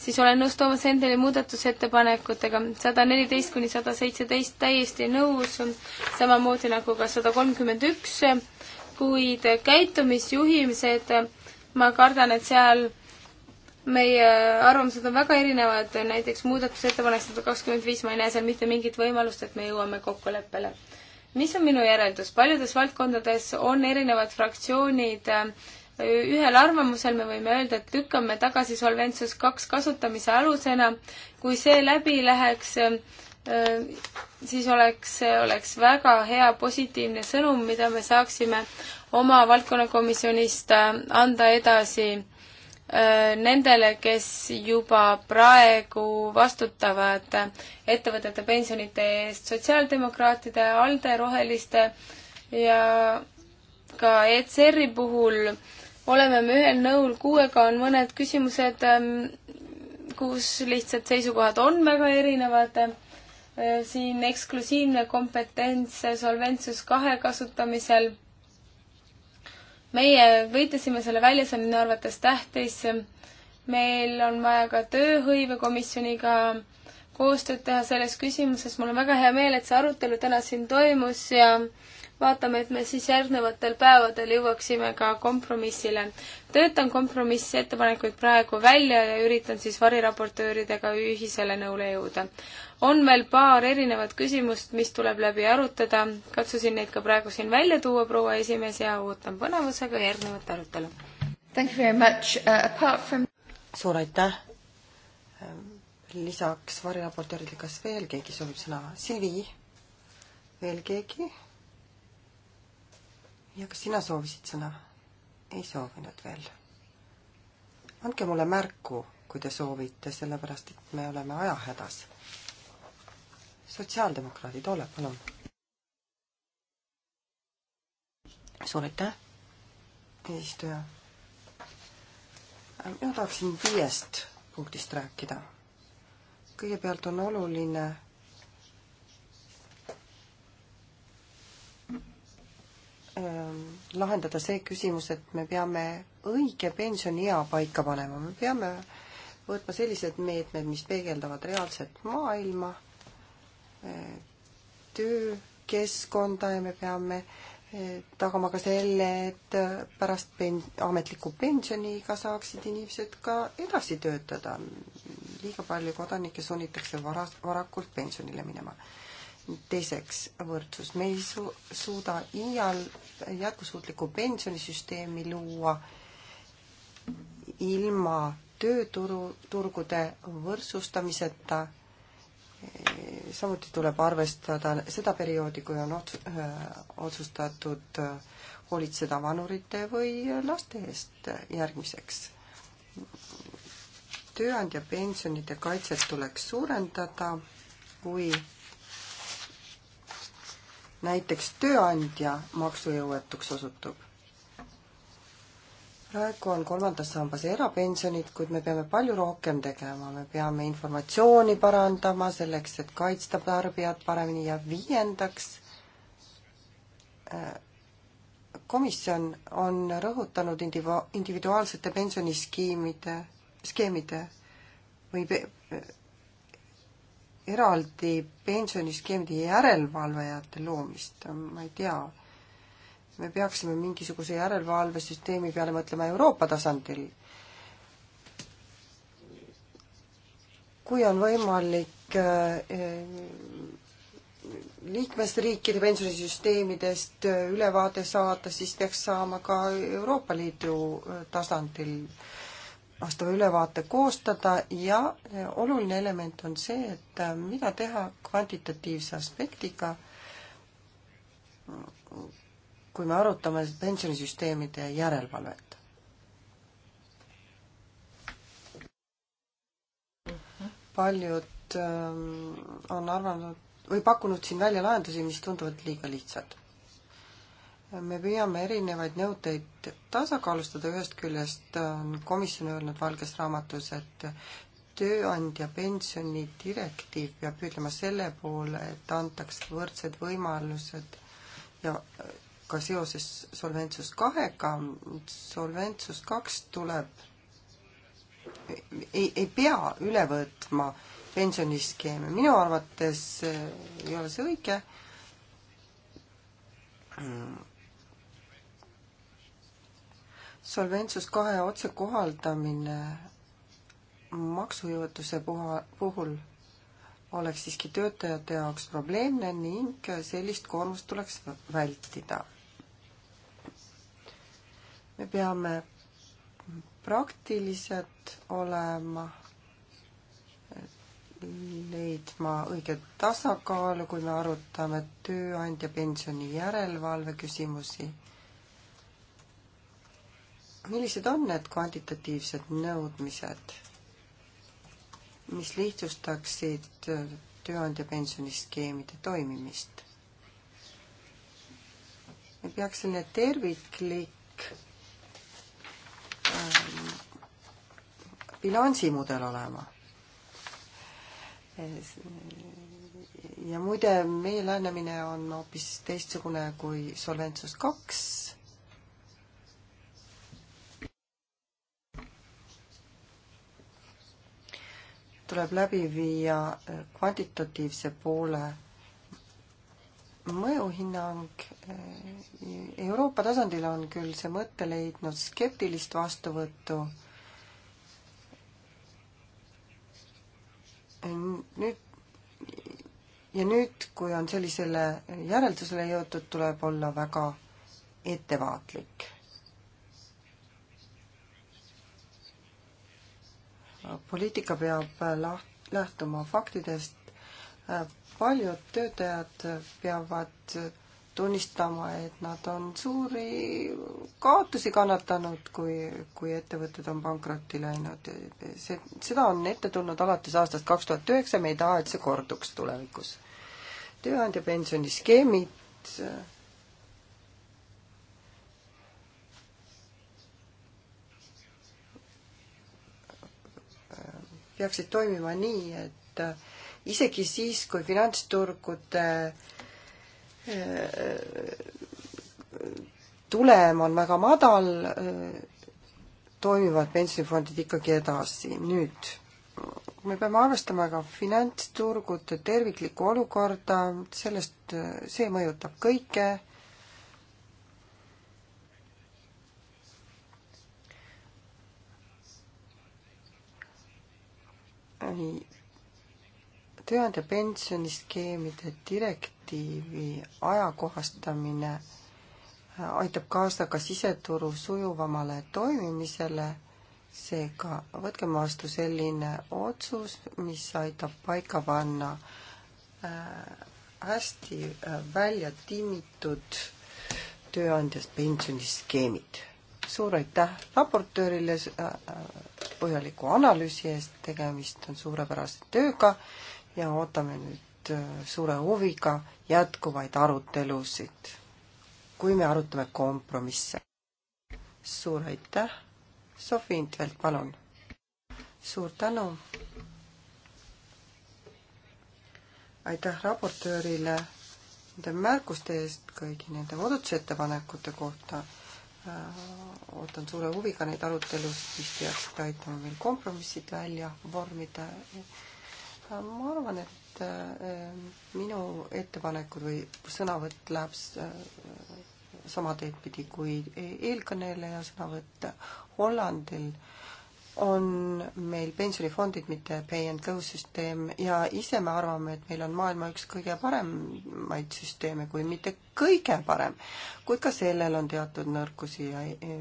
siis olen nõus Toomas Hendeli muudatusettepanekutega sada neliteist kuni sada seitseteist täiesti nõus, samamoodi nagu ka sada kolmkümmend üks, kuid käitumisjuhimised, ma kardan, et seal meie arvamused on väga erinevad, näiteks muudatusettepanek sada kakskümmend viis, ma ei näe seal mitte mingit võimalust, et me jõuame kokkuleppele. mis on minu järeldus, paljudes valdkondades on erinevad fraktsioonid äh, ühel arvamusel, me võime öelda, et lükkame tagasi Solventsus kaks kasutamise alusena, kui see läbi läheks, äh, siis oleks, oleks väga hea positiivne sõnum, mida me saaksime oma valdkonnakomisjonist äh, anda edasi nendele, kes juba praegu vastutavad ettevõtete pensionite eest, sotsiaaldemokraatide, ALDE, Roheliste ja ka ECR-i puhul oleme me ühel nõul kuuega, on mõned küsimused, ähm, kus lihtsalt seisukohad on väga erinevad. Äh, siin eksklusiivne kompetents solventsus kahe kasutamisel meie võitlesime selle välja, see on minu arvates tähtis. meil on vaja ka tööhõivekomisjoniga koostööd teha selles küsimuses. mul on väga hea meel, et see arutelu täna siin toimus ja vaatame, et me siis järgnevatel päevadel jõuaksime ka kompromissile. töötan kompromissettepanekuid praegu välja ja üritan siis variraportööridega ühisele nõule jõuda. on veel paar erinevat küsimust, mis tuleb läbi arutada, katsusin neid ka praegu siin välja tuua, proua esimees, ja ootan põnevusega järgnevat arutelu. Uh, from... suur aitäh! Ähm, lisaks variraportööridele, kas veel keegi soovib sõna? Silvi? veel keegi? ja kas sina soovisid sõna? ei soovinud veel. andke mulle märku, kui te soovite, sellepärast et me oleme ajahädas. sotsiaaldemokraadid, ole palun. suur aitäh, eesistuja. Äh, mina tahaksin viiest punktist rääkida. kõigepealt on oluline Ähm, lahendada see küsimus, et me peame õige pensioniea paika panema, me peame võtma sellised meetmed, mis peegeldavad reaalset maailma, äh, töökeskkonda ja me peame äh, tagama ka selle, et äh, pärast pen-, ametlikku pensioniiga saaksid inimesed ka edasi töötada. liiga palju kodanikke sunnitakse vara, varakult pensionile minema teiseks võrdsus, me ei su-, suuda iial jätkusuutlikku pensionisüsteemi luua ilma tööturu, turgude võrdsustamiseta, samuti tuleb arvestada seda perioodi, kui on ots-, otsustatud hoolitseda vanurite või laste eest järgmiseks. tööandja pensionide kaitset tuleks suurendada, kui näiteks tööandja maksujõuetuks osutub. praegu on kolmandas sambas erapensionid, kuid me peame palju rohkem tegema, me peame informatsiooni parandama selleks, et kaitsta tarbijad paremini ja viiendaks äh, komisjon on rõhutanud individu-, individuaalsete pensioniskeemide, skeemide või pe-, eraldi pensioniskeemide järelevalvajate loomist, ma ei tea, me peaksime mingisuguse järelevalvesüsteemi peale mõtlema Euroopa tasandil. kui on võimalik äh, liikmesriikide pensionisüsteemidest äh, ülevaade saada, siis peaks saama ka Euroopa Liidu äh, tasandil äh, vastava ülevaate koostada ja eh, oluline element on see, et eh, mida teha kvantitatiivse aspektiga, kui me arutame pensionisüsteemide järelevalvet. paljud eh, on arvanud või pakkunud siin välja lahendusi, mis tunduvad liiga lihtsad me püüame erinevaid nõudeid tasakaalustada, ühest küljest on komisjon öelnud Valges Raamatus, et tööandja pensioni direktiiv peab püüdlema selle poole, et antaks võrdsed võimalused ja ka seoses Solventsus kahega, Solventsus kaks tuleb, ei, ei pea üle võtma pensioniskeeme, minu arvates ei ole see õige solventsus kahe otsekohaldamine maksujõuetuse puha, puhul oleks siiski töötajate jaoks probleemne ning sellist koormust tuleks vältida. me peame praktilised olema, leidma õiget tasakaalu, kui me arutame tööandja pensioni järelevalve küsimusi millised on need kvantitatiivsed nõudmised, mis lihtsustaksid tööandja pensioniskeemide toimimist? me peaks selline terviklik ähm, bilansimudel olema. ja muide, meie lähenemine on hoopis teistsugune kui Solventsus kaks tuleb läbi viia äh, kvantitatiivse poole mõjuhinnang. Äh, Euroopa tasandil on küll see mõte leidnud skeptilist vastuvõttu. nüüd ja nüüd, kui on sellisele järeldusele jõutud, tuleb olla väga ettevaatlik poliitika peab laht-, lähtuma faktidest. paljud töötajad peavad tunnistama, et nad on suuri kaotusi kannatanud, kui, kui ettevõtted on pankrotti läinud. see, seda on ette tulnud alates aastast kaks tuhat üheksa, me ei taha, et see korduks tulevikus. tööandja pensioniskeemid peaksid toimima nii, et äh, isegi siis, kui finantsturgude äh, tulem on väga madal, äh, toimivad pensionifondid ikkagi edasi. nüüd me peame arvestama ka finantsturgude terviklikku olukorda, sellest, see mõjutab kõike tööandja pensioniskeemide direktiivi ajakohastamine äh, aitab kaasa ka siseturu sujuvamale toimimisele, seega võtkem vastu selline otsus, mis aitab paika panna äh, hästi äh, välja timmitud tööandjast pensioniskeemid suur aitäh raportöörile äh, äh, põhjaliku analüüsi eest, tegemist on suurepärase tööga ja ootame nüüd äh, suure huviga jätkuvaid arutelusid, kui me arutame kompromisse. suur aitäh, Sofi Intvelt, palun. suur tänu. aitäh raportöörile nende märkuste eest kõigi nende muudatusettepanekute kohta ootan suure huviga neid arutelusid, mis peaksid aitama meil kompromissid välja vormida. ma arvan, et äh, minu ettepanekud või sõnavõtt läheb äh, sama teed pidi kui e-, eelkõneleja sõnavõtt. Hollandil on meil pensionifondid, mitte pay and go süsteem ja ise me arvame, et meil on maailma üks kõige paremaid süsteeme, kui mitte kõige parem. kuid ka sellel on teatud nõrkusi ja e,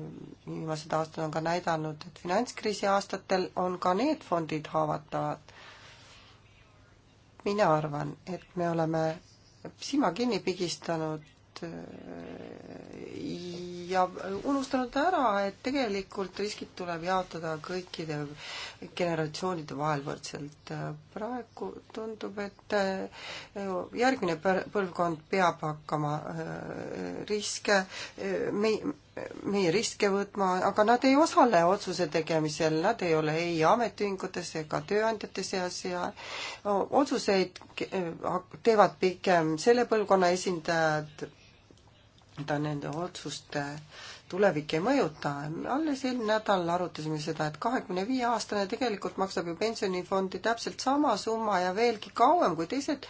viimased aastad on ka näidanud, et finantskriisi aastatel on ka need fondid haavatavad. mina arvan, et me oleme silma kinni pigistanud Äh, ja unustanud ära, et tegelikult riskid tuleb jaotada kõikide generatsioonide vahel võrdselt. praegu tundub, et äh, järgmine põlvkond peab hakkama äh, riske, meie, meie riske võtma, aga nad ei osale otsuse tegemisel, nad ei ole ei ametiühingutes ega tööandjate seas ja otsuseid teevad pigem selle põlvkonna esindajad, mida nende otsuste tulevik ei mõjuta. alles eelmine nädal arutasime seda, et kahekümne viie aastane tegelikult maksab ju pensionifondi täpselt sama summa ja veelgi kauem kui teised,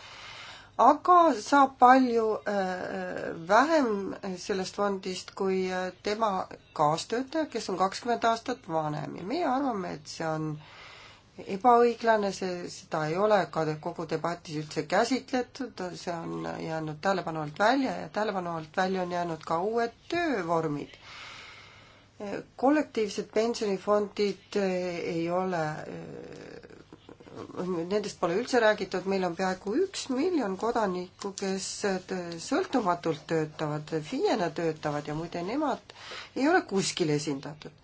aga saab palju äh, vähem sellest fondist kui äh, tema kaastöötaja, kes on kakskümmend aastat vanem ja meie arvame, et see on äh, ebaõiglane, see, seda ei ole ka kogu debatis üldse käsitletud, see on jäänud tähelepanu alt välja ja tähelepanu alt välja on jäänud ka uued töövormid. kollektiivsed pensionifondid eh, ei ole, eh, nendest pole üldse räägitud, meil on peaaegu üks miljon kodanikku, kes eh, sõltumatult töötavad, FIE-na töötavad ja muide nemad ei ole kuskil esindatud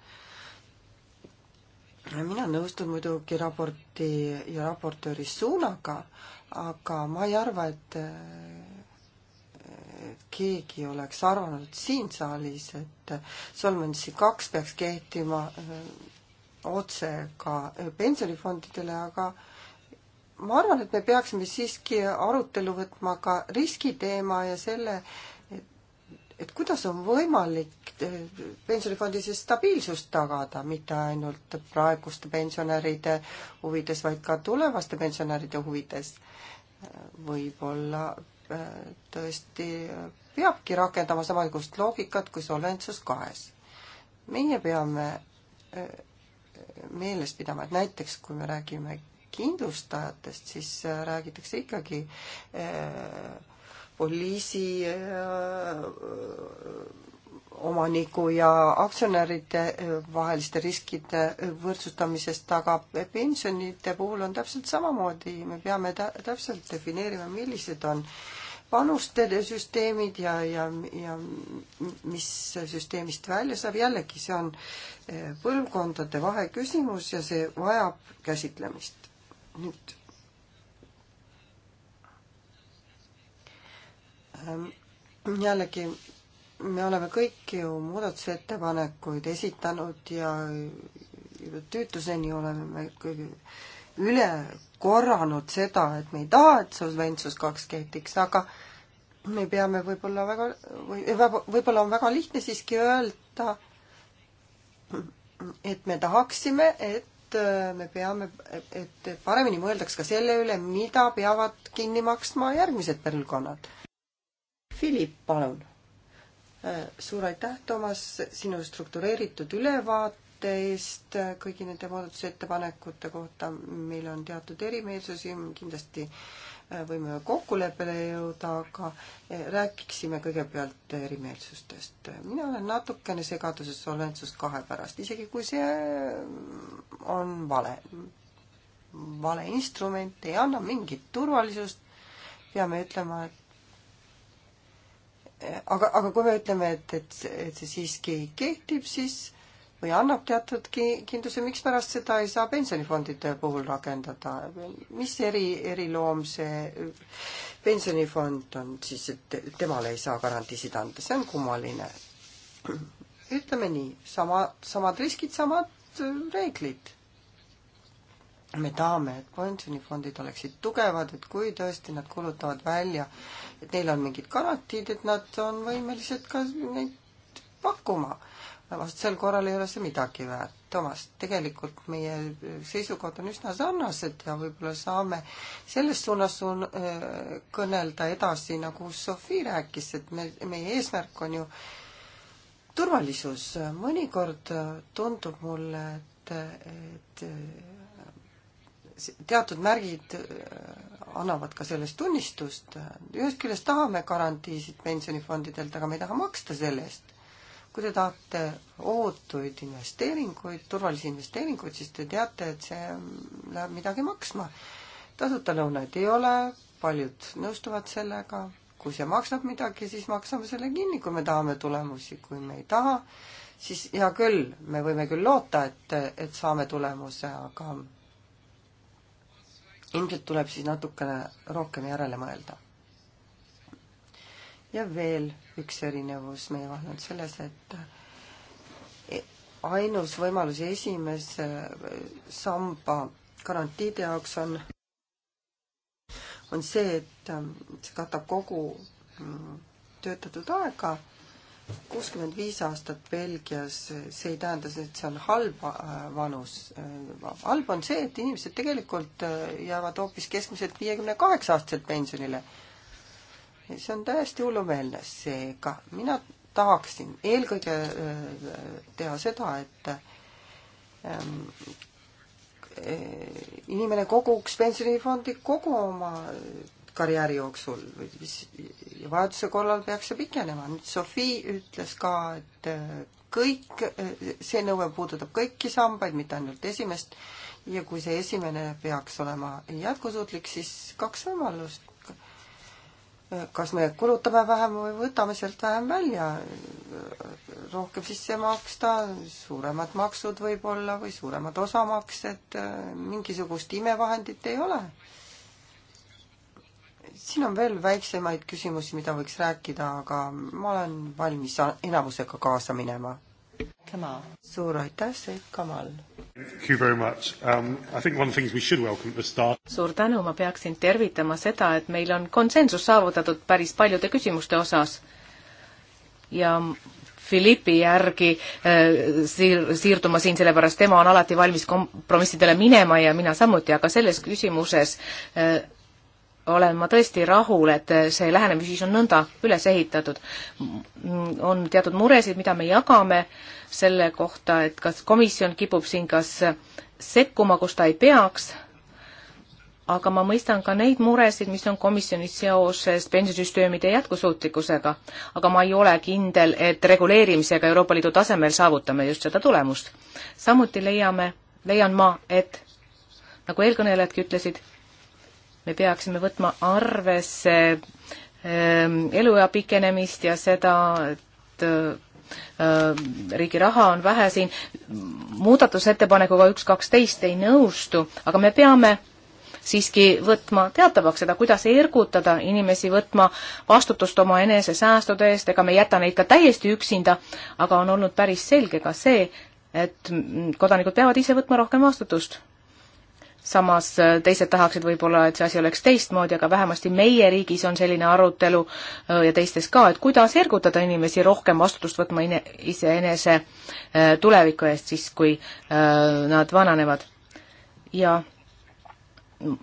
mina nõustun muidugi raporti ja raportööri suunaga, aga ma ei arva, et keegi oleks arvanud siin saalis, et Solvency kaks peaks kehtima äh, otse ka pensionifondidele, aga ma arvan, et me peaksime siiski arutelu võtma ka riskiteema ja selle, et kuidas on võimalik pensionifondis stabiilsust tagada, mitte ainult praeguste pensionäride huvides, vaid ka tulevaste pensionäride huvides. võib-olla äh, tõesti peabki rakendama samasugust loogikat kui Solventsus kahes. meie peame äh, meeles pidama, et näiteks kui me räägime kindlustajatest, siis äh, räägitakse ikkagi äh, poliisi äh, omaniku ja aktsionäride äh, vaheliste riskide äh, võrdsustamisest, aga pensionite puhul on täpselt samamoodi, me peame täpselt defineerima, millised on panuste süsteemid ja, ja, ja mis süsteemist välja saab, jällegi see on põlvkondade vahe küsimus ja see vajab käsitlemist. nüüd Ehm, jällegi me oleme kõik ju muudatusettepanekuid esitanud ja juba tüütuseni oleme me kõige üle korranud seda, et me ei taha, et solventsus kaks kehtiks, aga me peame võib-olla väga või võib-olla on väga lihtne siiski öelda, et me tahaksime, et äh, me peame, et paremini mõeldaks ka selle üle, mida peavad kinni maksma järgmised põlvkonnad Philip, palun. Äh, suur aitäh, Toomas, sinu struktureeritud ülevaate eest äh, kõigi nende muudatusettepanekute kohta. meil on teatud erimeelsusi, kindlasti äh, võime kokkuleppele jõuda, aga rääkiksime kõigepealt erimeelsustest. mina olen natukene segaduses solventsus kahe pärast, isegi kui see on vale, vale instrument, ei anna mingit turvalisust, peame ütlema, et aga, aga kui me ütleme, et, et, et see siiski kehtib, siis või annab teatud kindluse, mikspärast seda ei saa pensionifondide puhul rakendada? mis eri, eriloom see pensionifond on siis, et temale ei saa garantiisid anda, see on kummaline. ütleme nii, sama, samad riskid, samad äh, reeglid me tahame, et pensionifondid oleksid tugevad, et kui tõesti nad kuulutavad välja, et neil on mingid garantiid, et nad on võimelised ka neid pakkuma. vastasel korral ei ole see midagi väärt. Toomas, tegelikult meie seisukohad on üsna sarnased ja võib-olla saame selles suunas suun-, äh, kõnelda edasi, nagu Sofi rääkis, et me, meie eesmärk on ju turvalisus. mõnikord tundub mulle, et, et teatud märgid äh, annavad ka sellest tunnistust. ühest küljest tahame garantiisid pensionifondidelt, aga me ei taha maksta selle eest. kui te tahate ohutuid investeeringuid, turvalisi investeeringuid, siis te teate, et see läheb midagi maksma. tasuta lõunaid ei ole, paljud nõustuvad sellega. kui see maksab midagi, siis maksame selle kinni, kui me tahame tulemusi, kui me ei taha, siis hea küll, me võime küll loota, et, et saame tulemuse, aga ilmselt tuleb siis natukene rohkem järele mõelda. ja veel üks erinevus meie vahel on selles, et e, ainus võimalus esimese e, samba garantiide jaoks on, on see, et e, see katab kogu mm, töötatud aega kuuskümmend viis aastat Belgias, see ei tähenda, et see on halb äh, vanus. halb on see, et inimesed tegelikult äh, jäävad hoopis keskmiselt viiekümne kaheksa aastaselt pensionile. see on täiesti hullumeelne, seega mina tahaksin eelkõige äh, teha seda, et ähm, inimene koguks pensionifondi kogu oma karjääri jooksul või siis vajaduse korral peaks see pikenema. nüüd Sofii ütles ka, et äh, kõik, äh, see nõue puudutab kõiki sambaid, mitte ainult esimest. ja kui see esimene peaks olema jätkusuutlik, siis kaks võimalust. kas me kulutame vähem või võtame sealt vähem välja, rohkem sisse maksta, suuremad maksud võib-olla või suuremad osamaksed, äh, mingisugust imevahendit ei ole siin on veel väiksemaid küsimusi, mida võiks rääkida, aga ma olen valmis enamusega kaasa minema. suur aitäh, Seif Kamal! Um, suur tänu, ma peaksin tervitama seda, et meil on konsensus saavutatud päris paljude küsimuste osas ja Philippi järgi äh, siir-, siirduma siin, sellepärast tema on alati valmis kompromissidele minema ja mina samuti, aga selles küsimuses äh, olen ma tõesti rahul, et see lähenemisviis on nõnda üles ehitatud. on teatud muresid, mida me jagame selle kohta, et kas komisjon kipub siin kas sekkuma, kus ta ei peaks, aga ma mõistan ka neid muresid, mis on komisjonis seoses pensionisüsteemide jätkusuutlikkusega. aga ma ei ole kindel, et reguleerimisega Euroopa Liidu tasemel saavutame just seda tulemust. samuti leiame, leian ma, et nagu eelkõnelejadki ütlesid, me peaksime võtma arvesse ähm, eluea pikenemist ja seda, et äh, äh, riigi raha on vähe siin. muudatusettepanekuga üks kaksteist ei nõustu, aga me peame siiski võtma teatavaks seda, kuidas ergutada inimesi võtma vastutust oma enesesäästude eest, ega me ei jäta neid ka täiesti üksinda, aga on olnud päris selge ka see, et kodanikud peavad ise võtma rohkem vastutust samas äh, teised tahaksid võib-olla, et see asi oleks teistmoodi, aga vähemasti meie riigis on selline arutelu äh, ja teistes ka, et kuidas ergutada inimesi rohkem vastutust võtma iseenese äh, tuleviku eest siis, kui nad vananevad. ja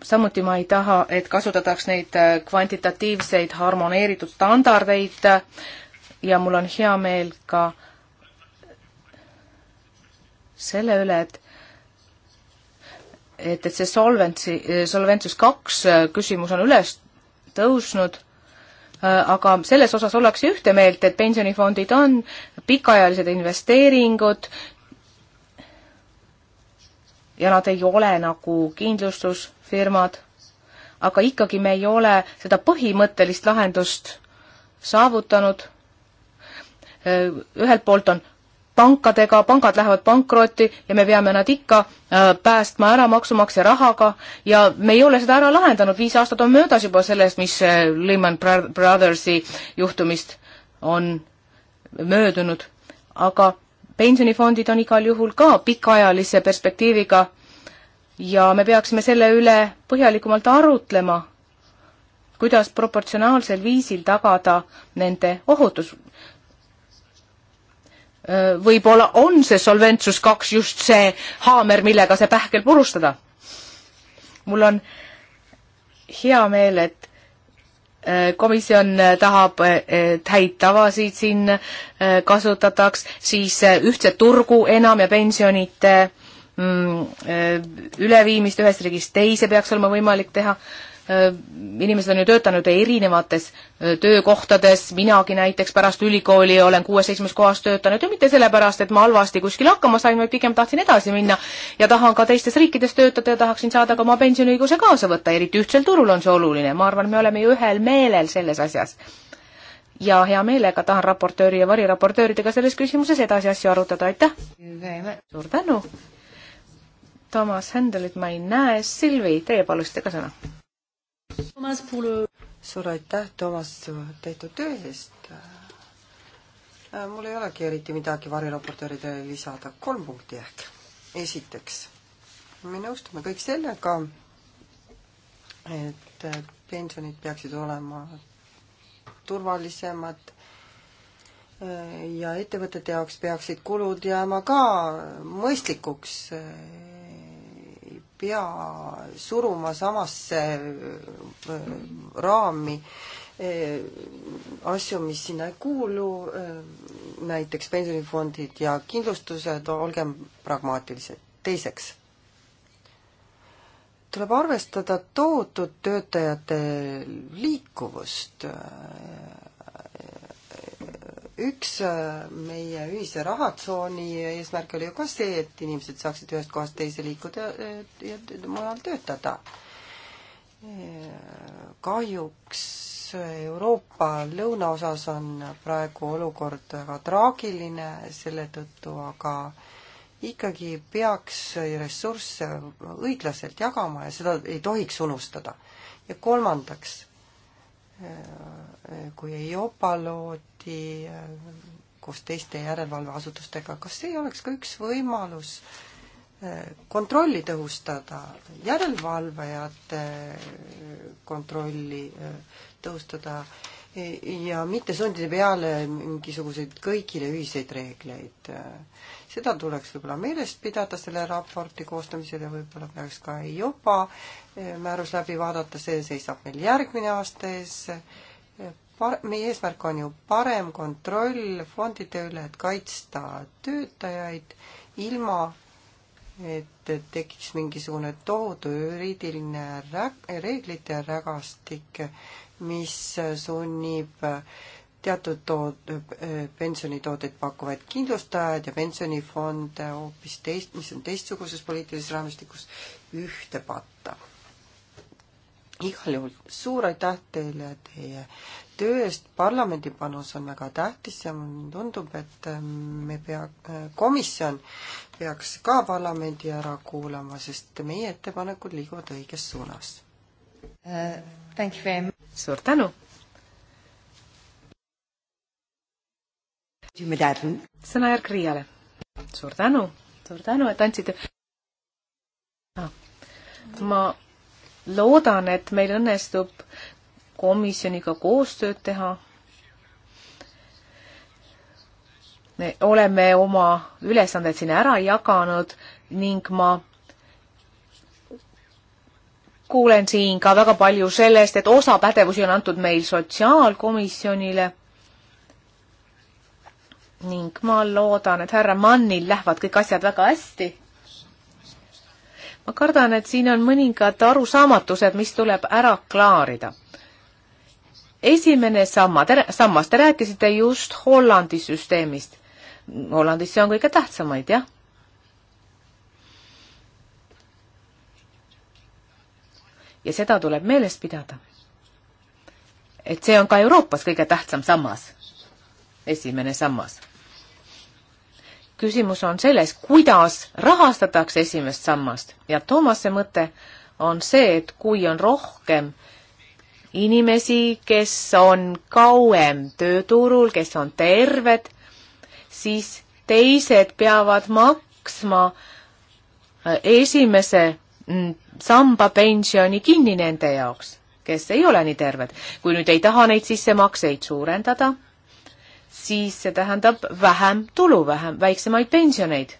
samuti ma ei taha, et kasutataks neid kvantitatiivseid harmoneeritud standardeid ja mul on hea meel ka selle üle, et et, et see solventsi, Solventsus kaks äh, küsimus on üles tõusnud, äh, aga selles osas ollakse ühte meelt, et pensionifondid on pikaajalised investeeringud ja nad ei ole nagu kindlustusfirmad, aga ikkagi me ei ole seda põhimõttelist lahendust saavutanud. Äh, ühelt poolt on pankadega, pangad lähevad pankrotti ja me peame nad ikka äh, päästma ära maksumaksja rahaga ja me ei ole seda ära lahendanud, viis aastat on möödas juba sellest, mis äh, Lehman Brothersi juhtumist on möödunud, aga pensionifondid on igal juhul ka pikaajalise perspektiiviga ja me peaksime selle üle põhjalikumalt arutlema, kuidas proportsionaalsel viisil tagada nende ohutus Äh, võib-olla on see Solventsus kaks just see haamer, millega see pähkel purustada. mul on hea meel, et äh, komisjon tahab, et äh, häid tavasid siin kasutataks, siis ühtset turgu enam ja pensionite mm, üleviimist ühest riigist teise peaks olema võimalik teha Äh, inimesed on ju töötanud erinevates äh, töökohtades, minagi näiteks pärast ülikooli olen kuues-seitsmes kohas töötanud ja mitte sellepärast, et ma halvasti kuskil hakkama sain, vaid pigem tahtsin edasi minna ja tahan ka teistes riikides töötada ja tahaksin saada ka oma pensioniõiguse kaasa võtta, eriti ühtsel turul on see oluline, ma arvan, me oleme ju ühel meelel selles asjas. ja hea meelega tahan raportööri ja variraportööridega selles küsimuses edasi asju arutada, aitäh! suur tänu! Toomas Händelit ma ei näe, Silvi, teie palusite ka sõna suur aitäh, Toomas, tehtud töö eest. Äh, mul ei olegi eriti midagi variraportööridele lisada, kolm punkti ehk. esiteks, me nõustume kõik sellega, et pensionid peaksid olema turvalisemad äh, ja ettevõtete jaoks peaksid kulud jääma ka mõistlikuks äh, pea suruma samasse äh, raami äh, asju, mis sinna ei kuulu, äh, näiteks pensionifondid ja kindlustused, olgem pragmaatilised. teiseks, tuleb arvestada tohutut töötajate liikuvust üks äh, meie ühise rahatsooni eesmärk oli ju ka see, et inimesed saaksid ühest kohast teise liikuda äh, ja mujal töötada. kahjuks Euroopa lõunaosas on praegu olukord väga traagiline selle tõttu, aga ikkagi peaks ressursse õiglaselt jagama ja seda ei tohiks unustada. ja kolmandaks Äh, kui EIOPA loodi äh, koos teiste järelevalveasutustega, kas ei oleks ka üks võimalus äh, kontrolli tõhustada, järelevalvajate kontrolli tõhustada äh, ja mitte sundida peale mingisuguseid kõigile ühiseid reegleid. seda tuleks võib-olla meeles pidada selle raporti koostamisel ja võib-olla peaks ka juba eh, määrus läbi vaadata, see seisab meil järgmine aasta ees. Par-, meie eesmärk on ju parem kontroll fondide üle, et kaitsta töötajaid ilma, et tekiks mingisugune tohutu juriidiline rä-, reeglite rägastik, mis sunnib teatud tood-, pensionitooteid pakuvaid kindlustajaid ja pensionifonde hoopis teist, mis on teistsuguses poliitilises raamistikus, ühte patta. igal juhul suur aitäh teile teie töö eest, parlamendi panus on väga tähtis ja mulle tundub, et ähm, me pea-, komisjon peaks ka parlamendi ära kuulama, sest meie ettepanekud liiguvad õiges suunas uh,. suur tänu. sõnajärg Riiale. suur tänu, suur tänu, et andsite ah.. ma loodan, et meil õnnestub komisjoniga koostööd teha oleme oma ülesanded siin ära jaganud ning ma kuulen siin ka väga palju sellest, et osa pädevusi on antud meil sotsiaalkomisjonile ning ma loodan, et härra Mannil lähevad kõik asjad väga hästi. ma kardan, et siin on mõningad arusaamatused, mis tuleb ära klaarida. esimene samma, sammas, te rääkisite just Hollandi süsteemist. Hollandis see on kõige tähtsamaid, jah ja seda tuleb meeles pidada. et see on ka Euroopas kõige tähtsam sammas, esimene sammas. küsimus on selles, kuidas rahastatakse esimest sammast ja Toomase mõte on see, et kui on rohkem inimesi, kes on kauem tööturul, kes on terved, siis teised peavad maksma äh, esimese mm, samba pensioni kinni nende jaoks, kes ei ole nii terved. kui nüüd ei taha neid sissemakseid suurendada, siis see tähendab vähem tulu, vähem, väiksemaid pensioneid.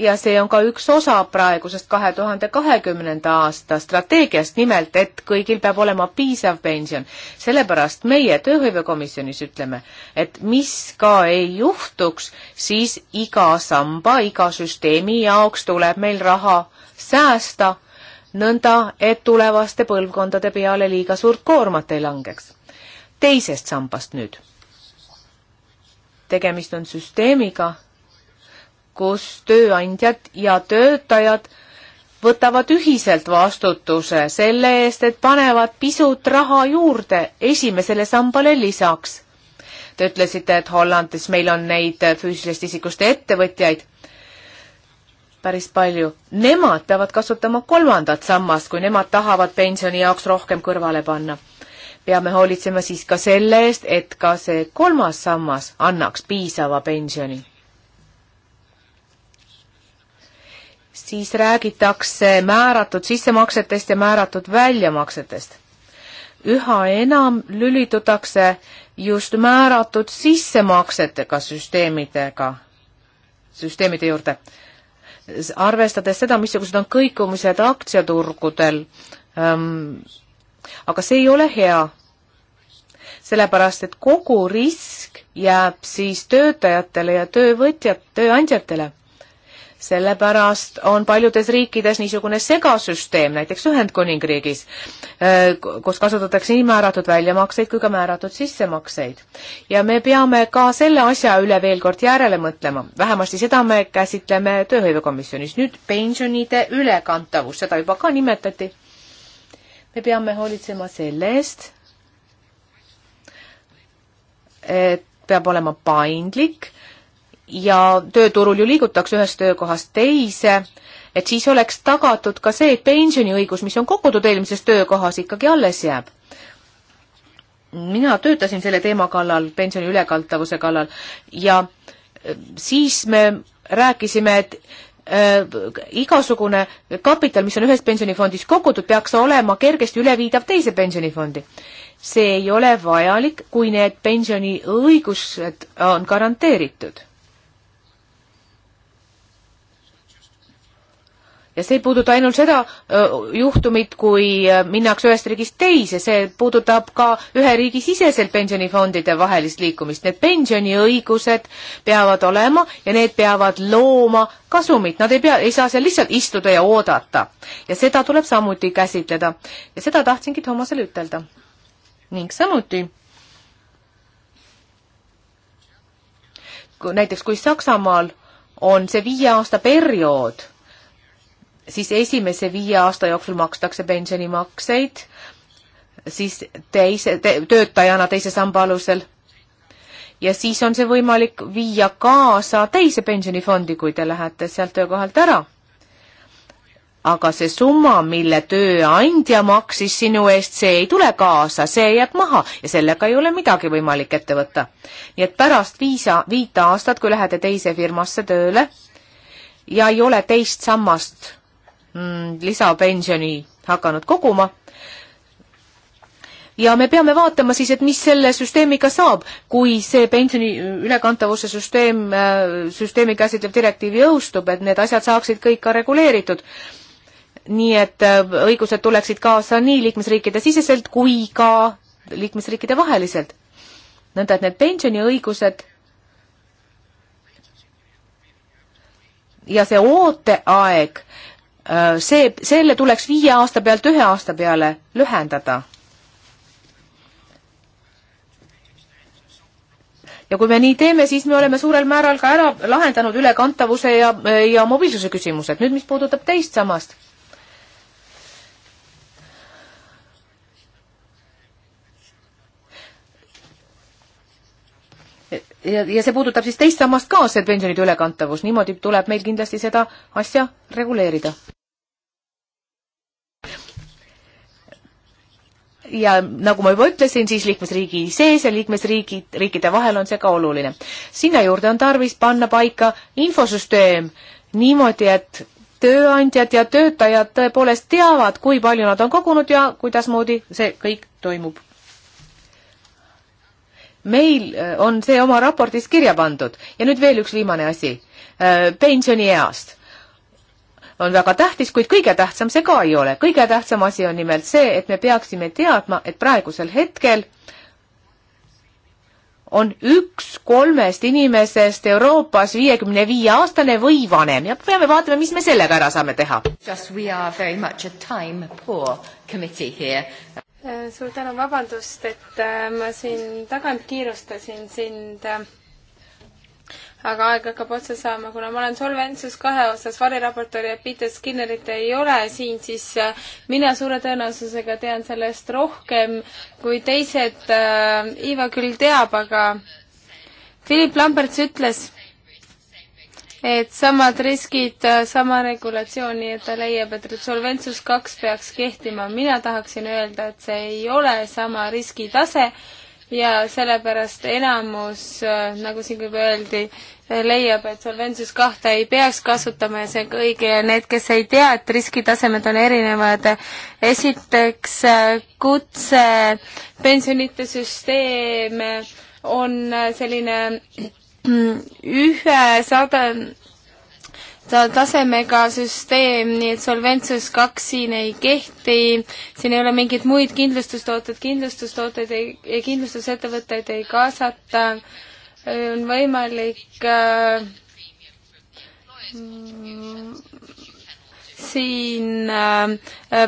ja see on ka üks osa praegusest kahe tuhande kahekümnenda aasta strateegiast, nimelt et kõigil peab olema piisav pension. sellepärast meie Tööhõivekomisjonis ütleme, et mis ka ei juhtuks, siis iga samba, iga süsteemi jaoks tuleb meil raha säästa, nõnda et tulevaste põlvkondade peale liiga suurt koormat ei langeks. teisest sambast nüüd. tegemist on süsteemiga, kus tööandjad ja töötajad võtavad ühiselt vastutuse selle eest, et panevad pisut raha juurde esimesele sambale lisaks. Te ütlesite, et Hollandis meil on neid füüsilisest isikust ettevõtjaid päris palju. Nemad peavad kasutama kolmandat sammast, kui nemad tahavad pensioni jaoks rohkem kõrvale panna. peame hoolitsema siis ka selle eest, et ka see kolmas sammas annaks piisava pensioni. siis räägitakse määratud sissemaksetest ja määratud väljamaksetest. üha enam lülitutakse just määratud sissemaksetega süsteemidega, süsteemide juurde arvestades seda, missugused on kõikumised aktsiaturgudel. Ähm, aga see ei ole hea, sellepärast et kogu risk jääb siis töötajatele ja töövõtjad, tööandjatele sellepärast on paljudes riikides niisugune segasüsteem, näiteks Ühendkuningriigis, äh, kus kasutatakse nii määratud väljamakseid kui ka määratud sissemakseid. ja me peame ka selle asja üle veel kord järele mõtlema, vähemasti seda me käsitleme Tööhõivekomisjonis. nüüd pensionide ülekantavus, seda juba ka nimetati. me peame hoolitsema selle eest, et peab olema paindlik ja tööturul ju liigutakse ühest töökohast teise, et siis oleks tagatud ka see, et pensioniõigus, mis on kogutud eelmises töökohas, ikkagi alles jääb. mina töötasin selle teema kallal, pensioni ülekantavuse kallal ja äh, siis me rääkisime, et äh, igasugune kapital, mis on ühes pensionifondis kogutud, peaks olema kergesti üleviidav teise pensionifondi. see ei ole vajalik, kui need pensioniõigused on garanteeritud ja see ei puuduta ainult seda juhtumit, kui minnakse ühest riigist teise, see puudutab ka ühe riigi siseselt pensionifondide vahelist liikumist. Need pensioniõigused peavad olema ja need peavad looma kasumit, nad ei pea, ei saa seal lihtsalt istuda ja oodata. ja seda tuleb samuti käsitleda. ja seda tahtsingi Toomasele ütelda. ning samuti näiteks kui Saksamaal on see viie aasta periood siis esimese viie aasta jooksul makstakse pensionimakseid, siis teise te,, töötajana teise samba alusel. ja siis on see võimalik viia kaasa teise pensionifondi, kui te lähete sealt töökohalt ära. aga see summa, mille tööandja maksis sinu eest, see ei tule kaasa, see jääb maha ja sellega ei ole midagi võimalik ette võtta. nii et pärast viisa, viite aastat, kui lähete teise firmasse tööle ja ei ole teist sammast Mm, lisapensioni hakanud koguma. ja me peame vaatama siis, et mis selle süsteemiga saab, kui see pensioni ülekantavuse süsteem, äh, süsteemi käsitlev direktiiv jõustub, et need asjad saaksid kõik ka reguleeritud nii et äh, õigused tuleksid kaasa nii liikmesriikide siseselt kui ka liikmesriikide vaheliselt. nõnda, et need pensioniõigused ja see ooteaeg Äh, see, selle tuleks viie aasta pealt ühe aasta peale lühendada. ja kui me nii teeme, siis me oleme suurel määral ka ära lahendanud ülekantavuse ja, ja mobiilsuse küsimused. nüüd, mis puudutab teist sammast ja, ja see puudutab siis teist sammast ka, see pensionide ülekantavus, niimoodi tuleb meil kindlasti seda asja reguleerida. ja nagu ma juba ütlesin, siis liikmesriigi sees ja liikmesriigid, riikide vahel on see ka oluline. sinna juurde on tarvis panna paika infosüsteem niimoodi, et tööandjad ja töötajad tõepoolest teavad, kui palju nad on kogunud ja kuidasmoodi see kõik toimub. meil äh, on see oma raportis kirja pandud ja nüüd veel üks viimane asi äh, pensionieast on väga tähtis, kuid kõige tähtsam see ka ei ole. kõige tähtsam asi on nimelt see, et me peaksime teadma, et praegusel hetkel on üks kolmest inimesest Euroopas viiekümne viie aastane või vanem ja peame vaatama, mis me sellega ära saame teha. suur tänu, vabandust, et äh, ma siin tagant kiirustasin sind äh, aga aeg hakkab otsa saama, kuna ma olen Solventsus kahe osas variraportöör ja Peter Skinnerit ei ole siin, siis äh, mina suure tõenäosusega tean sellest rohkem kui teised. Iiva äh, küll teab, aga Philip Lamberts ütles, et samad riskid, äh, sama regulatsioon, nii et ta leiab, et Solventsus kaks peaks kehtima. mina tahaksin öelda, et see ei ole sama riskitase ja sellepärast enamus, äh, nagu siin juba öeldi, äh, leiab, et solventsus kahte ei peaks kasutama ja see on õige ja need, kes ei tea, et riskitasemed on erinevad, esiteks äh, kutse pensionite süsteem on selline ühe sada tasemega süsteem, nii et Solventsus kaks siin ei kehti, siin ei ole mingeid muid kindlustustooteid, kindlustustooteid ei, ja kindlustusettevõtteid ei kaasata, on võimalik äh, siin äh,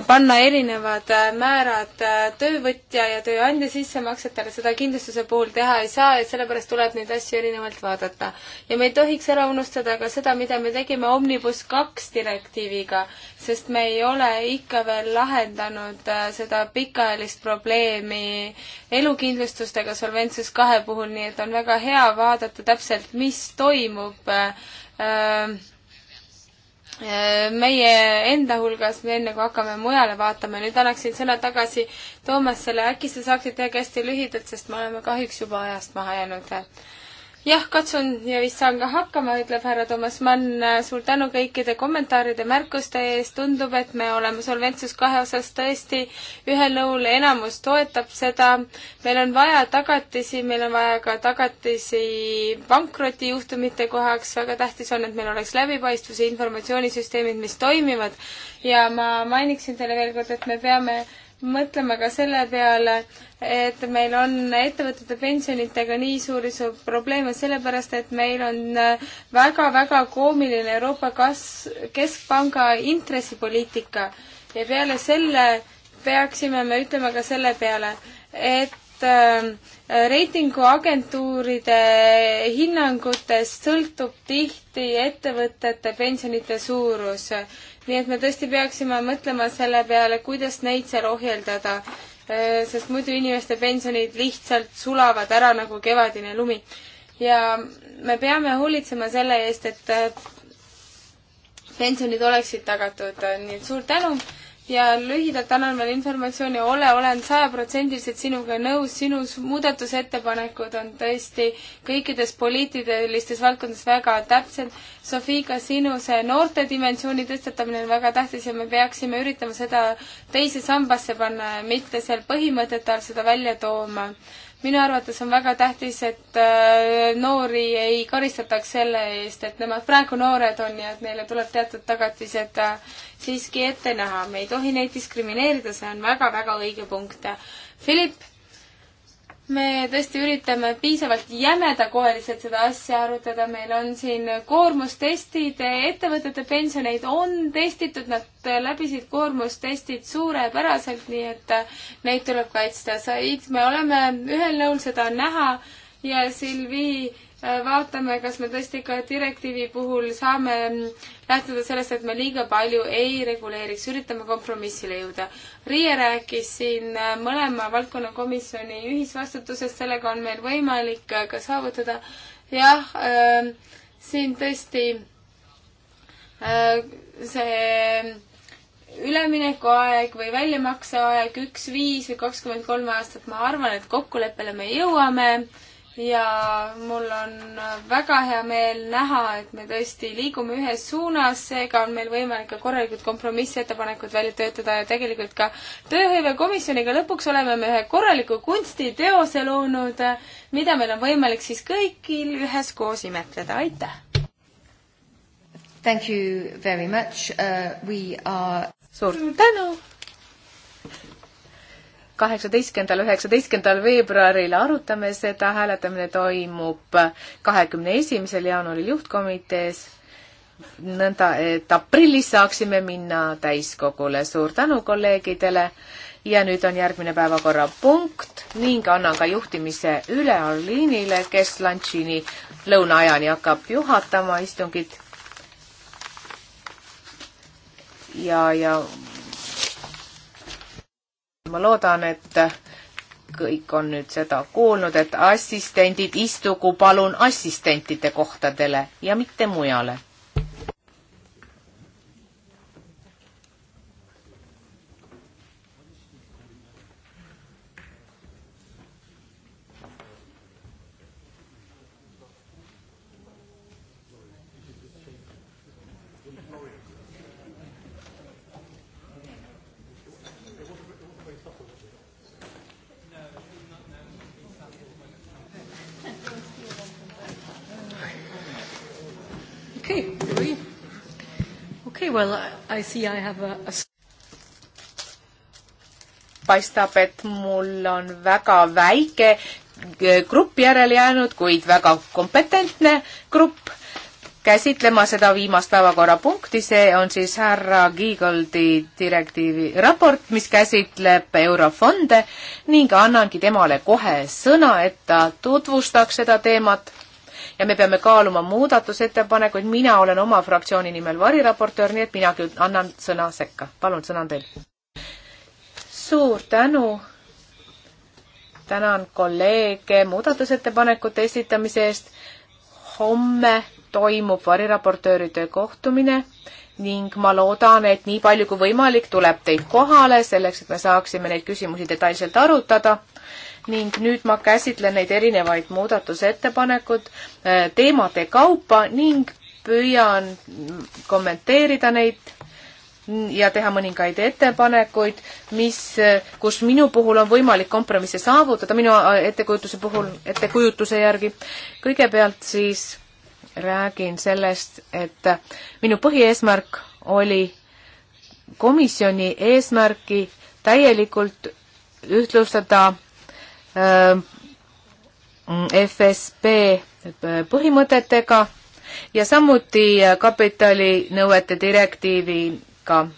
panna erinevad äh, määrad äh, töövõtja ja tööandja sissemaksetele, seda kindlustuse puhul teha ei saa ja sellepärast tuleb neid asju erinevalt vaadata. ja me ei tohiks ära unustada ka seda, mida me tegime Omnibus kaks direktiiviga, sest me ei ole ikka veel lahendanud seda pikaajalist probleemi elukindlustustega Solventsus kahe puhul, nii et on väga hea vaadata täpselt, mis toimub äh, meie enda hulgas, enne kui hakkame mujale vaatama, nüüd annaksin sõna tagasi Toomasele, äkki sa saaksid teha hästi lühidalt, sest me oleme kahjuks juba ajast maha jäänud jah, katsun ja vist saan ka hakkama, ütleb härra Toomas Mann. suur tänu kõikide kommentaaride, märkuste eest. tundub, et me oleme Solventsus kahe osas tõesti ühel nõul, enamus toetab seda. meil on vaja tagatisi, meil on vaja ka tagatisi pankrotijuhtumite kohaks. väga tähtis on, et meil oleks läbipaistvuse informatsioonisüsteemid, mis toimivad. ja ma mainiksin teile veel kord, et me peame mõtlema ka selle peale, et meil on ettevõtete pensionitega nii suuri probleeme, sellepärast et meil on väga-väga äh, koomiline Euroopa kas-, Keskpanga intressipoliitika ja peale selle peaksime me ütlema ka selle peale, et ähm, reitinguagentuuride hinnangutest sõltub tihti ettevõtete pensionite suurus nii et me tõesti peaksime mõtlema selle peale, kuidas neid seal ohjeldada, äh, sest muidu inimeste pensionid lihtsalt sulavad ära nagu kevadine lumi. ja me peame hoolitsema selle eest, et äh, pensionid oleksid tagatud, nii et suur tänu ja lühidalt annan veel informatsiooni, Ole, olen sajaprotsendiliselt sinuga nõus, sinu muudatusettepanekud on tõesti kõikides poliitilistes valdkondades väga täpsed. Sofii, ka sinu see noorte dimensiooni tõstatamine on väga tähtis ja me peaksime üritama seda teise sambasse panna ja mitte seal põhimõtete all seda välja tooma minu arvates on väga tähtis, et äh, noori ei karistataks selle eest, et nemad praegu noored on ja et neile tuleb teatud tagatised äh, siiski ette näha. me ei tohi neid diskrimineerida, see on väga-väga õige punkt. Philipp, me tõesti üritame piisavalt jämedakoeliselt seda asja arutada, meil on siin koormustestid, ettevõtete pensioneid on testitud, nad läbisid koormustestid suurepäraselt, nii et neid tuleb kaitsta. Said, me oleme ühel nõul, seda on näha ja Silvi Äh, vaatame, kas me tõesti ka direktiivi puhul saame lähtuda sellest, et me liiga palju ei reguleeriks, üritame kompromissile jõuda. Riie rääkis siin äh, mõlema valdkonna komisjoni ühisvastutusest, sellega on meil võimalik äh, ka saavutada. jah äh,, siin tõesti äh, see üleminekuaeg või väljamakseaeg üks, viis või kakskümmend kolm aastat, ma arvan, et kokkuleppele me jõuame äh, ja mul on väga hea meel näha, et me tõesti liigume ühes suunas, seega on meil võimalik ka korralikud kompromissettepanekud välja töötada ja tegelikult ka tööhõivekomisjoniga lõpuks oleme me ühe korraliku kunstiteose loonud, mida meil on võimalik siis kõigil üheskoos imetleda, aitäh! Thank you very much uh,, we are suur tänu! kaheksateistkümnendal, üheksateistkümnendal veebruaril arutame seda, hääletamine toimub kahekümne esimesel jaanuaril juhtkomitees, nõnda et aprillis saaksime minna täiskogule. suur tänu kolleegidele ja nüüd on järgmine päevakorrapunkt ning annan ka juhtimise üle Arliinile, kes lunch'ini lõunaajani hakkab juhatama istungit. ja, ja ma loodan, et kõik on nüüd seda kuulnud, et assistendid istugu palun assistentide kohtadele ja mitte mujale okay, well, I see I have a, a... paistab, et mul on väga väike äh, grupp järele jäänud, kuid väga kompetentne grupp käsitlema seda viimast päevakorrapunkti, see on siis härra Kiigoldi direktiivi raport, mis käsitleb eurofonde ning annangi temale kohe sõna, et ta tutvustaks seda teemat ja me peame kaaluma muudatusettepanekuid, mina olen oma fraktsiooni nimel variraportöör, nii et minagi annan sõna sekka. palun, sõna on teil. suur tänu tänan kolleege muudatusettepanekute esitamise eest. homme toimub variraportööride kohtumine ning ma loodan, et nii palju kui võimalik, tuleb teid kohale selleks, et me saaksime neid küsimusi detailselt arutada ning nüüd ma käsitlen neid erinevaid muudatusettepanekud äh, teemade kaupa ning püüan kommenteerida neid ja teha mõningaid ettepanekuid, mis, äh, kus minu puhul on võimalik kompromisse saavutada, minu äh, ettekujutuse puhul, ettekujutuse järgi. kõigepealt siis räägin sellest, et minu põhieesmärk oli komisjoni eesmärki täielikult ühtlustada Äh, FSB äh, põhimõtetega ja samuti äh, kapitalinõuete direktiiviga.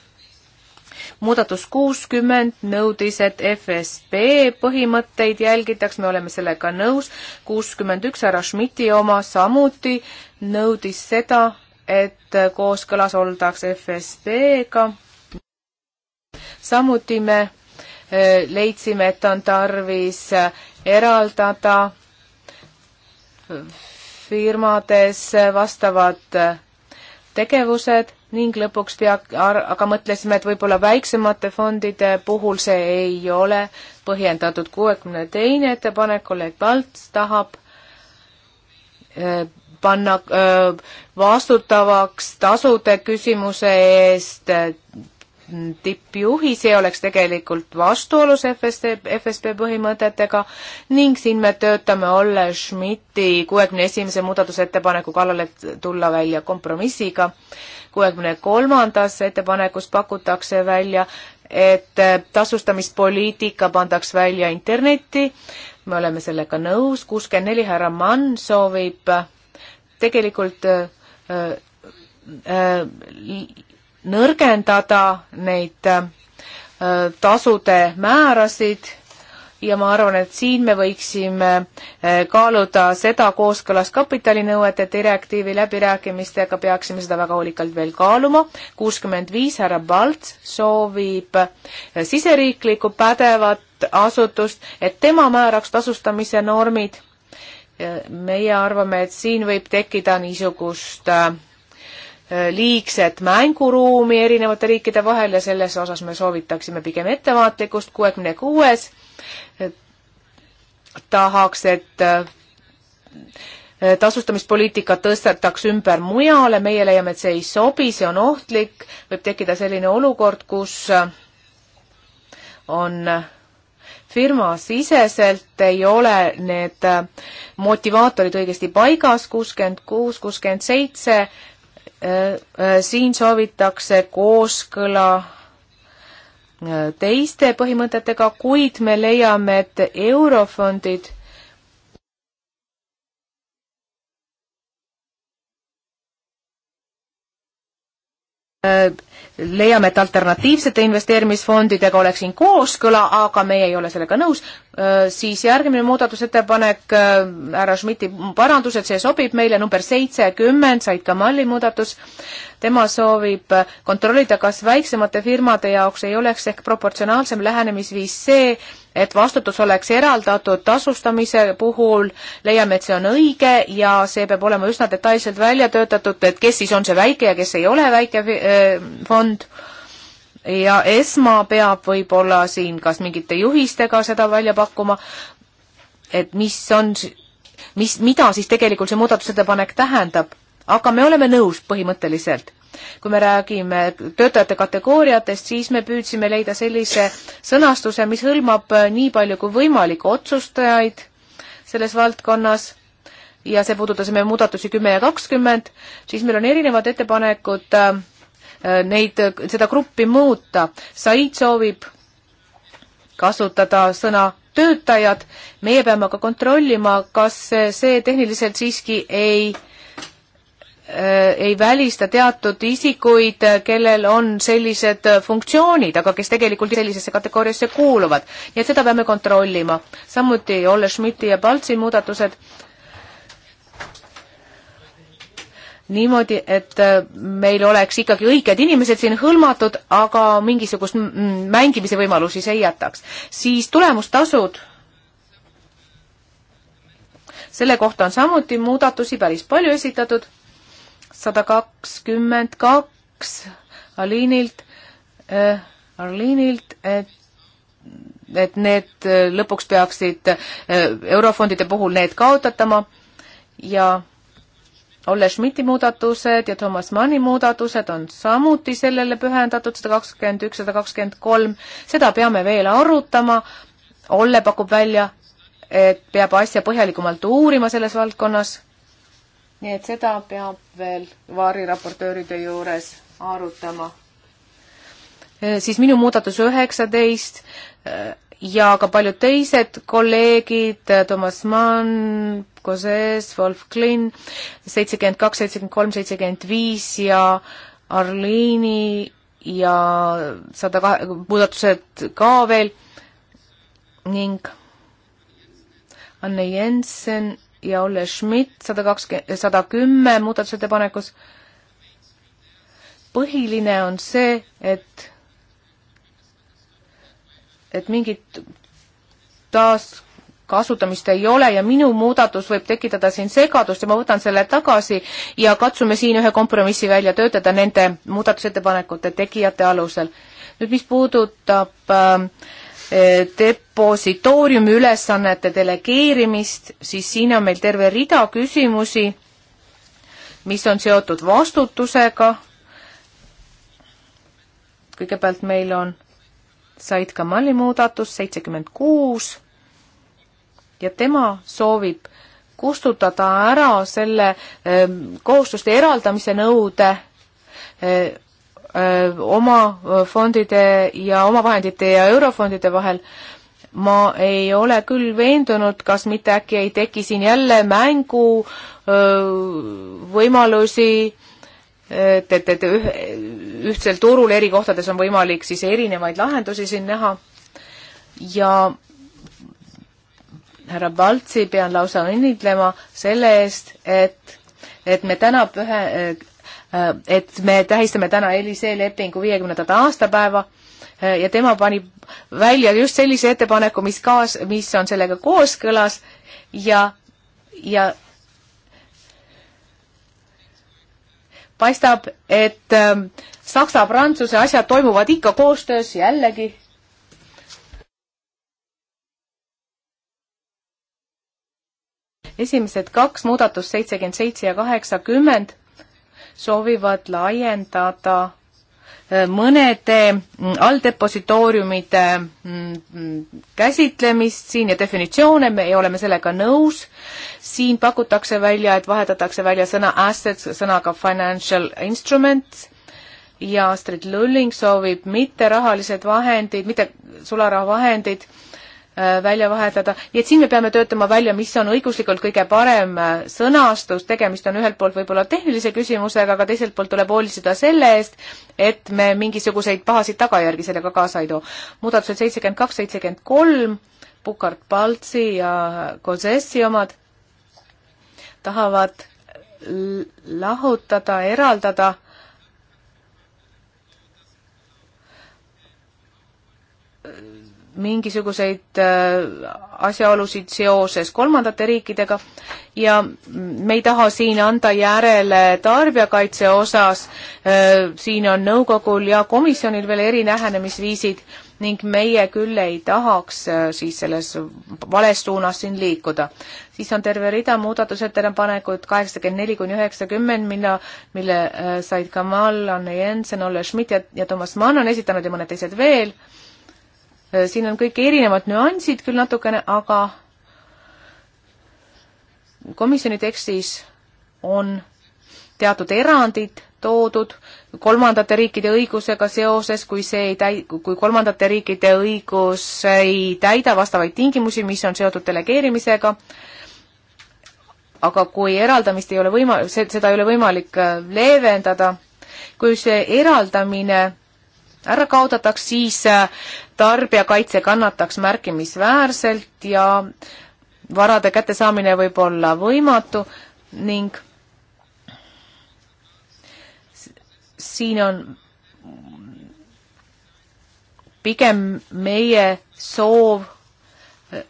muudatus kuuskümmend nõudis, et FSB põhimõtteid jälgitaks, me oleme sellega nõus, kuuskümmend üks härra Schmidti oma samuti nõudis seda, et kooskõlas oldaks FSB-ga. samuti me leidsime, et on tarvis eraldada firmades vastavad tegevused ning lõpuks pea, aga mõtlesime, et võib-olla väiksemate fondide puhul see ei ole põhjendatud. kuuekümne teine ettepanek, kolleeg Palts tahab panna vastutavaks tasude küsimuse eest tippjuhi, see oleks tegelikult vastuolus FSB, FSB põhimõtetega ning siin me töötame Olle Schmidti kuuekümne esimese muudatusettepaneku kallal, et tulla välja kompromissiga. kuuekümne kolmandas ettepanekus pakutakse välja, et tasustamispoliitika pandaks välja internetti, me oleme sellega nõus, kuuskümmend neli härra Mann soovib tegelikult äh, äh, nõrgendada neid äh, tasude määrasid ja ma arvan, et siin me võiksime äh, kaaluda seda kooskõlas kapitalinõuete direktiivi läbirääkimistega, peaksime seda väga hoolikalt veel kaaluma. kuuskümmend viis härra Balts soovib äh, siseriiklikku pädevat asutust, et tema määraks tasustamise normid. meie arvame, et siin võib tekkida niisugust äh, Äh, liigset mänguruumi erinevate riikide vahel ja selles osas me soovitaksime pigem ettevaatlikkust. kuuekümne kuues äh, tahaks, et äh, tasustamispoliitika tõstetaks ümber mujale, meie leiame, et see ei sobi, see on ohtlik, võib tekkida selline olukord, kus on firmasiseselt ei ole need motivaatorid õigesti paigas, kuuskümmend kuus, kuuskümmend seitse Äh, äh, siin soovitakse kooskõla äh, teiste põhimõtetega, kuid me leiame, et eurofondid leiame, et alternatiivsete investeerimisfondidega oleks siin kooskõla, aga meie ei ole sellega nõus, siis järgmine muudatusettepanek, härra Schmidti parandus, et see sobib meile, number seitsekümmend, Said Kamali muudatus, tema soovib kontrollida, kas väiksemate firmade jaoks ei oleks ehk proportsionaalsem lähenemisviis see, et vastutus oleks eraldatud tasustamise puhul, leiame, et see on õige ja see peab olema üsna detailselt välja töötatud, et kes siis on see väike ja kes ei ole väike fond ja ESMA peab võib-olla siin kas mingite juhistega seda välja pakkuma, et mis on, mis, mida siis tegelikult see muudatusettepanek tähendab, aga me oleme nõus põhimõtteliselt kui me räägime töötajate kategooriatest, siis me püüdsime leida sellise sõnastuse, mis hõlmab äh, nii palju kui võimalik otsustajaid selles valdkonnas ja see puudutas meie muudatusi kümme ja kakskümmend, siis meil on erinevad ettepanekud äh, Äh, neid, seda gruppi muuta. Said soovib kasutada sõna töötajad, meie peame ka kontrollima, kas see tehniliselt siiski ei äh, ei välista teatud isikuid, kellel on sellised funktsioonid, aga kes tegelikult sellisesse kategooriasse kuuluvad. nii et seda peame kontrollima. samuti Olle Schmidti ja Paltsi muudatused niimoodi, et äh, meil oleks ikkagi õiged inimesed siin hõlmatud, aga mingisugust mängimise võimalusi see ei jätaks. siis tulemustasud, selle kohta on samuti muudatusi päris palju esitatud, sada kakskümmend kaks Aliinilt äh,, Arliinilt, et et need äh, lõpuks peaksid äh, eurofondide puhul need kaotatama ja Olle Schmidti muudatused ja Thomas Manni muudatused on samuti sellele pühendatud, sada kakskümmend üks, sada kakskümmend kolm, seda peame veel arutama. Olle pakub välja, et peab asja põhjalikumalt uurima selles valdkonnas. nii et seda peab veel variraportööride juures arutama. siis minu muudatus üheksateist ja ka paljud teised kolleegid, Toomas Mann, Kozes, Wolf Klin, seitsekümmend kaks, seitsekümmend kolm, seitsekümmend viis ja Arliini ja sada kahe, muudatused ka veel ning Anne Jensen ja Olle Schmidt sada kakskümmend, sada kümme muudatusettepanekus. põhiline on see, et, et mingit taas kasutamist ei ole ja minu muudatus võib tekitada siin segadust ja ma võtan selle tagasi ja katsume siin ühe kompromissi välja töötada nende muudatusettepanekute tegijate alusel. nüüd, mis puudutab äh, eh, depositooriumi ülesannete delegeerimist, siis siin on meil terve rida küsimusi, mis on seotud vastutusega. kõigepealt meil on Said Kamali muudatus seitsekümmend kuus ja tema soovib kustutada ära selle ähm, kohustuste eraldamise nõude äh, äh, oma äh, fondide ja omavahendite ja eurofondide vahel, ma ei ole küll veendunud, kas mitte äkki ei teki siin jälle mängu võimalusi, et, et, et ühtsel turul eri kohtades on võimalik siis erinevaid lahendusi siin näha ja härra Baltsi pean lausa õnnitlema selle eest, et, et me täna pühe, äh, et me tähistame täna Elisee lepingu viiekümnendat aastapäeva äh, ja tema pani välja just sellise ettepaneku, mis kaas, mis on sellega kooskõlas ja, ja paistab, et äh, Saksa-Prantsuse asjad toimuvad ikka koostöös jällegi esimesed kaks muudatust, seitsekümmend seitse ja kaheksakümmend, soovivad laiendada äh, mõnede mm, alldepositooriumide mm, mm, käsitlemist siin ja definitsioone, me oleme sellega nõus. siin pakutakse välja, et vahetatakse välja sõna assets sõnaga financial instrument ja Astrid Lulling soovib mitterahalised vahendid, mitte sularahavahendid Äh, välja vahetada, nii et siin me peame töötama välja, mis on õiguslikult kõige parem äh, sõnastus, tegemist on ühelt poolt võib-olla tehnilise küsimusega, aga teiselt poolt tuleb hoolitseda selle eest, et me mingisuguseid pahasid tagajärgi sellega kaasa ei too. muudatused seitsekümmend kaks, seitsekümmend kolm, Pukart Paltsi ja Kozessi omad tahavad lahutada, eraldada mingisuguseid äh, asjaolusid seoses kolmandate riikidega ja me ei taha siin anda järele tarbijakaitse osas, äh, siin on nõukogul ja komisjonil veel eri lähenemisviisid ning meie küll ei tahaks äh, siis selles vales suunas siin liikuda. siis on terve rida muudatusettepanekuid kaheksakümmend neli kuni üheksakümmend, mille, mille said Kamal, Anne Jensen, Olle Schmidt ja, ja Toomas Mann on esitanud ja mõned teised veel Äh, siin on kõik erinevad nüansid küll natukene, aga komisjoni tekstis on teatud erandid toodud kolmandate riikide õigusega seoses, kui see ei täi-, kui kolmandate riikide õigus ei täida vastavaid tingimusi, mis on seotud delegeerimisega, aga kui eraldamist ei ole võima-, seda ei ole võimalik äh, leevendada, kui see eraldamine ära kaotataks, siis äh, tarbijakaitse kannataks märkimisväärselt ja varade kättesaamine võib olla võimatu ning siin on pigem meie soov äh,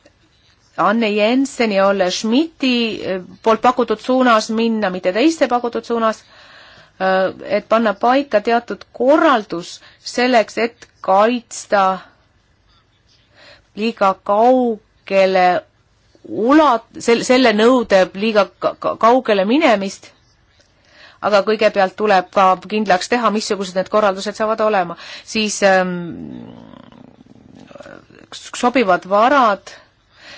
Anne Jenseni, Olle Schmidti äh, poolt pakutud suunas minna, mitte teiste pakutud suunas Äh, et panna paika teatud korraldus selleks, et kaitsta liiga kaugele ulat-, sel-, selle nõude liiga kaugele minemist, aga kõigepealt tuleb ka kindlaks teha, missugused need korraldused saavad olema. siis ähm, sobivad varad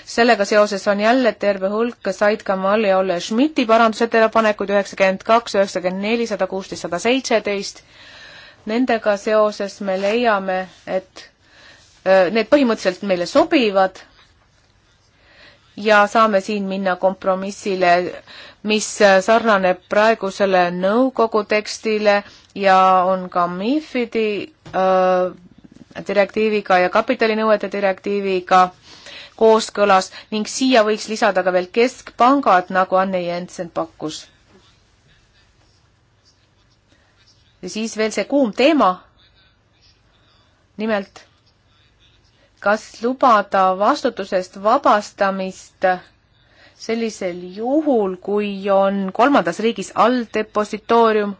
sellega seoses on jälle terve hulk Said Kamal ja Olle Schmidti parandusettepanekuid üheksakümmend kaks, üheksakümmend neli, sada kuusteist, sada seitseteist. Nendega seoses me leiame, et need põhimõtteliselt meile sobivad ja saame siin minna kompromissile, mis sarnaneb praegusele nõukogu tekstile ja on ka MIFID-i direktiiviga ja kapitalinõuete direktiiviga kooskõlas ning siia võiks lisada ka veel keskpangad, nagu Anne Jensen pakkus. ja siis veel see kuum teema. nimelt, kas lubada vastutusest vabastamist sellisel juhul, kui on kolmandas riigis alldepositoorium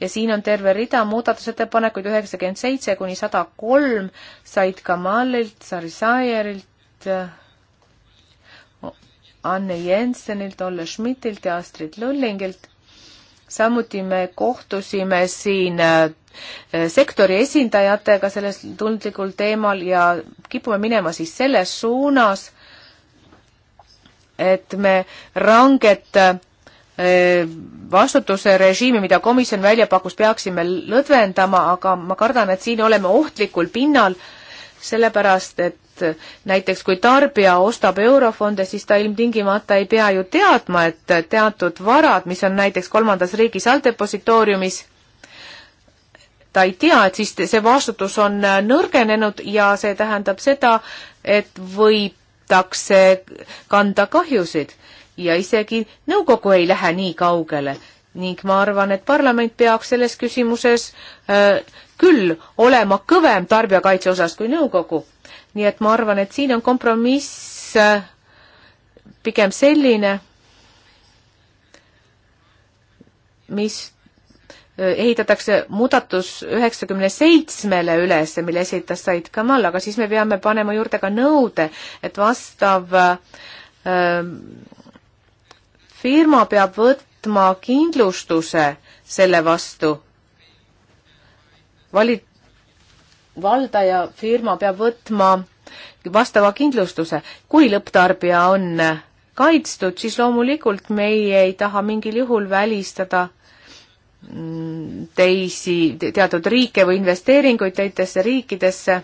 ja siin on terve rida muudatusettepanekuid, üheksakümmend seitse kuni sada kolm said Kamalilt, Sarisaierilt, Äh, Anne Jensenilt, Olle Schmidtilt ja Astrid Lullingilt. samuti me kohtusime siin äh, sektori esindajatega selles tundlikul teemal ja kipume minema siis selles suunas, et me ranged äh, vastutuse režiimi, mida komisjon välja pakkus, peaksime lõdvendama, aga ma kardan, et siin oleme ohtlikul pinnal äh, sellepärast et näiteks kui tarbija ostab eurofonde, siis ta ilmtingimata ei pea ju teadma, et teatud varad, mis on näiteks kolmandas riigis alldepositooriumis, ta ei tea, et siis see vastutus on nõrgenenud ja see tähendab seda, et võidakse kanda kahjusid ja isegi nõukogu ei lähe nii kaugele ning ma arvan, et parlament peaks selles küsimuses öö, äh, küll olema kõvem tarbijakaitse osas kui nõukogu. nii et ma arvan, et siin on kompromiss äh, pigem selline, mis äh, ehitatakse muudatus üheksakümne seitsmele üles, mille esitas Said Kamal, aga siis me peame panema juurde ka nõude, et vastav äh, firma peab võtma kindlustuse selle vastu, vali-, valdaja firma peab võtma vastava kindlustuse. kui lõpptarbija on kaitstud, siis loomulikult meie ei taha mingil juhul välistada mm, teisi teatud riike või investeeringuid teistesse riikidesse.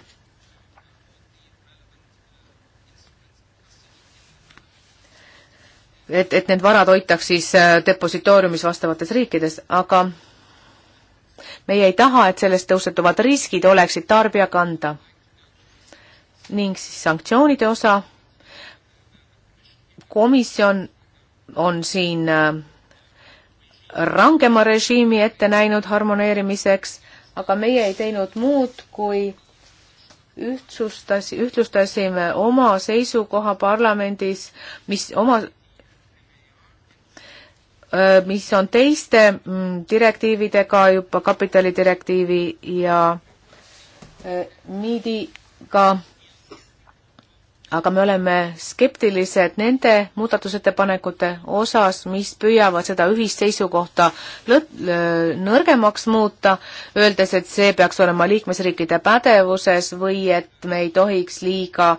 et, et need varad hoitaks siis äh, depositooriumis vastavates riikides, aga meie ei taha, et sellest tõusetuvad riskid oleksid tarbija kanda. ning siis sanktsioonide osa. komisjon on siin äh, rangema režiimi ette näinud harmoneerimiseks, aga meie ei teinud muud, kui ühtsustas, ühtlustasime oma seisukoha parlamendis, mis oma Äh, mis on teiste mm, direktiividega juba kapitalidirektiivi ja äh, MIDiga, aga me oleme skeptilised nende muudatusettepanekute osas, mis püüavad seda ühist seisukohta nõrgemaks muuta, öeldes, et see peaks olema liikmesriikide pädevuses või et me ei tohiks liiga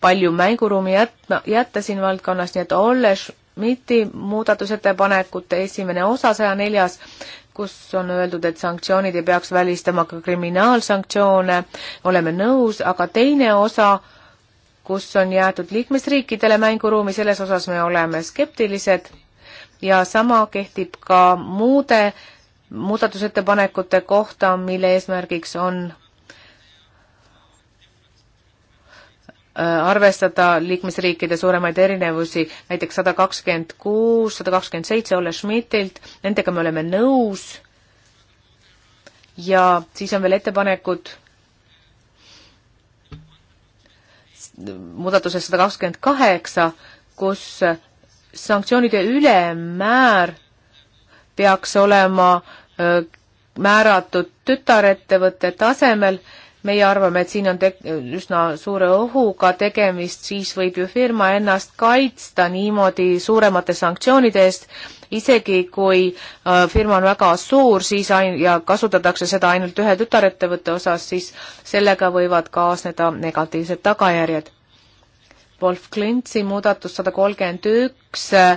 palju mänguruumi jätma, jätta siin valdkonnas, nii et olles MIT muudatusettepanekute esimene osa, saja neljas, kus on öeldud, et sanktsioonid ei peaks välistama ka kriminaalsanktsioone, oleme nõus, aga teine osa, kus on jäetud liikmesriikidele mänguruumi, selles osas me oleme skeptilised ja sama kehtib ka muude muudatusettepanekute kohta, mille eesmärgiks on Äh, arvestada liikmesriikide suuremaid erinevusi, näiteks sada kakskümmend kuus, sada kakskümmend seitse Olle Schmidtilt, nendega me oleme nõus. ja siis on veel ettepanekud muudatuses sada kakskümmend kaheksa, kus sanktsioonide ülemmäär peaks olema äh, määratud tütarettevõtte tasemel meie arvame, et siin on te-, üsna suure ohuga tegemist, siis võib ju firma ennast kaitsta niimoodi suuremate sanktsioonide eest, isegi kui äh, firma on väga suur, siis ain-, ja kasutatakse seda ainult ühe tütarettevõtte osas, siis sellega võivad kaasneda negatiivsed tagajärjed. Wolf Klintsi muudatus sada kolmkümmend üks äh,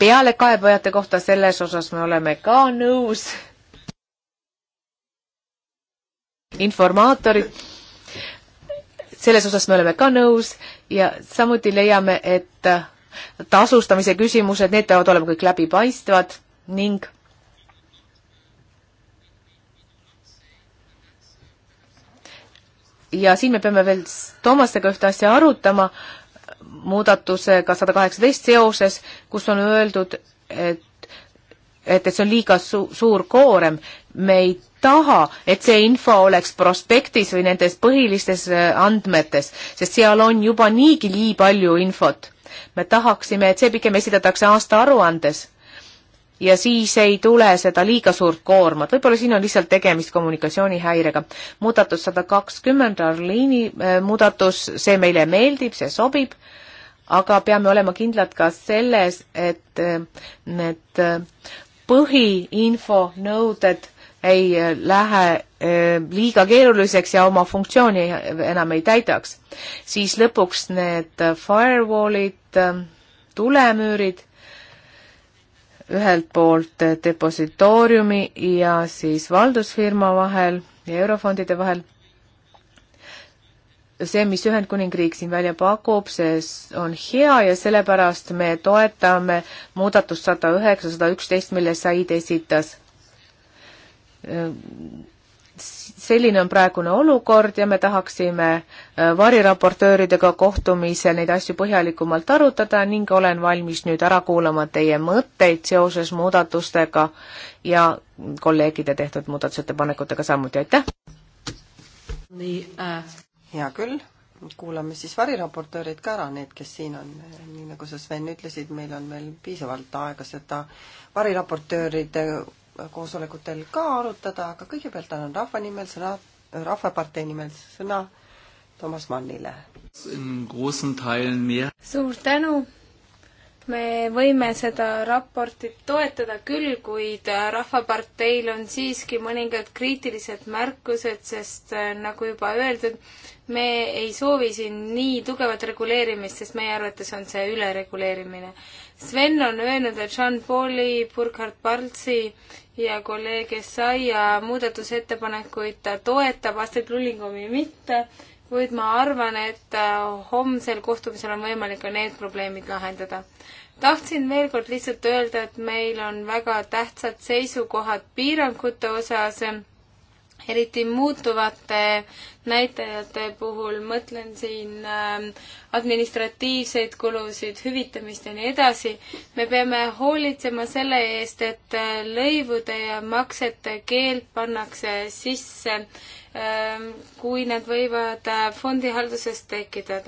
pealekaebajate kohta, selles osas me oleme ka nõus informaatorid. selles osas me oleme ka nõus ja samuti leiame, et tasustamise küsimused, need peavad olema kõik läbipaistvad ning ja siin me peame veel Toomastega ühte asja arutama muudatusega sada kaheksateist seoses, kus on öeldud, et et, et see on liiga su suur koorem me ei taha, et see info oleks prospektis või nendes põhilistes äh, andmetes, sest seal on juba niigi nii palju infot. me tahaksime, et see pigem esitatakse aastaaruandes ja siis ei tule seda liiga suurt koormat. võib-olla siin on lihtsalt tegemist kommunikatsioonihäirega. muudatus sada kakskümmend, Arliini äh, muudatus, see meile meeldib, see sobib, aga peame olema kindlad ka selles, et äh, need põhiinfonõuded ei äh, lähe äh, liiga keeruliseks ja oma funktsiooni äh, enam ei täidaks, siis lõpuks need firewall'id, tulemüürid ühelt poolt depositooriumi ja siis valdusfirma vahel ja eurofondide vahel see, mis Ühendkuningriik siin välja pakub, see on hea ja sellepärast me toetame muudatust sada üheksa, sada üksteist, mille Said esitas selline on praegune olukord ja me tahaksime äh, variraportööridega kohtumisel neid asju põhjalikumalt arutada ning olen valmis nüüd ära kuulama teie mõtteid seoses muudatustega ja kolleegide tehtud muudatusettepanekutega samuti, aitäh! nii äh,, hea küll, kuulame siis variraportöörid ka ära, need, kes siin on. nii nagu sa, Sven, ütlesid, meil on veel piisavalt aega seda variraportööride koosolekutel ka arutada, aga kõigepealt annan rahva nimel sõna, Rahvapartei nimel sõna Toomas Mannile. suur tänu! me võime seda raportit toetada küll, kuid Rahvaparteil on siiski mõningad kriitilised märkused, sest äh, nagu juba öeldud, me ei soovi siin nii tugevat reguleerimist, sest meie arvates on see ülereguleerimine. Sven on öelnud, et Jean-Pauli Burkhard Paltsi ja kolleeg Essaia muudatusettepanekuid ta toetab, Astrid Lullingomi mitte, kuid ma arvan, et äh, homsel kohtumisel on võimalik ka need probleemid lahendada. tahtsin veel kord lihtsalt öelda, et meil on väga tähtsad seisukohad piirangute osas eriti muutuvate näitajate puhul, mõtlen siin ähm, administratiivseid kulusid, hüvitamist ja nii edasi, me peame hoolitsema selle eest, et äh, lõivude ja maksete keeld pannakse sisse, ähm, kui nad võivad äh, fondihaldusest tekkida.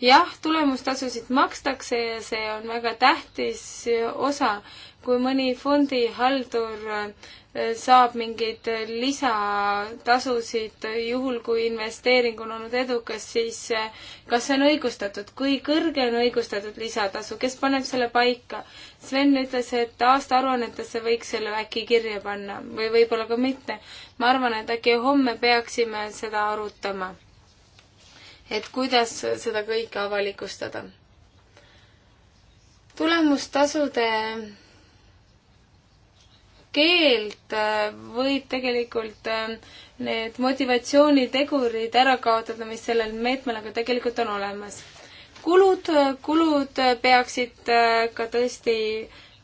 jah, tulemustasusid makstakse ja see on väga tähtis osa, kui mõni fondihaldur äh, saab mingeid lisatasusid juhul, kui investeering on olnud edukas, siis eh, kas see on õigustatud, kui kõrge on õigustatud lisatasu, kes paneb selle paika? Sven ütles, et aastaaruannetesse võiks selle äkki kirja panna või võib-olla ka mitte. ma arvan, et äkki homme peaksime seda arutama. et kuidas seda kõike avalikustada. tulemustasude keelt võib tegelikult ähm, need motivatsioonitegurid ära kaotada, mis sellel meetmel aga tegelikult on olemas. kulud, kulud peaksid äh, ka tõesti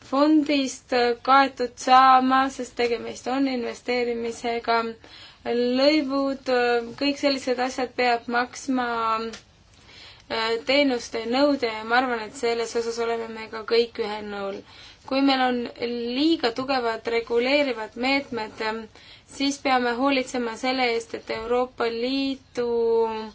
fondist äh, kaetud saama, sest tegemist on investeerimisega. lõivud, äh, kõik sellised asjad peab maksma teenuste nõude ja ma arvan, et selles osas oleme me ka kõik ühel nõul kui meil on liiga tugevad reguleerivad meetmed, ehm, siis peame hoolitsema selle eest, et Euroopa Liidu ehm,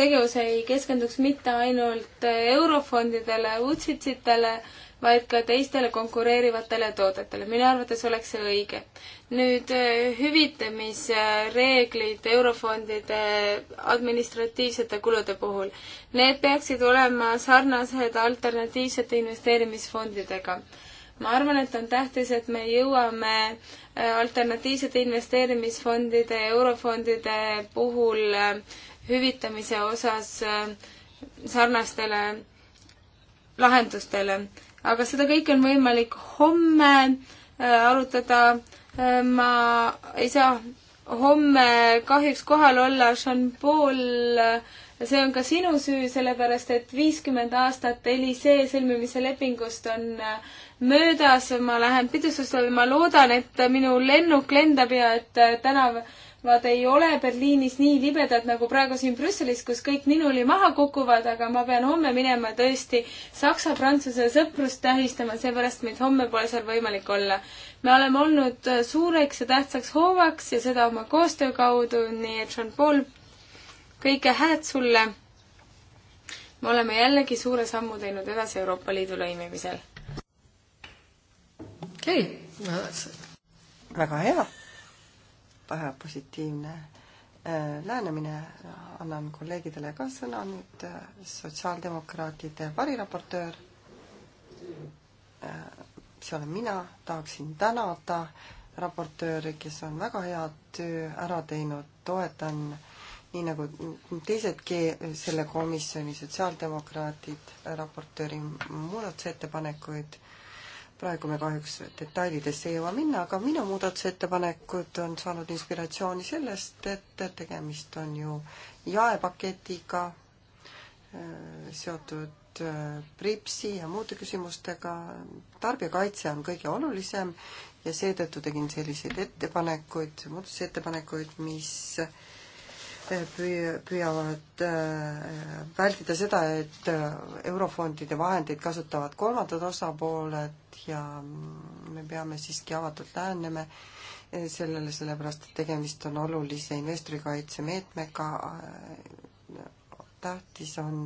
tegevus ei keskenduks mitte ainult ehm, eurofondidele, UCITS-itele, vaid ka teistele konkureerivatele toodetele. minu arvates oleks see õige. nüüd eh, hüvitamisreeglid eurofondide administratiivsete kulude puhul. Need peaksid olema sarnased alternatiivsete investeerimisfondidega ma arvan, et on tähtis, et me jõuame eh, alternatiivsete investeerimisfondide ja eurofondide puhul eh, hüvitamise osas sarnastele lahendustele aga seda kõike on võimalik homme äh, arutada. Äh, ma ei saa homme kahjuks kohal olla, Jean-Paul, äh, see on ka sinu süü, sellepärast et viiskümmend aastat Elisee sõlmimise lepingust on möödas, ma lähen pidustusele, ma loodan, et minu lennuk lendab ja et tänav Nad ei ole Berliinis nii libedad nagu praegu siin Brüsselis, kus kõik ninuli maha kukuvad, aga ma pean homme minema tõesti saksa-prantsuse sõprust tähistama, seepärast mind homme pole seal võimalik olla. me oleme olnud suureks ja tähtsaks hoovaks ja seda oma koostöö kaudu, nii et Jean-Paul, kõike head sulle! me oleme jällegi suure sammu teinud edasi Euroopa Liidu lõimimisel. okei okay., väga hea positiivne äh, lähenemine. annan kolleegidele ka sõna nüüd, äh, sotsiaaldemokraatide variraportöör. Äh, see olen mina, tahaksin tänada raportööri, kes on väga head töö ära teinud, toetan nii nagu teisedki selle komisjoni sotsiaaldemokraatid raportööri muudatusettepanekuid praegu me kahjuks detailidesse ei jõua minna, aga minu muudatusettepanekud on saanud inspiratsiooni sellest, et tegemist on ju jaepaketiga äh, seotud äh, pripsi ja muude küsimustega. tarbijakaitse on kõige olulisem ja seetõttu tegin selliseid ettepanekuid, muudatusettepanekuid, mis äh, püüavad äh, vältida seda, et äh, eurofondide vahendeid kasutavad kolmandad osapooled ja me peame siiski avatult lähenema äh, sellele, sellepärast et tegemist on olulise investorikaitsemeetmega. tähtis on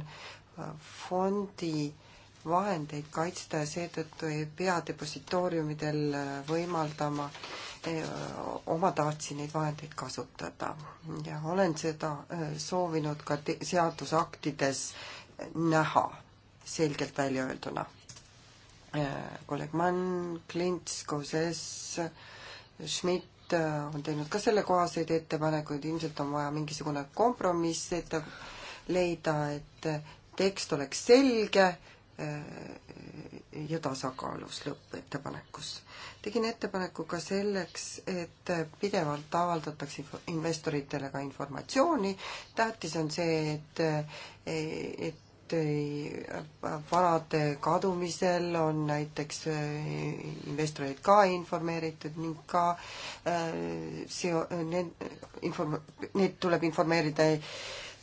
fondi äh, vahendeid kaitsta ja seetõttu ei pea depositooriumidel äh, võimaldama äh, omatahtsi neid vahendeid kasutada. ja olen seda äh, soovinud ka seadusaktides näha selgelt välja öelduna. kolleeg Mann, Klints, Kozes, Schmidt, on teinud ka sellekohaseid ettepanekuid, ilmselt on vaja mingisugune kompromiss ette leida, et tekst oleks selge Äh, ja tasakaalus lõppettepanekus. tegin ettepaneku ka selleks, et pidevalt avaldatakse investoritele ka informatsiooni, tähtis on see, et, et varade kadumisel on näiteks äh, investoreid ka informeeritud ning ka äh, see, need inform-, neid tuleb informeerida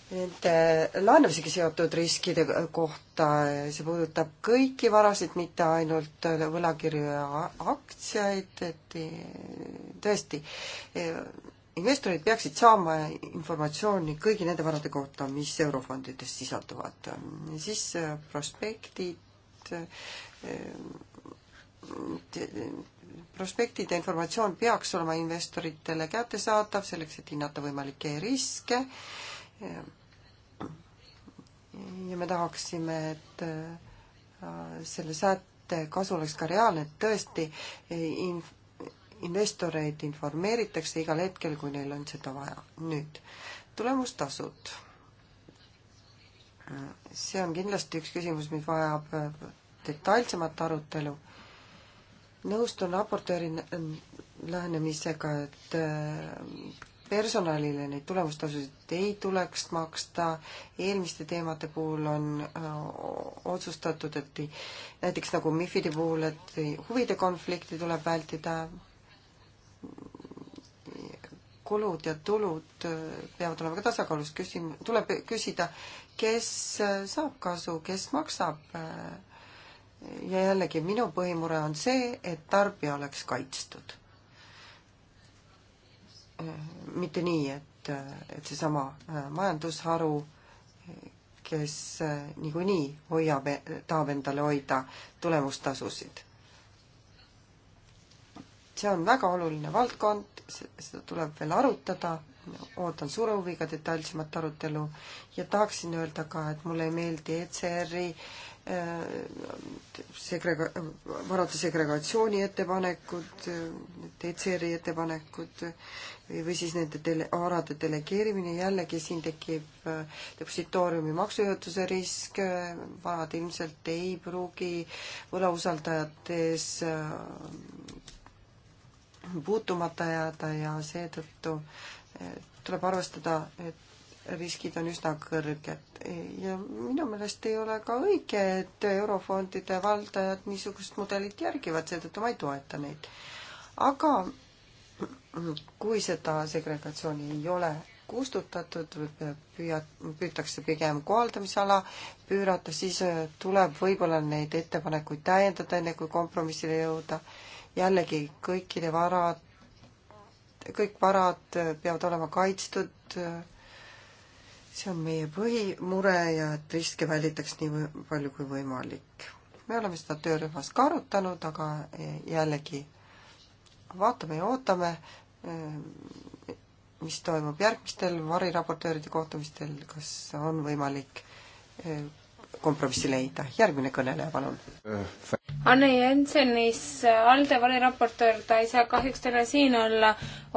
nende laenamisega seotud riskide kohta, see puudutab kõiki varasid, mitte ainult võlakirju ja aktsiaid, et e, tõesti, e, investorid peaksid saama informatsiooni kõigi nende varade kohta, mis eurofondides sisalduvad. siis e, prospektid, prospektide informatsioon peaks olema investoritele kättesaadav selleks, et hinnata võimalikke riske ja me tahaksime, et äh, selle sätte kasu oleks ka reaalne, et tõesti in-, investoreid informeeritakse igal hetkel, kui neil on seda vaja. nüüd, tulemustasud. see on kindlasti üks küsimus, mis vajab äh, detailsemat arutelu. nõustun raportööri lähenemisega, et äh, personalile neid tulemustasusid ei tuleks maksta, eelmiste teemade puhul on äh, otsustatud, et näiteks nagu MIFID-i puhul, et huvide konflikti tuleb vältida, kulud ja tulud äh, peavad olema ka tasakaalus, küsim-, tuleb küsida, kes äh, saab kasu, kes maksab. ja jällegi, minu põhimure on see, et tarbija oleks kaitstud mitte nii, et, et seesama äh, majandusharu, kes äh, niikuinii hoiab, e-, tahab endale hoida tulemustasusid. see on väga oluline valdkond, seda tuleb veel arutada, ootan suure huviga detailsemat arutelu ja tahaksin öelda ka, et mulle ei meeldi ECR-i äh, Äh, segrega-, äh, varade segregatsiooni ettepanekud, DCR-i äh, ettepanekud või, või siis nende dele-, varade delegeerimine, jällegi siin tekib depositooriumi maksujõutuse risk, varad ilmselt ei pruugi võlausaldajates puutumata jääda ja seetõttu tuleb arvestada, et riskid on üsna kõrged ja minu meelest ei ole ka õige, et eurofondide valdajad niisugust mudelit järgivad, seetõttu ma ei toeta neid. aga kui seda segregatsiooni ei ole kustutatud, püüa, püütakse pigem kohaldamisala püürata, siis äh, tuleb võib-olla neid ettepanekuid täiendada, enne kui kompromissile jõuda. jällegi kõikide varad, kõik varad äh, peavad olema kaitstud äh, see on meie põhimure ja et riske välditaks nii palju kui võimalik. me oleme seda töörühmas ka arutanud, aga jällegi vaatame ja ootame, eh, mis toimub järgmistel variraportööride kohtumistel, kas on võimalik eh, kompromissi leida. järgmine kõneleja, palun. Eh, Anne Jensenis, ALDE valiraportöör, ta ei saa kahjuks täna siin olla.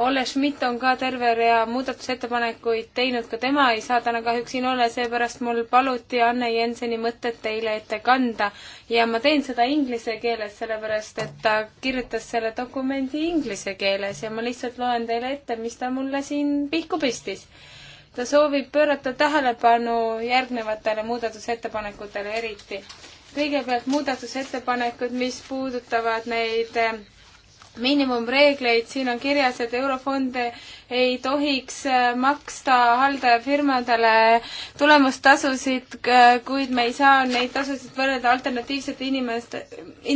Olle Schmidt on ka terve rea muudatusettepanekuid teinud, ka tema ei saa täna kahjuks siin olla, seepärast mul paluti Anne Jenseni mõtted teile ette kanda. ja ma teen seda inglise keeles, sellepärast et ta kirjutas selle dokumendi inglise keeles ja ma lihtsalt loen teile ette, mis ta mulle siin pihku pistis ta soovib pöörata tähelepanu järgnevatele muudatusettepanekutele eriti kõigepealt muudatusettepanekud, mis puudutavad neid eh, miinimumreegleid, siin on kirjas, et eurofond ei tohiks eh, maksta haldajafirmadele tulemustasusid, kuid me ei saa neid tasusid võrrelda alternatiivsete inimeste,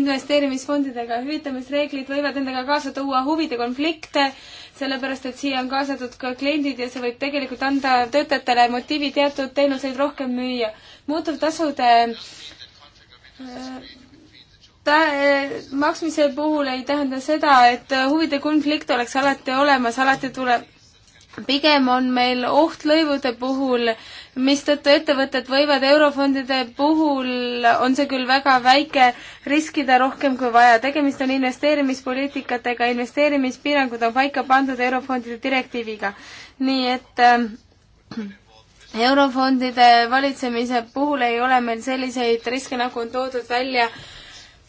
investeerimisfondidega. hüvitamisreeglid võivad endaga kaasa tuua huvide konflikte, sellepärast et siia on kaasatud ka kliendid ja see võib tegelikult anda töötajatele motiivi teatud teenuseid rohkem müüa. muutuvtasude ta-, maksmise puhul ei tähenda seda, et huvide konflikt oleks alati olemas, alati tuleb pigem on meil oht lõivude puhul, mistõttu ettevõtted võivad eurofondide puhul, on see küll väga väike, riskida rohkem kui vaja. tegemist on investeerimispoliitikatega, investeerimispiirangud on paika pandud eurofondide direktiiviga. nii et äh, eurofondide valitsemise puhul ei ole meil selliseid riske, nagu on toodud välja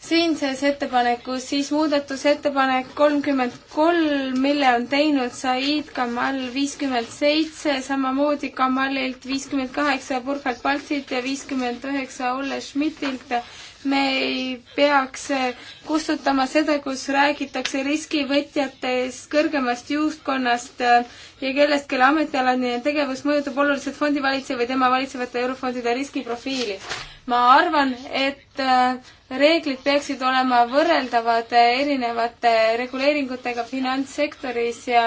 siinses ettepanekus, siis muudatusettepanek kolmkümmend kolm, mille on teinud Said Kamal viiskümmend seitse, samamoodi Kamalilt viiskümmend kaheksa Burkhard Paltsilt ja viiskümmend üheksa Olle Schmidtilt me ei peaks kustutama seda, kus räägitakse riskivõtjatest, kõrgemast juhtkonnast äh, ja kellest, kelle ametialane tegevus mõjutab oluliselt fondivalitseja või tema valitsevate eurofondide riskiprofiili. ma arvan, et äh, reeglid peaksid olema võrreldavad erinevate reguleeringutega finantssektoris ja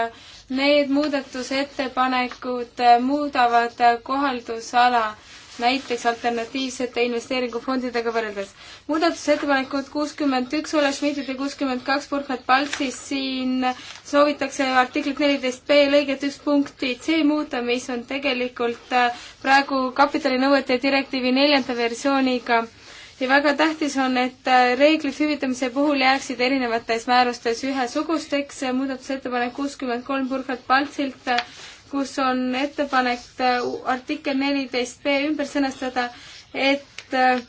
need muudatusettepanekud äh, muudavad kohaldusala näiteks alternatiivsete investeeringufondidega võrreldes. muudatusettepanekud kuuskümmend üks Ole Schmidtit ja kuuskümmend kaks Burkhard Paltsist, siin soovitakse artiklit neliteist B lõiget üks punkti C muuta, mis on tegelikult äh, praegu kapitalinõuete direktiivi neljanda versiooniga ja väga tähtis on, et äh, reeglid hüvitamise puhul jääksid erinevates määrustes ühesugusteks, muudatusettepanek kuuskümmend kolm Burkhard Paltsilt äh, kus on ettepanek artikkel neliteist B ümber sõnastada, et äh,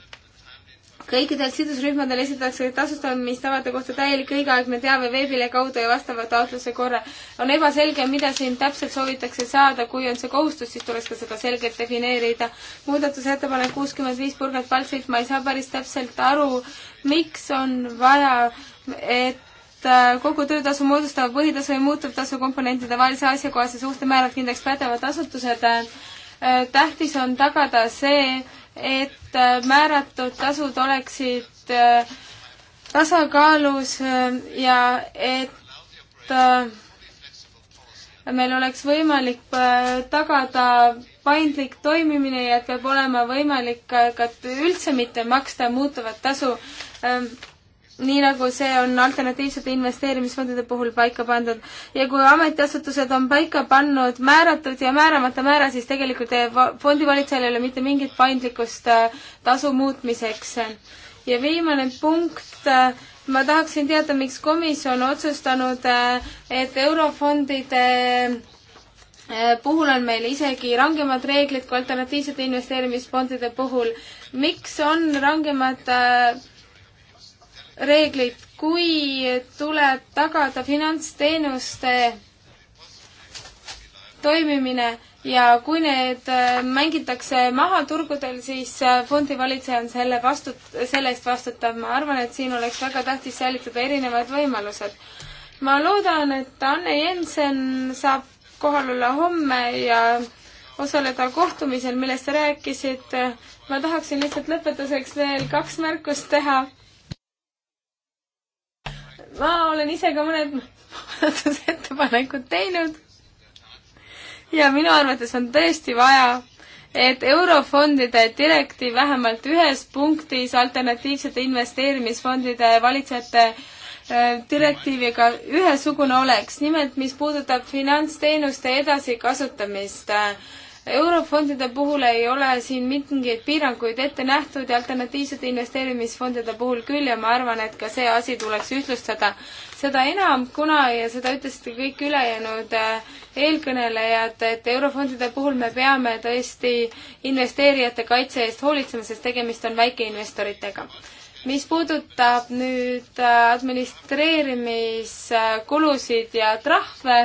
kõikidel sidusrühmadel esitatakse tasustamistavade kohta täielik õigeaegne teave veebile kaudu ja vastava taotluse korra. on ebaselge, mida siin täpselt soovitakse saada, kui on see kohustus, siis tuleks ka seda selgelt defineerida. muudatusettepanek kuuskümmend viis purgad paltsilt, ma ei saa päris täpselt aru, miks on vaja, et Äh, kogu töötasu moodustavad põhitasu ja muutuvtasu komponentide vahelise asjakohase suhte määrad kindlaks pädevad asutused. Äh, tähtis on tagada see, et äh, määratud tasud oleksid tasakaalus ja et meil oleks võimalik tagada paindlik toimimine ja et peab olema võimalik ka üldse mitte maksta muutuvat tasu nii nagu see on alternatiivsete investeerimisfondide puhul paika pandud. ja kui ametiasutused on paika pannud määratud ja määramata määra, siis tegelikult fondivalitsejal ei ole mitte mingit paindlikkust äh, tasu muutmiseks. ja viimane punkt, äh, ma tahaksin teada, miks komisjon otsusanud, äh, et eurofondide puhul on meil isegi rangemad reeglid kui alternatiivsete investeerimisfondide puhul. miks on rangemad äh, reeglid, kui tuleb tagada finantsteenuste toimimine ja kui need äh, mängitakse maha turgudel, siis äh, fondivalitseja on selle vastut-, selle eest vastutav. ma arvan, et siin oleks väga tähtis säilitada erinevad võimalused. ma loodan, et Anne Jensen saab kohal olla homme ja osaleda kohtumisel, millest sa rääkisid. ma tahaksin lihtsalt lõpetuseks veel kaks märkust teha ma olen ise ka mõned muudatusettepanekud teinud ja minu arvates on tõesti vaja, et eurofondide direktiiv vähemalt ühes punktis alternatiivsete investeerimisfondide valitsejate äh, direktiiviga ühesugune oleks, nimelt mis puudutab finantsteenuste edasikasutamist äh, eurofondide puhul ei ole siin mingeid piiranguid ette nähtud ja alternatiivsete investeerimisfondide puhul küll ja ma arvan, et ka see asi tuleks ühtlustada. seda enam, kuna ja seda ütlesid kõik ülejäänud äh, eelkõnelejad, et eurofondide puhul me peame tõesti investeerijate kaitse eest hoolitsema, sest tegemist on väikeinvestoritega mis puudutab nüüd äh, administreerimiskulusid ja trahve,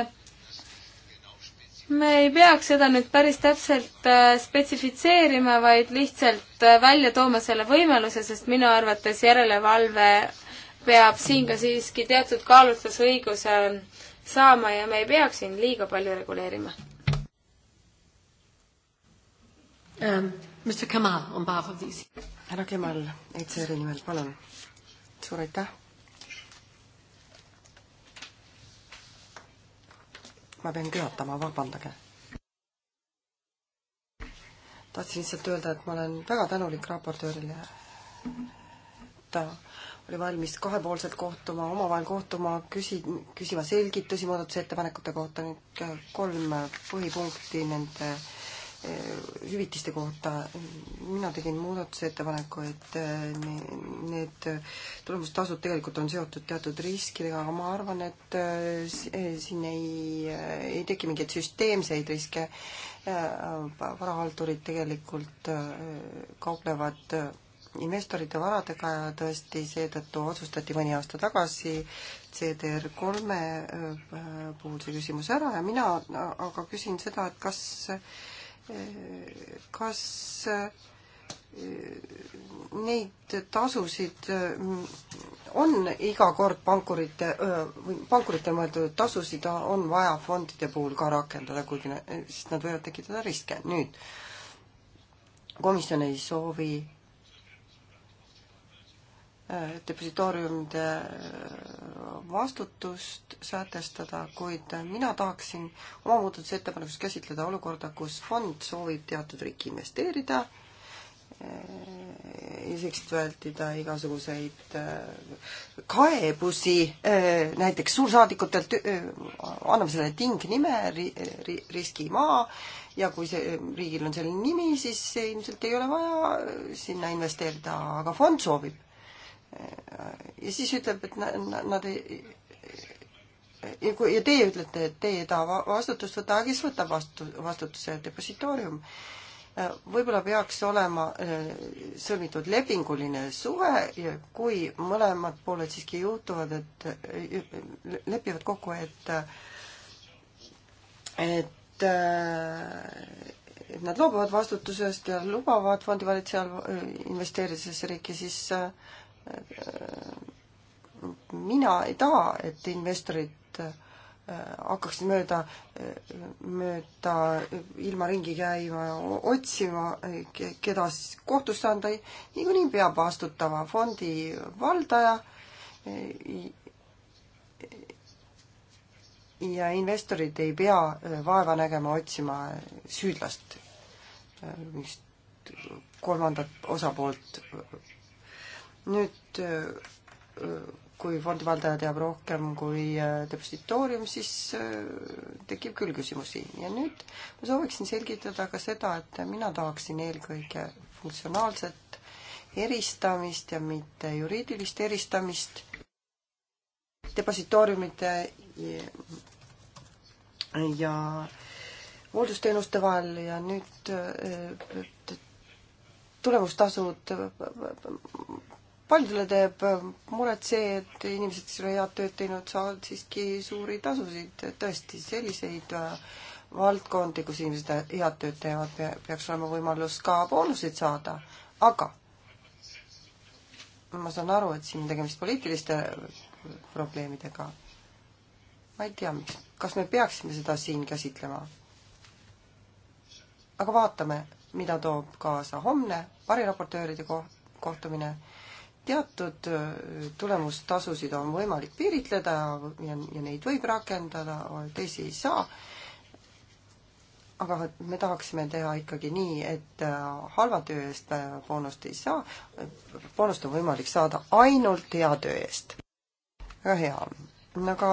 me ei peaks seda nüüd päris täpselt äh, spetsifitseerima, vaid lihtsalt äh, välja tooma selle võimaluse, sest minu arvates järelevalve peab siin ka siiski teatud kaalutlusõiguse saama ja me ei peaks siin liiga palju reguleerima um,. Ähm, Mr Kamal on behalf of these. härra Kemal, ETSR-i nimel, palun. suur aitäh ma pean köhatama, vabandage. tahtsin lihtsalt öelda, et ma olen väga tänulik raportöörile. ta oli valmis kahepoolselt kohtuma, omavahel kohtuma, küsi-, küsima selgitusi muudatusettepanekute kohta, nüüd kolm põhipunkti nende äh, Eh, hüvitiste kohta. mina tegin muudatusettepaneku, et eh, need tulemustasud tegelikult on seotud teatud riskidega, aga ma arvan, et eh, siin ei, ei teki mingeid süsteemseid riske. varahaldurid tegelikult kauplevad investorite varadega ja tõesti seetõttu otsustati mõni aasta tagasi CDR kolme puhul see küsimus ära ja mina aga küsin seda, et kas kas eh, neid tasusid mm, on iga kord pankurite, eh, pankurite mõeldud tasusid on vaja fondide puhul ka rakendada, kuigi, sest nad võivad tekitada riske. nüüd, komisjon ei soovi depositooriumide vastutust sätestada, kuid mina tahaksin oma muudatusettepanekus käsitleda olukorda, kus fond soovib teatud riiki investeerida, eh, isegi vältida igasuguseid eh, kaebusi eh, näiteks suursaadikutelt, anname selle tingnime, riskimaa, ja kui see, riigil on selline nimi, siis ilmselt ei ole vaja sinna investeerida, aga fond soovib ja siis ütleb, et nad ei ja kui ja teie ütlete, et teie ei taha vastutust võtta, aga kes võtab vastu, vastutuse, depositoorium? võib-olla peaks olema äh, sõlmitud lepinguline suhe ja kui mõlemad pooled siiski juhtuvad, et äh, lepivad kokku, et et äh, et nad loobuvad vastutusest ja lubavad fondivalitsejal investeerida sellesse riiki, siis mina ei taha, et investorid äh, hakkaksid mööda, äh, mööda ilma ringi käima, otsima, keda siis kohtusse anda, niikuinii peab vastutama fondi valdaja äh, ja investorid ei pea vaeva nägema otsima süüdlast, mingit kolmandat osapoolt nüüd äh, kui fondivaldaja teab rohkem kui äh, depositoorium, siis äh, tekib küll küsimusi. ja nüüd ma sooviksin selgitada ka seda, et mina tahaksin eelkõige funktsionaalset eristamist ja mitte juriidilist eristamist depositooriumite ja hooldusteenuste vahel ja nüüd tulemustasud paljudele teeb muret see, et inimesed, kes ei ole head tööd teinud, saavad siiski suuri tasusid. tõesti, selliseid äh, valdkondi, kus inimesed äh, head tööd teevad, peaks olema võimalus ka boonuseid saada. aga ma saan aru, et siin on tegemist poliitiliste äh, probleemidega. ma ei tea, miks, kas me peaksime seda siin käsitlema? aga vaatame, mida toob kaasa homne variraportööride kohtumine teatud äh, tulemustasusid on võimalik piiritleda ja, ja neid võib rakendada, teisi ei saa. aga me tahaksime teha ikkagi nii, et äh, halva töö eest äh, boonust ei saa. boonust on võimalik saada ainult hea töö eest. väga hea, aga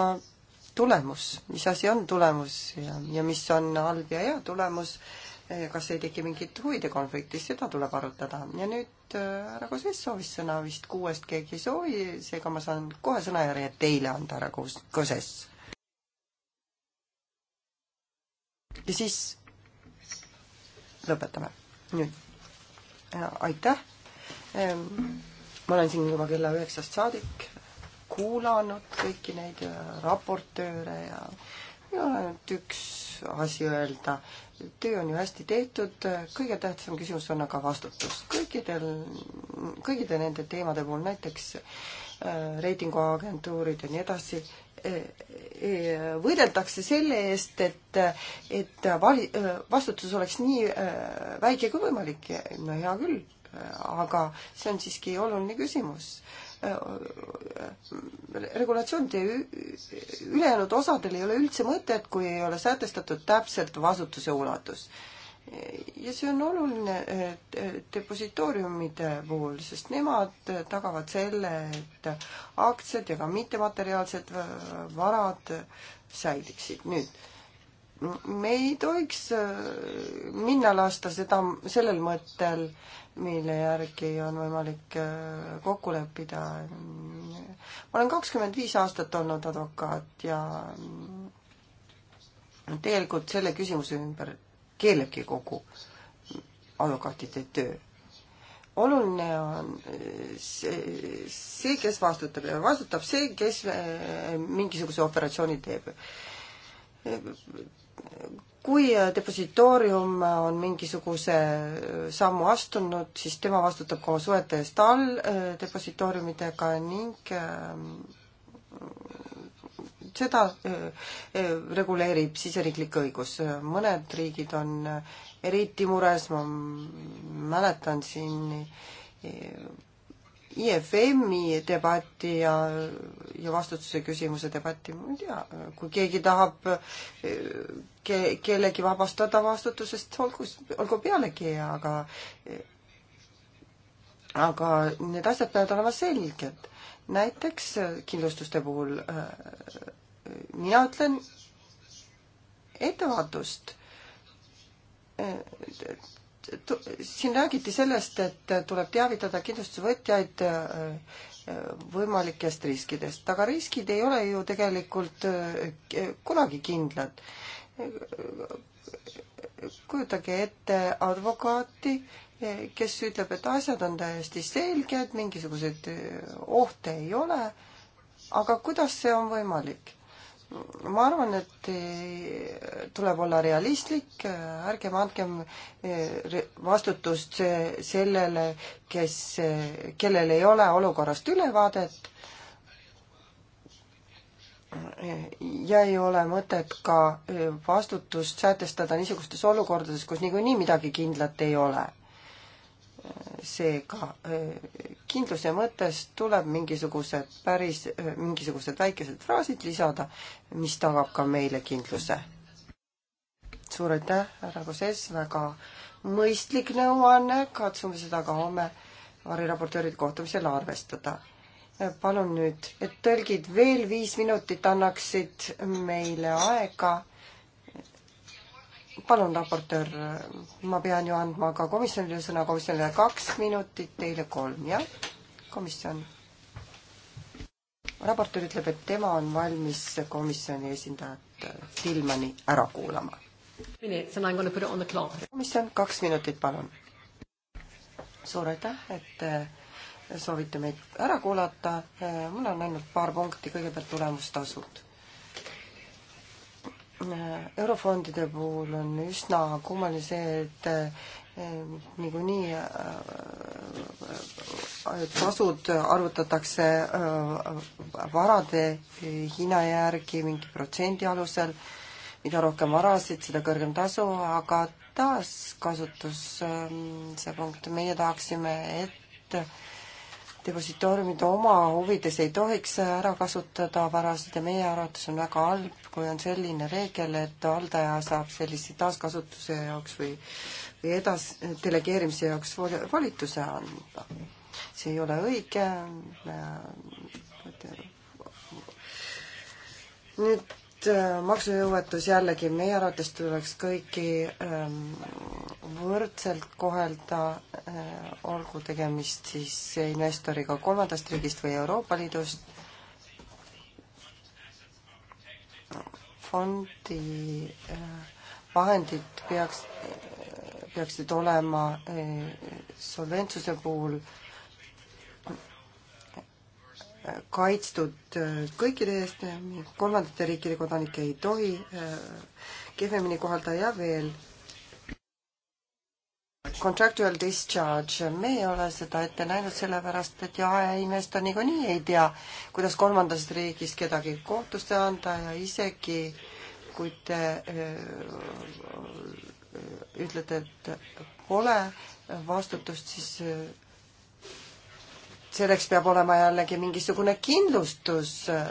tulemus, mis asi on tulemus ja, ja mis on halb ja hea tulemus Eh, kas ei teki mingit huvide konflikti, seda tuleb arutada. ja nüüd eh, härra Kosvis soovis sõna, vist kuuest keegi ei soovi, seega ma saan kohe sõnajärje teile anda, härra Koses. ja siis lõpetame. nüüd. aitäh. ma olen siin juba kella üheksast saadik kuulanud kõiki neid eh, raportööre ja minul on ainult üks asi öelda töö on ju hästi tehtud, kõige tähtsam küsimus on aga vastutus. kõikidel, kõikide nende teemade puhul, näiteks äh, reitinguagentuurid ja nii edasi, e, e, võideldakse selle eest, et, et vali-, äh, vastutus oleks nii äh, väike kui võimalik, no hea küll, aga see on siiski oluline küsimus regulatsioonide ülejäänud osadel ei ole üldse mõtet, kui ei ole sätestatud täpselt vastutuse ulatus. ja see on oluline depositooriumide puhul, sest nemad tagavad selle, et aktsiad ja ka mittemateriaalsed äh, varad säiliksid. nüüd me ei tohiks äh, minna lasta seda sellel mõttel, mille järgi on võimalik äh, kokku leppida. ma olen kakskümmend viis aastat olnud advokaat ja tegelikult selle küsimuse ümber keelebki kogu advokaatide töö oluline on äh, see, see, kes vastutab ja vastutab see, kes mingisuguse operatsiooni teeb kui äh, depositoorium äh, on mingisuguse äh, sammu astunud, siis tema vastutab ka oma suhete eest all depositooriumidega ning ähm, seda reguleerib siseriiklik õigus. mõned riigid on eriti mures, ma mäletan siin IFM-i debatti ja, ja vastutuse küsimuse debatti, ma ei tea, kui keegi tahab eh, ke, kellegi vabastada vastutusest, olgu, olgu pealegi, aga aga need asjad peavad olema selged. näiteks kindlustuste puhul eh, mina ütlen ettevaatust eh, siin räägiti sellest, et tuleb teavitada kindlustusvõtjaid äh, võimalikest riskidest, aga riskid ei ole ju tegelikult äh, kunagi kindlad. kujutage ette advokaati, kes ütleb, et asjad on täiesti selged, mingisuguseid äh, ohte ei ole, aga kuidas see on võimalik? ma arvan, et eh, tuleb olla realistlik, eh, ärgem andkem eh, vastutust sellele, kes, kellel ei ole olukorrast ülevaadet. ja ei ole mõtet ka vastutust sätestada niisugustes olukordades, kus niikuinii midagi kindlat ei ole seega kindluse mõttes tuleb mingisugused päris, mingisugused väikesed fraasid lisada, mis tagab ka meile kindluse. suur aitäh, härra Koses, väga mõistlik nõuanne, katsume seda ka homme variraportööride kohtumisel arvestada. palun nüüd, et tõlgid veel viis minutit annaksid meile aega palun, raportöör, ma pean ju andma ka komisjonile sõna, komisjonile kaks minutit, teile kolm, jah? komisjon. raportöör ütleb, et tema on valmis komisjoni esindajat Tilmani ära kuulama. komisjon, kaks minutit, palun. suur aitäh, et äh, soovite meid ära kuulata. Äh, mul on ainult paar punkti, kõigepealt tulemustasud eurofondide puhul on üsna kummaline see, et eh, niikuinii eh, tasud arvutatakse eh, varade hinna järgi mingi protsendi alusel, mida rohkem varasid, seda kõrgem tasu, aga taaskasutus, see punkt, meie tahaksime, et depositooriumid oma huvides ei tohiks ära kasutada varasid ja meie arvates on väga halb, kui on selline reegel, et haldaja saab sellise taaskasutuse jaoks või, või edas-, delegeerimise jaoks volituse anda. see ei ole õige. nüüd Äh, maksujõuetus jällegi meie arvates tuleks kõiki ähm, võrdselt kohelda, äh, olgu tegemist siis investoriga kolmandast riigist või Euroopa Liidust. fondi äh, vahendid peaks, peaksid olema solventsuse puhul äh, kaitstud äh, kõikide eest, kolmandate riikide kodanikke ei tohi äh, kehvemini kohalda ja veel contractual discharge, me ei ole seda ette näinud, sellepärast et jaeinvestor niikuinii ei tea, kuidas kolmandast riigist kedagi kohtusse anda ja isegi kui te äh, ütlete, et pole vastutust, siis selleks peab olema jällegi mingisugune kindlustus äh,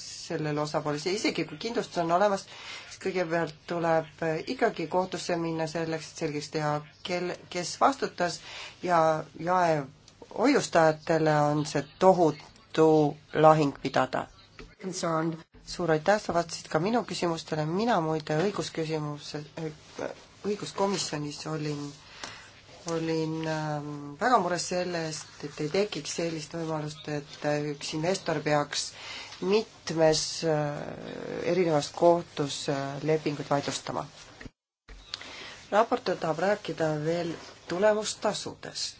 sellel osapoolel, isegi kui kindlustus on olemas, siis kõigepealt tuleb äh, ikkagi kohtusse minna selleks, et selgeks teha, kel, kes vastutas ja jaehoiustajatele on see tohutu lahing pidada. suur aitäh, sa vastasid ka minu küsimustele, mina muide õigusküsimuse, õiguskomisjonis olin äh, olin ähm, väga mures selle eest, et ei tekiks sellist võimalust, et äh, üks investor peaks mitmes äh, erinevas kohtus äh, lepingut vaidlustama. raportöör tahab rääkida veel tulemustasudest.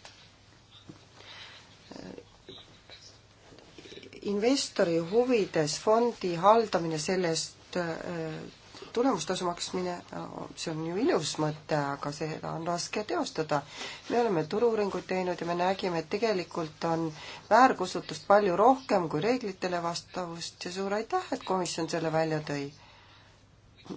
investori huvides fondi haldamine sellest tulemustasu maksmine, see on ju ilus mõte, aga seda on raske teostada. me oleme turu-uuringuid teinud ja me nägime, et tegelikult on väärkasutust palju rohkem kui reeglitele vastavust ja suur aitäh, et komisjon selle välja tõi.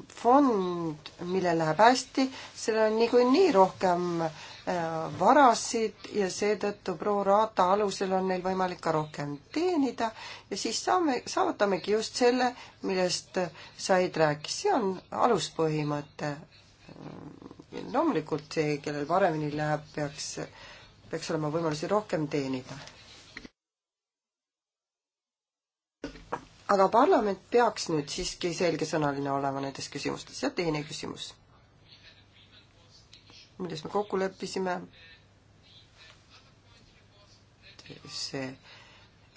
fond, millel läheb hästi, sellel on niikuinii rohkem äh, Äh, varasid ja seetõttu prorata alusel on neil võimalik ka rohkem teenida ja siis saame, saavutamegi just selle, millest Said rääkis, see on aluspõhimõte. Mm, loomulikult see, kellel paremini läheb, peaks, peaks olema võimalusi rohkem teenida. aga parlament peaks nüüd siiski selgesõnaline olema nendes küsimustes ja teine küsimus milles me kokku leppisime. see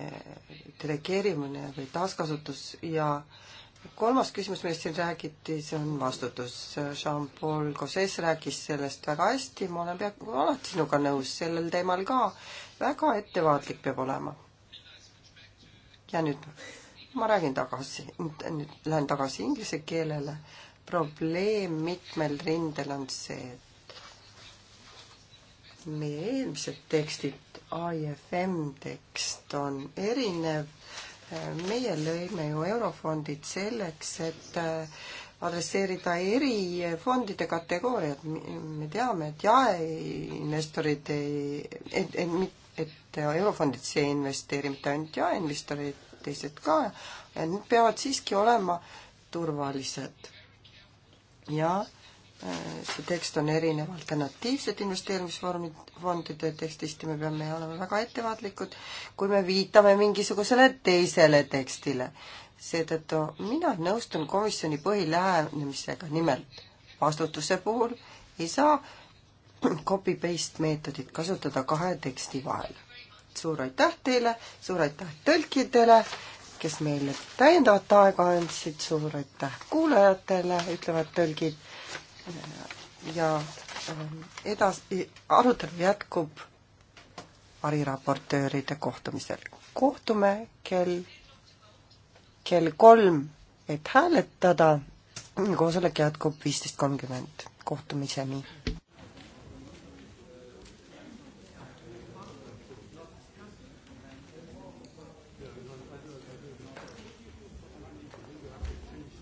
eh, delegeerimine või taaskasutus ja kolmas küsimus, millest siin räägiti, see on vastutus. Jean-Paul Gosses rääkis sellest väga hästi, ma olen peaaegu alati sinuga nõus sellel teemal ka. väga ettevaatlik peab olema. ja nüüd ma räägin tagasi, nüüd lähen tagasi inglise keelele. probleem mitmel rindel on see, et meie eelmised tekstid, IFM tekst on erinev. meie lõime ju eurofondid selleks, et äh, adresseerida eri fondide kategooriad. me teame, et jaeinvestorid ei, et, et, et eurofondidesse ei investeeri mitte ainult jaeinvestorid, teised ka, et need peavad siiski olema turvalised. ja see äh, tekst on erinev alternatiivsete investeerimisfondide tekstist ja me peame olema väga ettevaatlikud, kui me viitame mingisugusele teisele tekstile. seetõttu mina nõustun komisjoni põhilähenemisega, nimelt vastutuse puhul ei saa copy-paste meetodit kasutada kahe teksti vahel. suur aitäh teile, suur aitäh tõlkidele kes meile täiendavat aega andsid, suur aitäh kuulajatele, ütlevad tõlgid ja äh, edas-, arutelu jätkub variraportööride kohtumisel. kohtume kell, kell kolm, et hääletada. koosolek jätkub viisteist kolmkümmend. kohtumiseni!